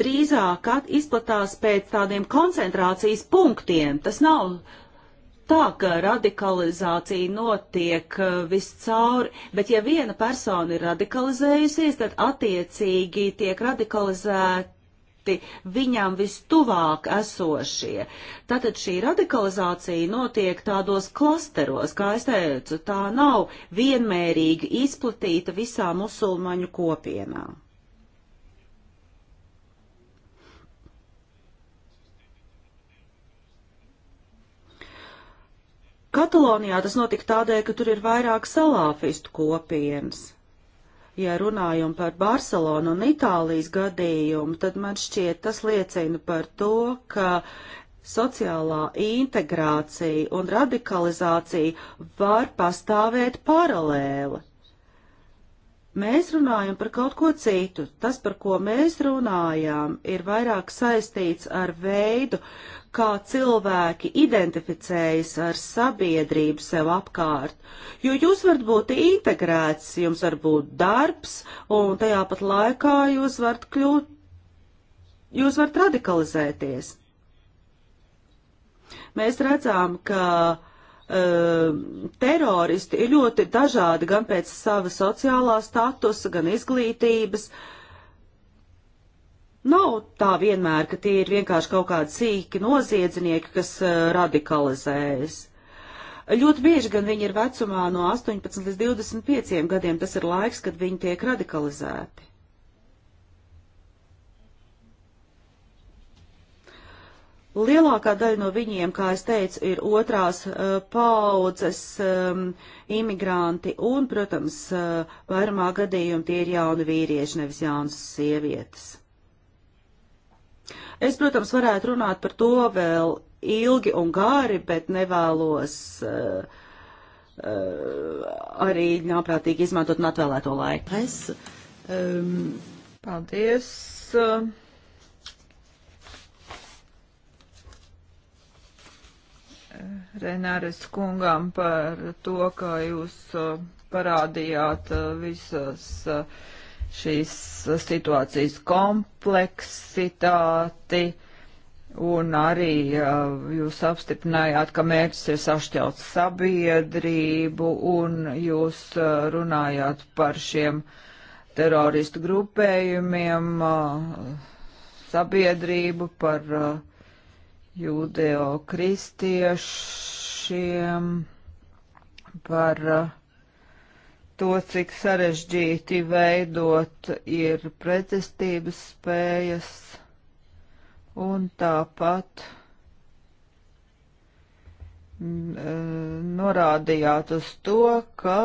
drīzāk izplatās pēc tādiem koncentrācijas punktiem. Tas nav tā, ka radikalizācija notiek uh, viscauri, bet ja viena persona ir radikalizējusies, tad attiecīgi tiek radikalizēti viņam vistuvāk esošie. Tātad šī radikalizācija notiek tādos klasteros, kā es teicu, tā nav vienmērīgi izplatīta visā musulmaņu kopienā. Katalonijā tas notika tādēļ, ka tur ir vairāk salāfistu kopienas. Ja runājam par Barcelonu un Itālijas gadījumu, tad man šķiet tas liecina par to, ka sociālā integrācija un radikalizācija var pastāvēt paralēli. Mēs runājam par kaut ko citu. Tas, par ko mēs runājām, ir vairāk saistīts ar veidu, kā cilvēki identificējas ar sabiedrību sev apkārt, jo jūs varat būt integrēts, jums var būt darbs, un tajā pat laikā jūs varat kļūt, jūs varat radikalizēties. Mēs redzām, ka um, teroristi ir ļoti dažādi gan pēc sava sociālā statusa, gan izglītības. Uh, Nav tā vienmēr, ka tie ir vienkārši kaut kādi sīki noziedznieki, kas radikalizējas. Ļoti bieži gan viņi ir vecumā no 18 līdz 25 gadiem, tas ir laiks, kad viņi tiek radikalizēti. Lielākā daļa no viņiem, kā es teicu, ir otrās uh, paudzes um, imigranti, un, protams, uh, vairumā gadījumā tie ir jauni vīrieši, nevis jaunas sievietes. Es, protams, varētu runāt par to vēl ilgi un gāri, bet nevēlos uh, uh, arī ļaunprātīgi izmantot un atvēlēto laiku. Es, um, paldies. Uh, Renāres kungām par to, ka jūs uh, parādījāt uh, visas uh, šīs situācijas kompleksitāti, un arī jūs apstiprinājāt, ka mērķis ir sašķelt sabiedrību, un jūs runājāt par šiem teroristu grupējumiem, sabiedrību, par jūdeo kristiešiem, par uh, to, cik sarežģīti veidot ir pretestības spējas un tāpat mm, e, norādījāt uz to, ka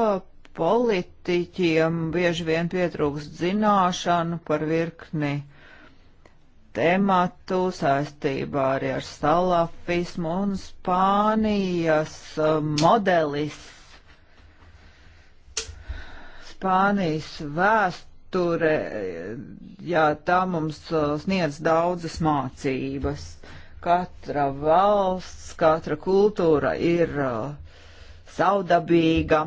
politiķiem bieži vien pietrūkst zināšanu par virkni tematu saistībā arī ar salafismu un Spānijas e, modelis Spānijas vēsture, jā, tā mums uh, sniedz daudzas mācības. Katra valsts, katra kultūra ir uh, savdabīga.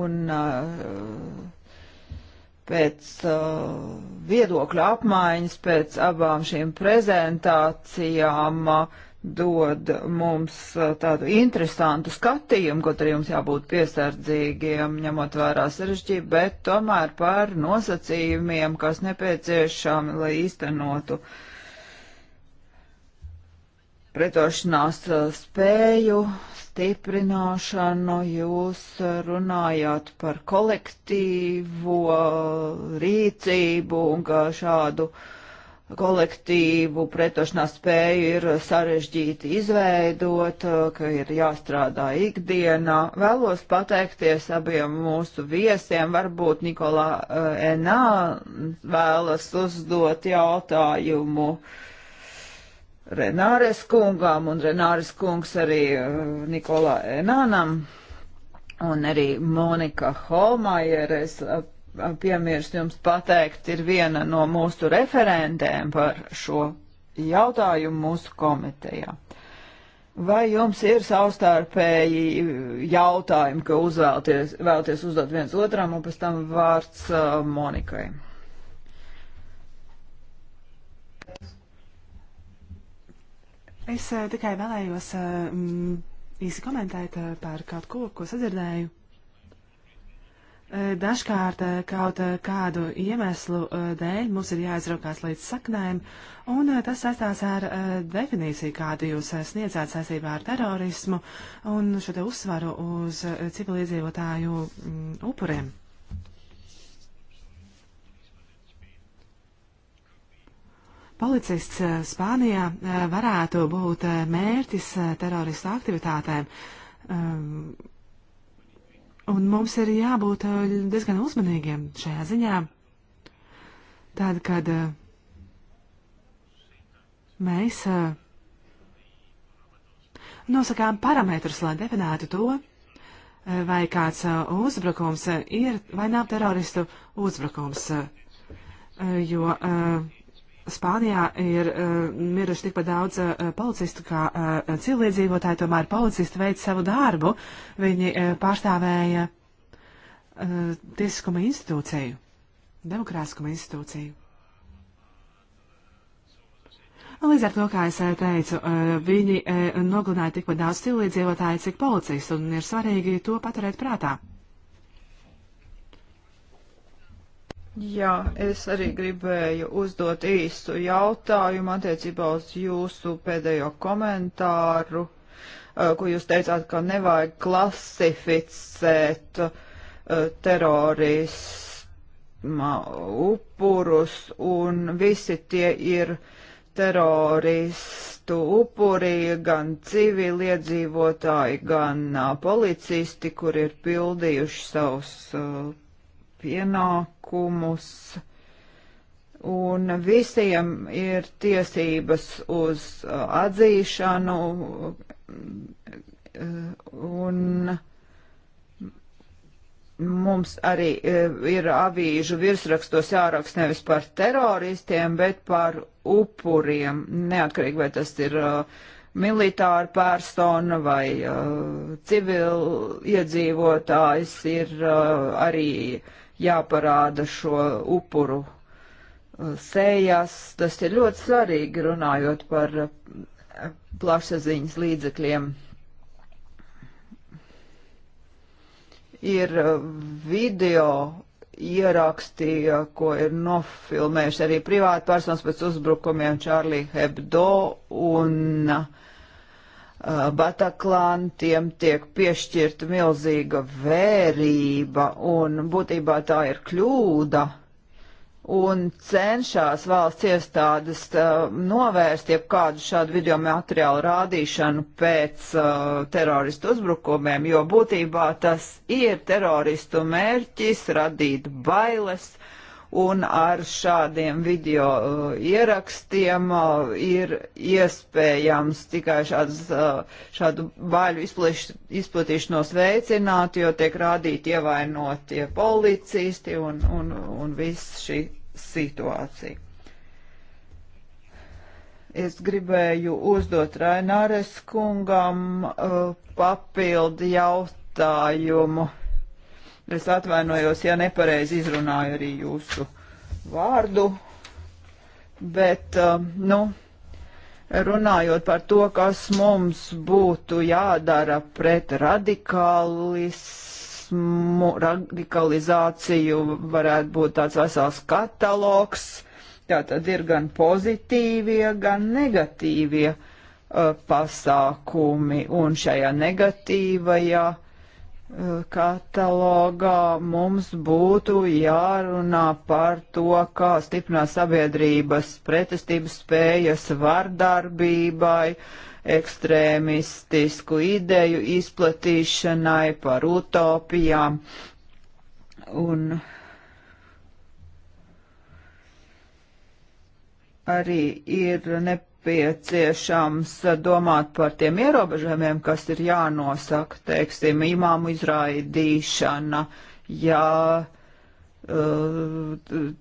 Un uh, pēc uh, viedokļa apmaiņas, pēc abām šīm prezentācijām, uh, dod mums uh, tādu interesantu skatījumu, kaut arī jums jābūt piesardzīgiem, ņemot vērā sarežģību, bet tomēr par nosacījumiem, kas nepieciešami, lai īstenotu pretošanās uh, spēju stiprināšanu, jūs uh, runājāt par kolektīvo rīcību un kā šādu uh, kolektīvu pretošanās spēju ir sarežģīti izveidot, ka ir jāstrādā ikdienā. Vēlos pateikties abiem mūsu viesiem. Varbūt Nikolā eh, Enā vēlas uzdot jautājumu Renāres kungām, un Renāres kungs arī eh, Nikolā Enānam, un arī Monika Holmajeres piemirst jums pateikt, ir viena no mūsu referentēm par šo jautājumu mūsu komitejā. Vai jums ir savstarpēji jautājumi, ka uzvēlties, vēlties uzdot viens otram, un pēc tam vārds uh, Monikai? Es uh, tikai vēlējos uh, īsi komentēt uh, par kaut ko, ko sadzirdēju. Eh, dažkārt eh, kaut eh, kādu iemeslu dēļ mums ir jāizraukās līdz saknēm, un tas saistās ar definīciju, kādu jūs sniedzāt saistībā ar terorismu un šo te uzsvaru uz civiliedzīvotāju mm, upuriem. Policists Spānijā varētu būt mērķis teroristu aktivitātēm ehm, Un mums ir jābūt uh, diezgan uzmanīgiem šajā ziņā. Tad, kad uh, mēs uh, nosakām parametrus, lai definētu to, vai kāds uzbrukums ir vai nav teroristu uzbrukums. Jo uh, Spānijā ir uh, miruši tikpat daudz uh, policistu kā uh, e, cilvēdzīvotāji, tomēr policisti veic savu darbu. Viņi uh, pārstāvēja uh, tiesiskuma institūciju, demokrātiskuma institūciju. Līdz ar to, kā es teicu, uh, viņi uh, nogalināja tikpat daudz cilvēdzīvotāju, cik policistu, un ir svarīgi to paturēt prātā. Jā, es arī gribēju uzdot īstu jautājumu attiecībā uz jūsu pēdējo komentāru, eh, ko jūs teicāt, ka nevajag klasificēt eh, terorisma upurus un visi tie ir teroristu upuri, gan civiliedzīvotāji, gan eh, policisti, kur ir pildījuši savus pienākumus, un visiem ir tiesības uz uh, atzīšanu, uh, un mums arī uh, ir avīžu virsrakstos jāraksta nevis par teroristiem, bet par upuriem, neatkarīgi vai tas ir uh, militāra persona vai uh, civil iedzīvotājs ir uh, arī jāparāda šo upuru uh, sējās. Tas ir ļoti svarīgi runājot par uh, plašsaziņas līdzekļiem. Ir uh, video ierakstīja, ko ir nofilmējuši arī privāti personas pēc uzbrukumiem Čārlī Hebdo un uh, Uh, Bataklantiem tiek piešķirta milzīga vērība, un būtībā tā ir kļūda, un cenšas valsts iestādes uh, novērst jebkādu šādu video materiālu rādīšanu pēc uh, teroristu uzbrukumiem, jo būtībā tas ir teroristu mērķis radīt bailes un ar šādiem video uh, ierakstiem uh, ir iespējams tikai šāds, uh, šādu baļu izplēš, izplatīšanos veicināt, jo tiek rādīti ievainotie policisti un, un, un viss šī situācija. Es gribēju uzdot Raināres kungam uh, papildu jautājumu Es atvainojos, ja nepareizi izrunāju arī jūsu vārdu, bet, um, nu, runājot par to, kas mums būtu jādara pret radikālismu, radikalizāciju, varētu būt tāds vesels katalogs. Tā tad ir gan pozitīvie, gan negatīvie uh, pasākumi, un šajā negatīvajā uh, katalogā mums būtu jārunā par to, kā stiprināt sabiedrības pretestības spējas vardarbībai, ekstrēmistisku ideju izplatīšanai, par utopijām. Un arī ir nepieciešams nepieciešams domāt par tiem ierobežojumiem, kas ir jānosaka, teiksim, imāmu izraidīšana, jā, uh,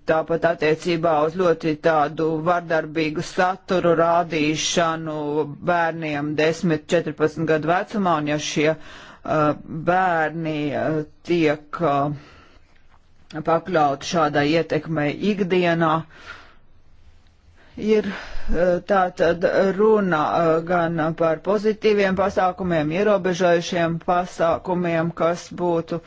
tāpat attiecībā uz ļoti tādu vardarbīgu saturu rādīšanu bērniem 10-14 gadu vecumā, un ja šie uh, bērni uh, tiek pakļauti šādai ietekmei ikdienā, ir Eh, tā tad runa eh, gan par pozitīviem pasākumiem, ierobežojušiem pasākumiem, kas būtu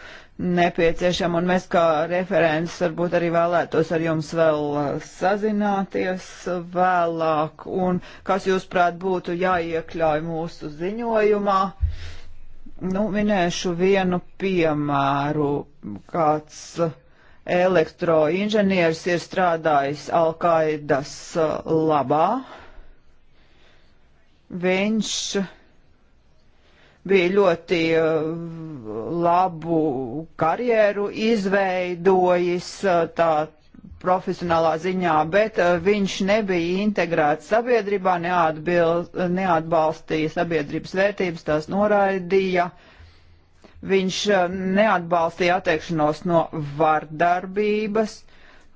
nepieciešami, un mēs kā referents varbūt arī vēlētos ar jums vēl eh, sazināties vēlāk, un kas jūs prāt būtu jāiekļauj mūsu ziņojumā. Nu, minēšu vienu piemēru, kāds uh, elektroinženieris ir strādājis Alkaidas uh, labā. Viņš bija ļoti uh, labu karjeru izveidojis uh, tā profesionālā ziņā, bet viņš nebija integrēts sabiedrībā, neatbil, neatbalstīja sabiedrības vērtības, tās noraidīja. Uh, Viņš eh, neatbalstīja atteikšanos no vardarbības.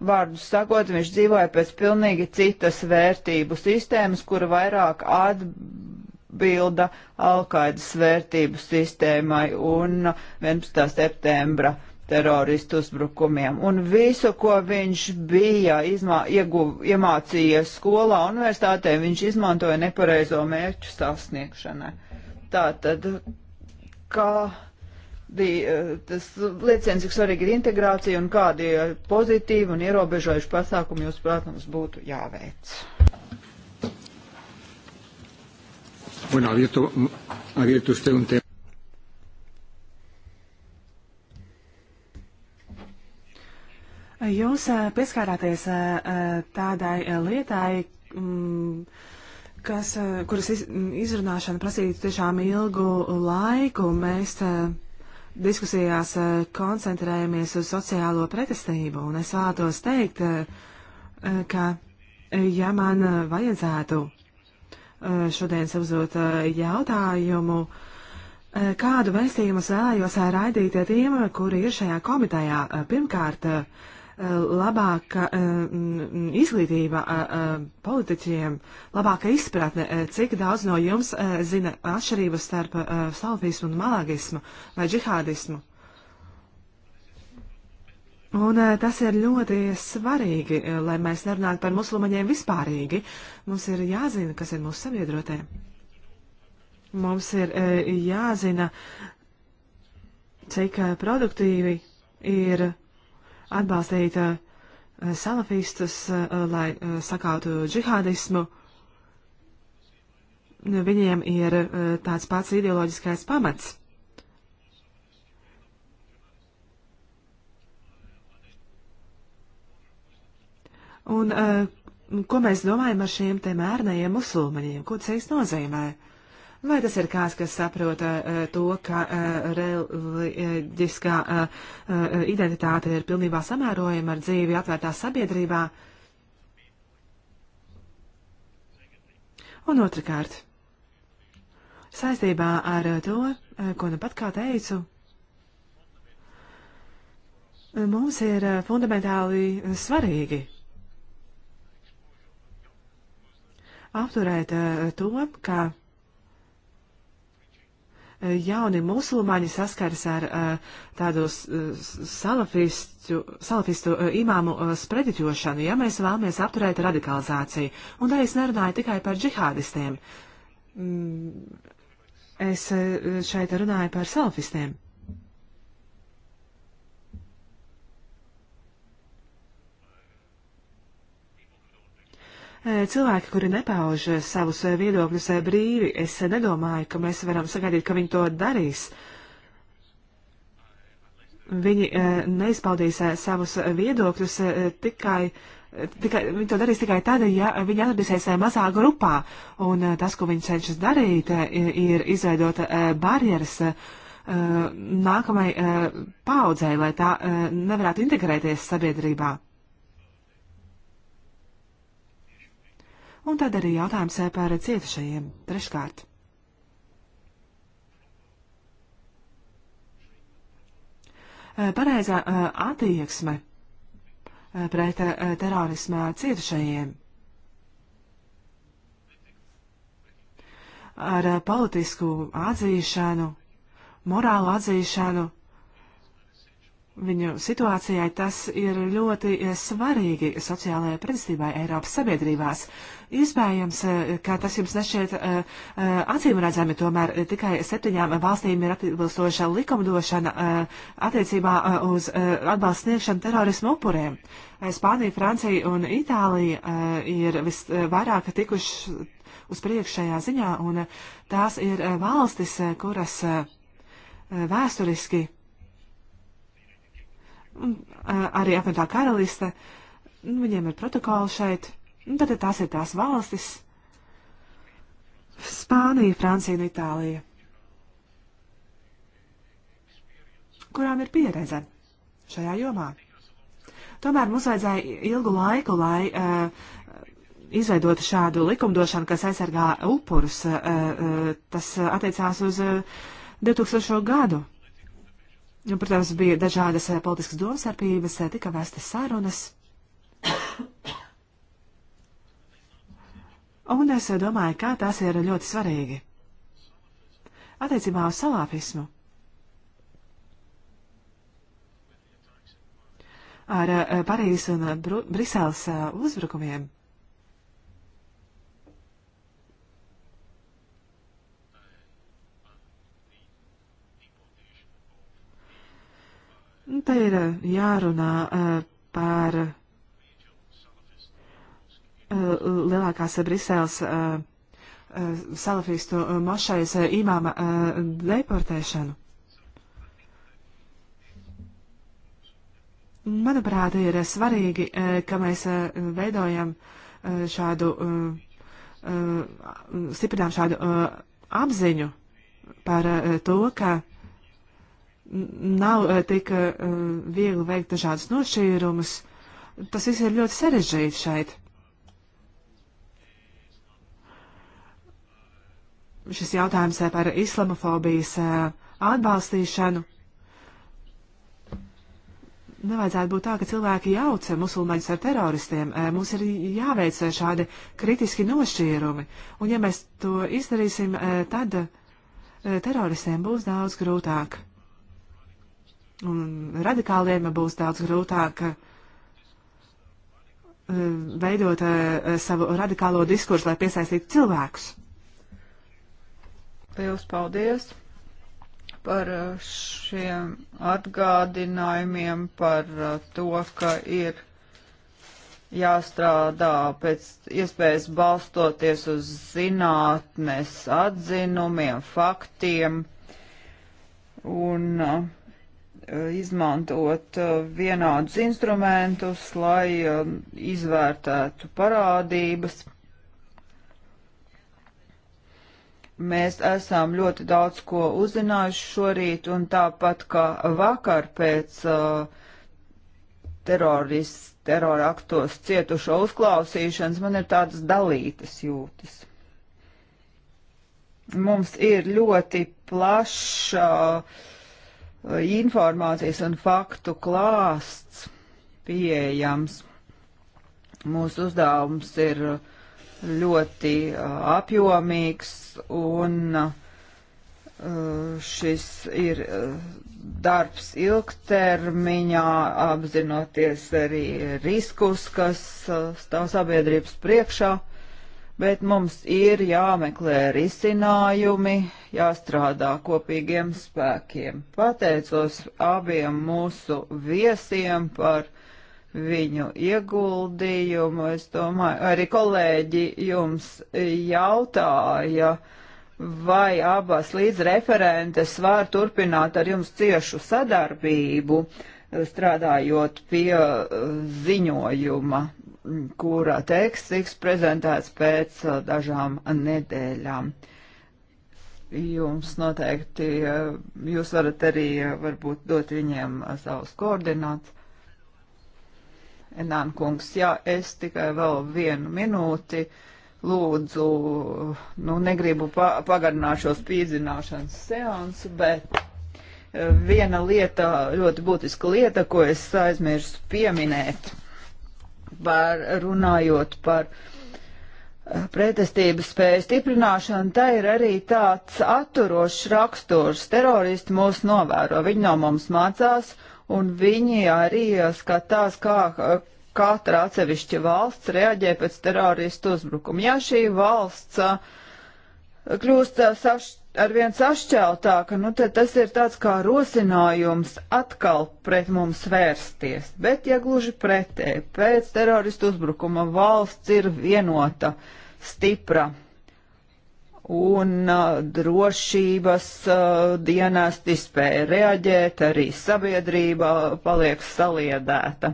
Vārdu sakot, viņš dzīvoja pēc pilnīgi citas vērtību sistēmas, kura vairāk atbilda Alkaidas vērtību sistēmai un 11. septembra teroristu uzbrukumiem. Un visu, ko viņš bija izmā, ieguv, iemācījies skolā, universitātē, viņš izmantoja nepareizo mērķu sasniegšanai. Tātad, kā bija eh, tas liecienis, cik svarīgi ir integrācija un kādi pozitīvi un ierobežojuši pasākumi jūs, protams, būtu jāveic. Bueno, abierto, abierto usted un tema. Jūs eh, pieskārāties eh, tādai lietai, mm, kas, kuras izrunāšana prasītu tiešām ilgu laiku. Mēs diskusijās eh, koncentrējamies uz sociālo pretestību, un es vēlētos teikt, eh, eh, ka, ja man vajadzētu šodien savzot jautājumu, kādu vēstījumu es vēlējos raidīt tiem, kuri ir šajā komitejā, pirmkārt, labāka eh, izglītība eh, eh, politiķiem, labāka izpratne, cik daudz no jums zina atšķirības starp salafismu un malagismu vai džihādismu. Un tas ir ļoti svarīgi, lai mēs nerunātu par musulmaņiem vispārīgi. Mums ir jāzina, kas ir mūsu sabiedrotē. Mums ir jāzina, cik produktīvi ir atbalstīt uh, salafistus, uh, lai uh, sakautu džihādismu. Nu, viņiem ir tāds pats ideoloģiskais pamats. Un ko mēs domājam ar šiem te mērnajiem musulmaņiem? Ko tas īsti nozīmē? Uh, Vai tas ir kāds, kas saprota uh, eh, to, ka uh, reliģiskā uh, identitāte ir pilnībā samērojama ar dzīvi atvērtā sabiedrībā? Un otrkārt, saistībā ar to, ko nu pat kā teicu, mums ir fundamentāli svarīgi apturēt to, ka jauni musulmaņi saskaras ar tādu salafistu, salafistu imāmu sprediķošanu, ja mēs vēlamies apturēt radikalizāciju. Un tā es nerunāju tikai par džihādistiem. Mm, es šeit runāju par salafistiem. E, cilvēki, kuri nepauž e, savus e, viedokļus brīvi, es nedomāju, ka mēs varam sagaidīt, ka viņi to darīs. Viņi neizpaudīs savus viedokļus tikai. Tikai, viņi to darīs tikai tad, ja viņi atradīsies mazā grupā, un tas, ko viņi cenšas darīt, ir izveidot barjeras nākamai paudzei, lai tā nevarētu integrēties sabiedrībā. un tad arī jautājums eh, par cietušajiem treškārt. Eh, pareizā eh, attieksme pret terorismā cietušajiem. Ar politisku atzīšanu, morālu atzīšanu, viņu situācijai, tas ir ļoti eh, svarīgi sociālajai pretestībai Eiropas sabiedrībās. Iespējams, eh, ka tas jums nešķiet eh, acīm redzami, tomēr tikai septiņām valstīm ir atbilstoša likumdošana attiecībā uz atbalstu sniegšanu terorismu upuriem. Spānija, Francija un Itālija ir visvairāk tikuši uz priekšējā ziņā, un tās ir valstis, kuras vēsturiski un arī apvienotā karaliste, nu, viņiem ir protokoli šeit, un nu, tad tās ir tās valstis - Spānija, Francija un Itālija, kurām ir pieredze šajā jomā. Tomēr mums vajadzēja ilgu laiku, lai uh, izveidot šādu likumdošanu, kas aizsargā upurus, uh, uh, tas attiecās uz 2000. Uh, gadu. Un, nu, protams, bija dažādas eh, politiskas domstarpības, eh, tika vēstas sarunas. Un es eh, domāju, kā tas ir ļoti svarīgi. Attiecībā uz salāfismu. Ar Parīzes un Br Briseles uzbrukumiem. Nu, te ir eh, jārunā eh, par eh, lielākās Briseles salafistu mašais imāma deportēšanu. Manuprāt, ir svarīgi, ka mēs veidojam šādu, stiprinām šādu apziņu par to, ka nav eh, tik eh, viegli veikt dažādas nošķīrumus. Tas viss ir ļoti sarežģīti šeit. Šis jautājums eh, par islamofobijas atbalstīšanu nevajadzētu būt tā, ka cilvēki jauca musulmaņus ar teroristiem. Mums ir jāveic šādi kritiski nošķīrumi. Un ja mēs to izdarīsim, tad teroristiem būs daudz grūtāk un radikāliem būs daudz grūtāk eh, veidot eh, savu radikālo diskursu, lai piesaistītu cilvēkus. Liels paldies par eh, šiem atgādinājumiem, par to, ka ir jāstrādā pēc iespējas balstoties uz zinātnes atzinumiem, faktiem un uh, Eh, izmantot eh, vienādus instrumentus, lai eh, izvērtētu parādības. Mēs esam ļoti daudz ko uzzinājuši šorīt, un tāpat kā vakar pēc terora aktos cietušo uzklausīšanas, man ir tādas dalītas jūtas. Mums ir ļoti plaša uh, informācijas un faktu klāsts pieejams. Mūsu uzdevums ir ļoti uh, apjomīgs un uh, šis ir uh, darbs ilgtermiņā, apzinoties arī riskus, kas stāv sabiedrības priekšā. Uh, bet mums ir jāmeklē risinājumi, jāstrādā kopīgiem spēkiem. Pateicos abiem mūsu viesiem par viņu ieguldījumu. Es domāju, arī kolēģi jums jautāja, vai abas līdzreferentes var turpināt ar jums ciešu sadarbību, strādājot pie eh, ziņojuma kurā teksts tiks prezentēts pēc uh, dažām nedēļām. Jums noteikti, uh, jūs varat arī uh, varbūt dot viņiem savus koordinātus. Enan kungs, jā, es tikai vēl vienu minūti lūdzu, nu negribu pa pagarināt šo spīdzināšanas seansu, bet viena lieta, ļoti būtiska lieta, ko es aizmirstu pieminēt par runājot par eh, pretestības spēju stiprināšanu, tā ir arī tāds atturošs raksturs. Teroristi mūs novēro, viņi no mums mācās, un viņi arī eh, skatās, kā eh, katra atsevišķa valsts reaģē pēc teroristu uzbrukuma. Ja šī valsts kļūst sašķelta, arvien sašķeltāka, nu tad tas ir tāds kā rosinājums atkal pret mums vērsties. Bet, ja gluži pretēji, pēc teroristu uzbrukuma valsts ir vienota, stipra un uh, drošības uh, dienesti spēja reaģēt, arī sabiedrība paliek saliedēta.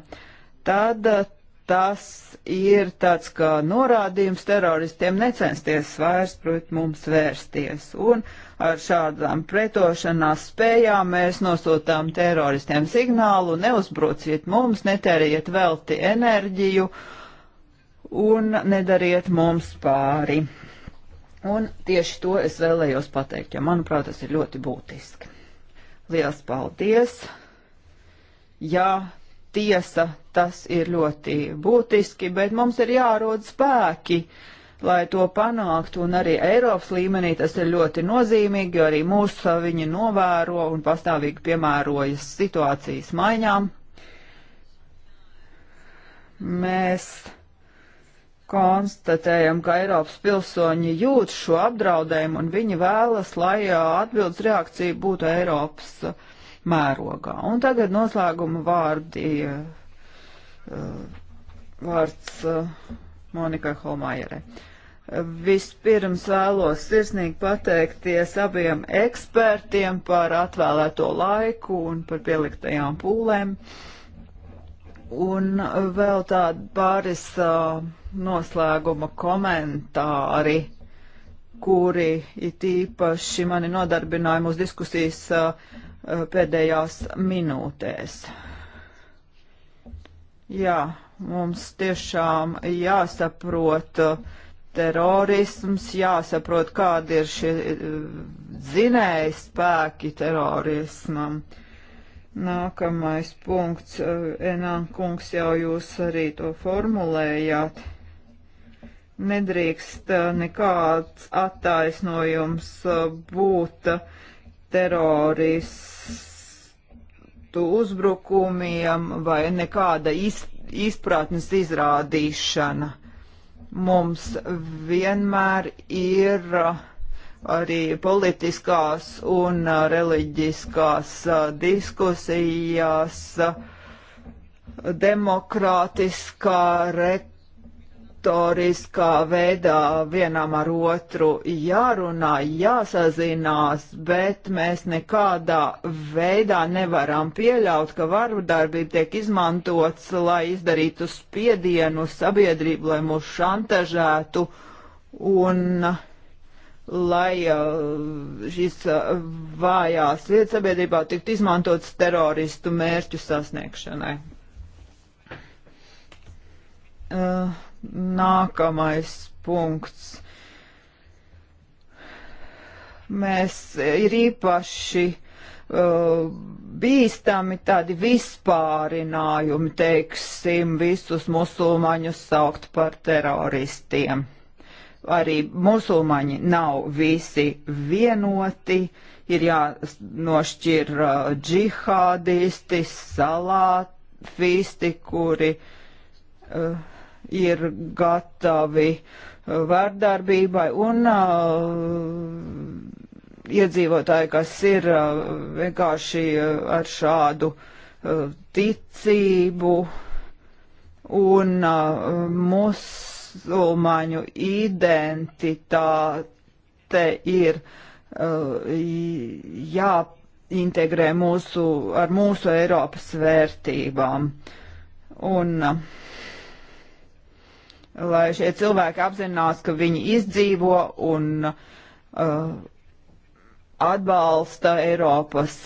Tad uh, tas ir tāds kā norādījums teroristiem necensties vairs pret mums vērsties. Un ar šādām pretošanās spējām mēs nosūtām teroristiem signālu neuzbruciet mums, netēriet velti enerģiju un nedariet mums pāri. Un tieši to es vēlējos pateikt, jo manuprāt tas ir ļoti būtiski. Lielas paldies! Jā, tiesa, tas ir ļoti būtiski, bet mums ir jārod spēki, lai to panāktu, un arī Eiropas līmenī tas ir ļoti nozīmīgi, jo arī mūsu viņi novēro un pastāvīgi piemērojas situācijas maiņām. Mēs konstatējam, ka Eiropas pilsoņi jūt šo apdraudējumu un viņi vēlas, lai atbildes reakcija būtu Eiropas uh, mērogā. Un tagad noslēguma vārdi, eh, eh, vārds eh, Monikai Holmajerei. Vispirms vēlos sirsnīgi pateikties abiem ekspertiem par atvēlēto laiku un par pieliktajām pūlēm. Un vēl tādi pāris uh, noslēguma komentāri, kuri it īpaši mani nodarbināja mūsu diskusijas uh, Uh, pēdējās minūtēs. Jā, mums tiešām jāsaprot uh, terorisms, jāsaprot, kādi ir šie uh, zinēji spēki terorismam. Nākamais punkts, Enan kungs, jau jūs arī to formulējāt nedrīkst nekāds attaisnojums būt teroristu uzbrukumiem vai nekāda iz, izpratnes izrādīšana. Mums vienmēr ir arī politiskās un reliģiskās diskusijās demokrātiskā retorizācija retoriskā veidā vienam ar otru jārunā, jāsazinās, bet mēs nekādā veidā nevaram pieļaut, ka vardarbība tiek izmantots, lai izdarītu spiedienu sabiedrību, lai mūs šantažētu un lai uh, šīs uh, vājās vietas sabiedrībā tiktu izmantotas teroristu mērķu sasniegšanai. Uh, Nākamais punkts. Mēs ir īpaši uh, bīstami tādi vispārinājumi, teiksim, visus musulmaņus saukt par teroristiem. Arī musulmaņi nav visi vienoti, ir jānošķir uh, džihādisti, salātisti, kuri uh, ir gatavi uh, vārdarbībai un uh, iedzīvotāji, kas ir uh, vienkārši ar šādu ticību un musulmaņu identitāte ir jāintegrē mūsu, ar mūsu Eiropas vērtībām. Un uh, lai šie cilvēki apzinās, ka viņi izdzīvo un uh, atbalsta Eiropas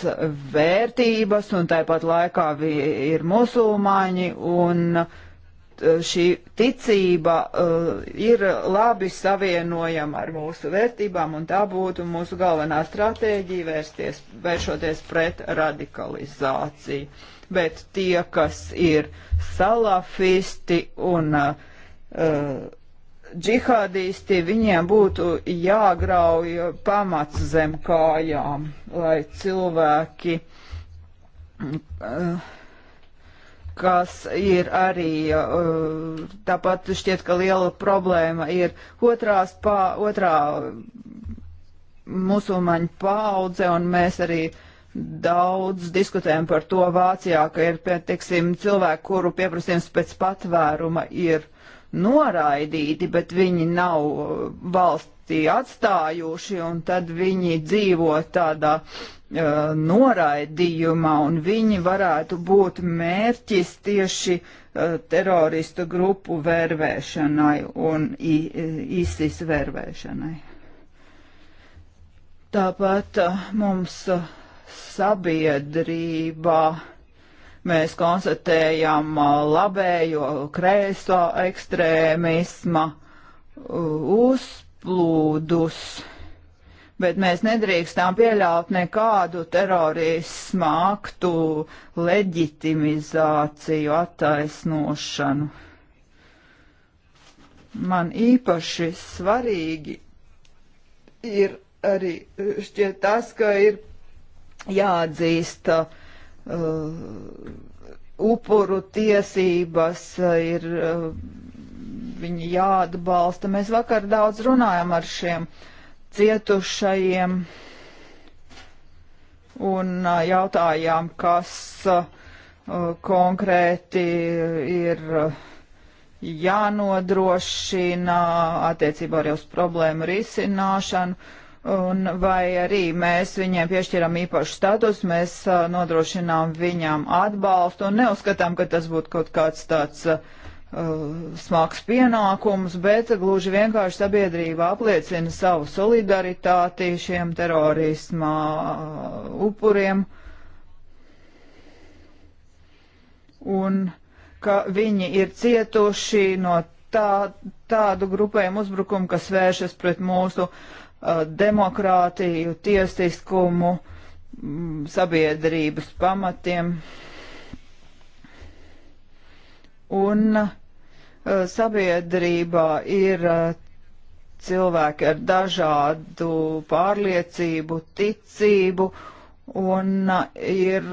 vērtības, un tāpat laikā viņi ir musulmaņi, un uh, šī ticība uh, ir labi savienojama ar mūsu vērtībām, un tā būtu mūsu galvenā stratēģija vērsties, vēršoties pret radikalizāciju. Bet tie, kas ir salafisti un uh, Eh, džihādisti, viņiem būtu jāgrauj pamats zem kājām, lai cilvēki, eh, kas ir arī, eh, tāpat šķiet, ka liela problēma ir otrās, pā, otrā musulmaņu paudze, un mēs arī daudz diskutējam par to Vācijā, ka ir, teiksim, cilvēki, kuru pieprasījums pēc patvēruma ir noraidīti, bet viņi nav uh, valstī atstājuši, un tad viņi dzīvo tādā uh, noraidījumā, un viņi varētu būt mērķis tieši uh, teroristu grupu vervēšanai un uh, ISIS vervēšanai. Tāpat uh, mums uh, sabiedrībā Mēs konstatējam uh, labējo kreiso ekstrēmisma uh, uzplūdus, bet mēs nedrīkstām pieļaut nekādu terorisma aktu leģitimizāciju, attaisnošanu. Man īpaši svarīgi ir arī šķiet tas, ka ir jāatzīst uh, uh, upuru tiesības uh, ir uh, viņi jāatbalsta. Mēs vakar daudz runājam ar šiem cietušajiem un uh, jautājām, kas uh, konkrēti ir uh, jānodrošina attiecībā arī uz problēmu risināšanu Un vai arī mēs viņiem piešķiram īpašu statusu, mēs a, nodrošinām viņām atbalstu un neuzskatām, ka tas būtu kaut kāds tāds a, smags pienākums, bet gluži vienkārši sabiedrība apliecina savu solidaritāti šiem terorisma upuriem. Un ka viņi ir cietuši no tā, tādu grupējumu uzbrukumu, kas vēršas pret mūsu uh, Uh, demokrātiju, tiesiskumu, mm, sabiedrības pamatiem. Un uh, sabiedrībā ir uh, cilvēki ar dažādu pārliecību, ticību un ir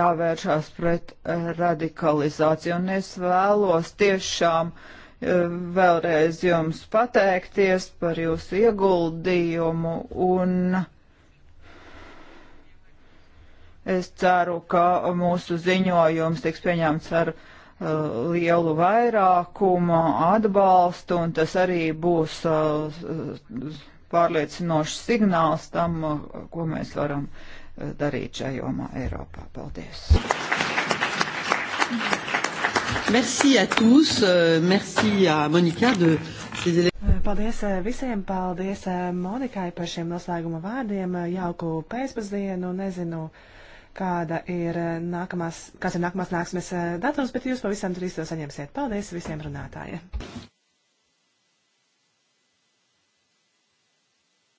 jāvēršās pret radikalizāciju. Un es vēlos tiešām uh, Ehm, vēlreiz jums pateikties par jūsu ieguldījumu un es ceru, ka mūsu ziņojums tiks pieņemts ar uh, lielu vairākumu atbalstu un tas arī būs uh, pārliecinošs signāls tam, uh, ko mēs varam darīt šajā jomā Eiropā. Paldies! Thank you. Merci à tous, euh, merci à Monika de ces éléments. Euh, paldies euh, visiem, paldies Monikai par šiem noslēguma vārdiem, uh, jauku pēcpusdienu, nezinu, kāda ir uh, nākamās, kāds ir nākamās nāksmes uh, datums, bet jūs pavisam drīz to saņemsiet. Paldies visiem runātājiem!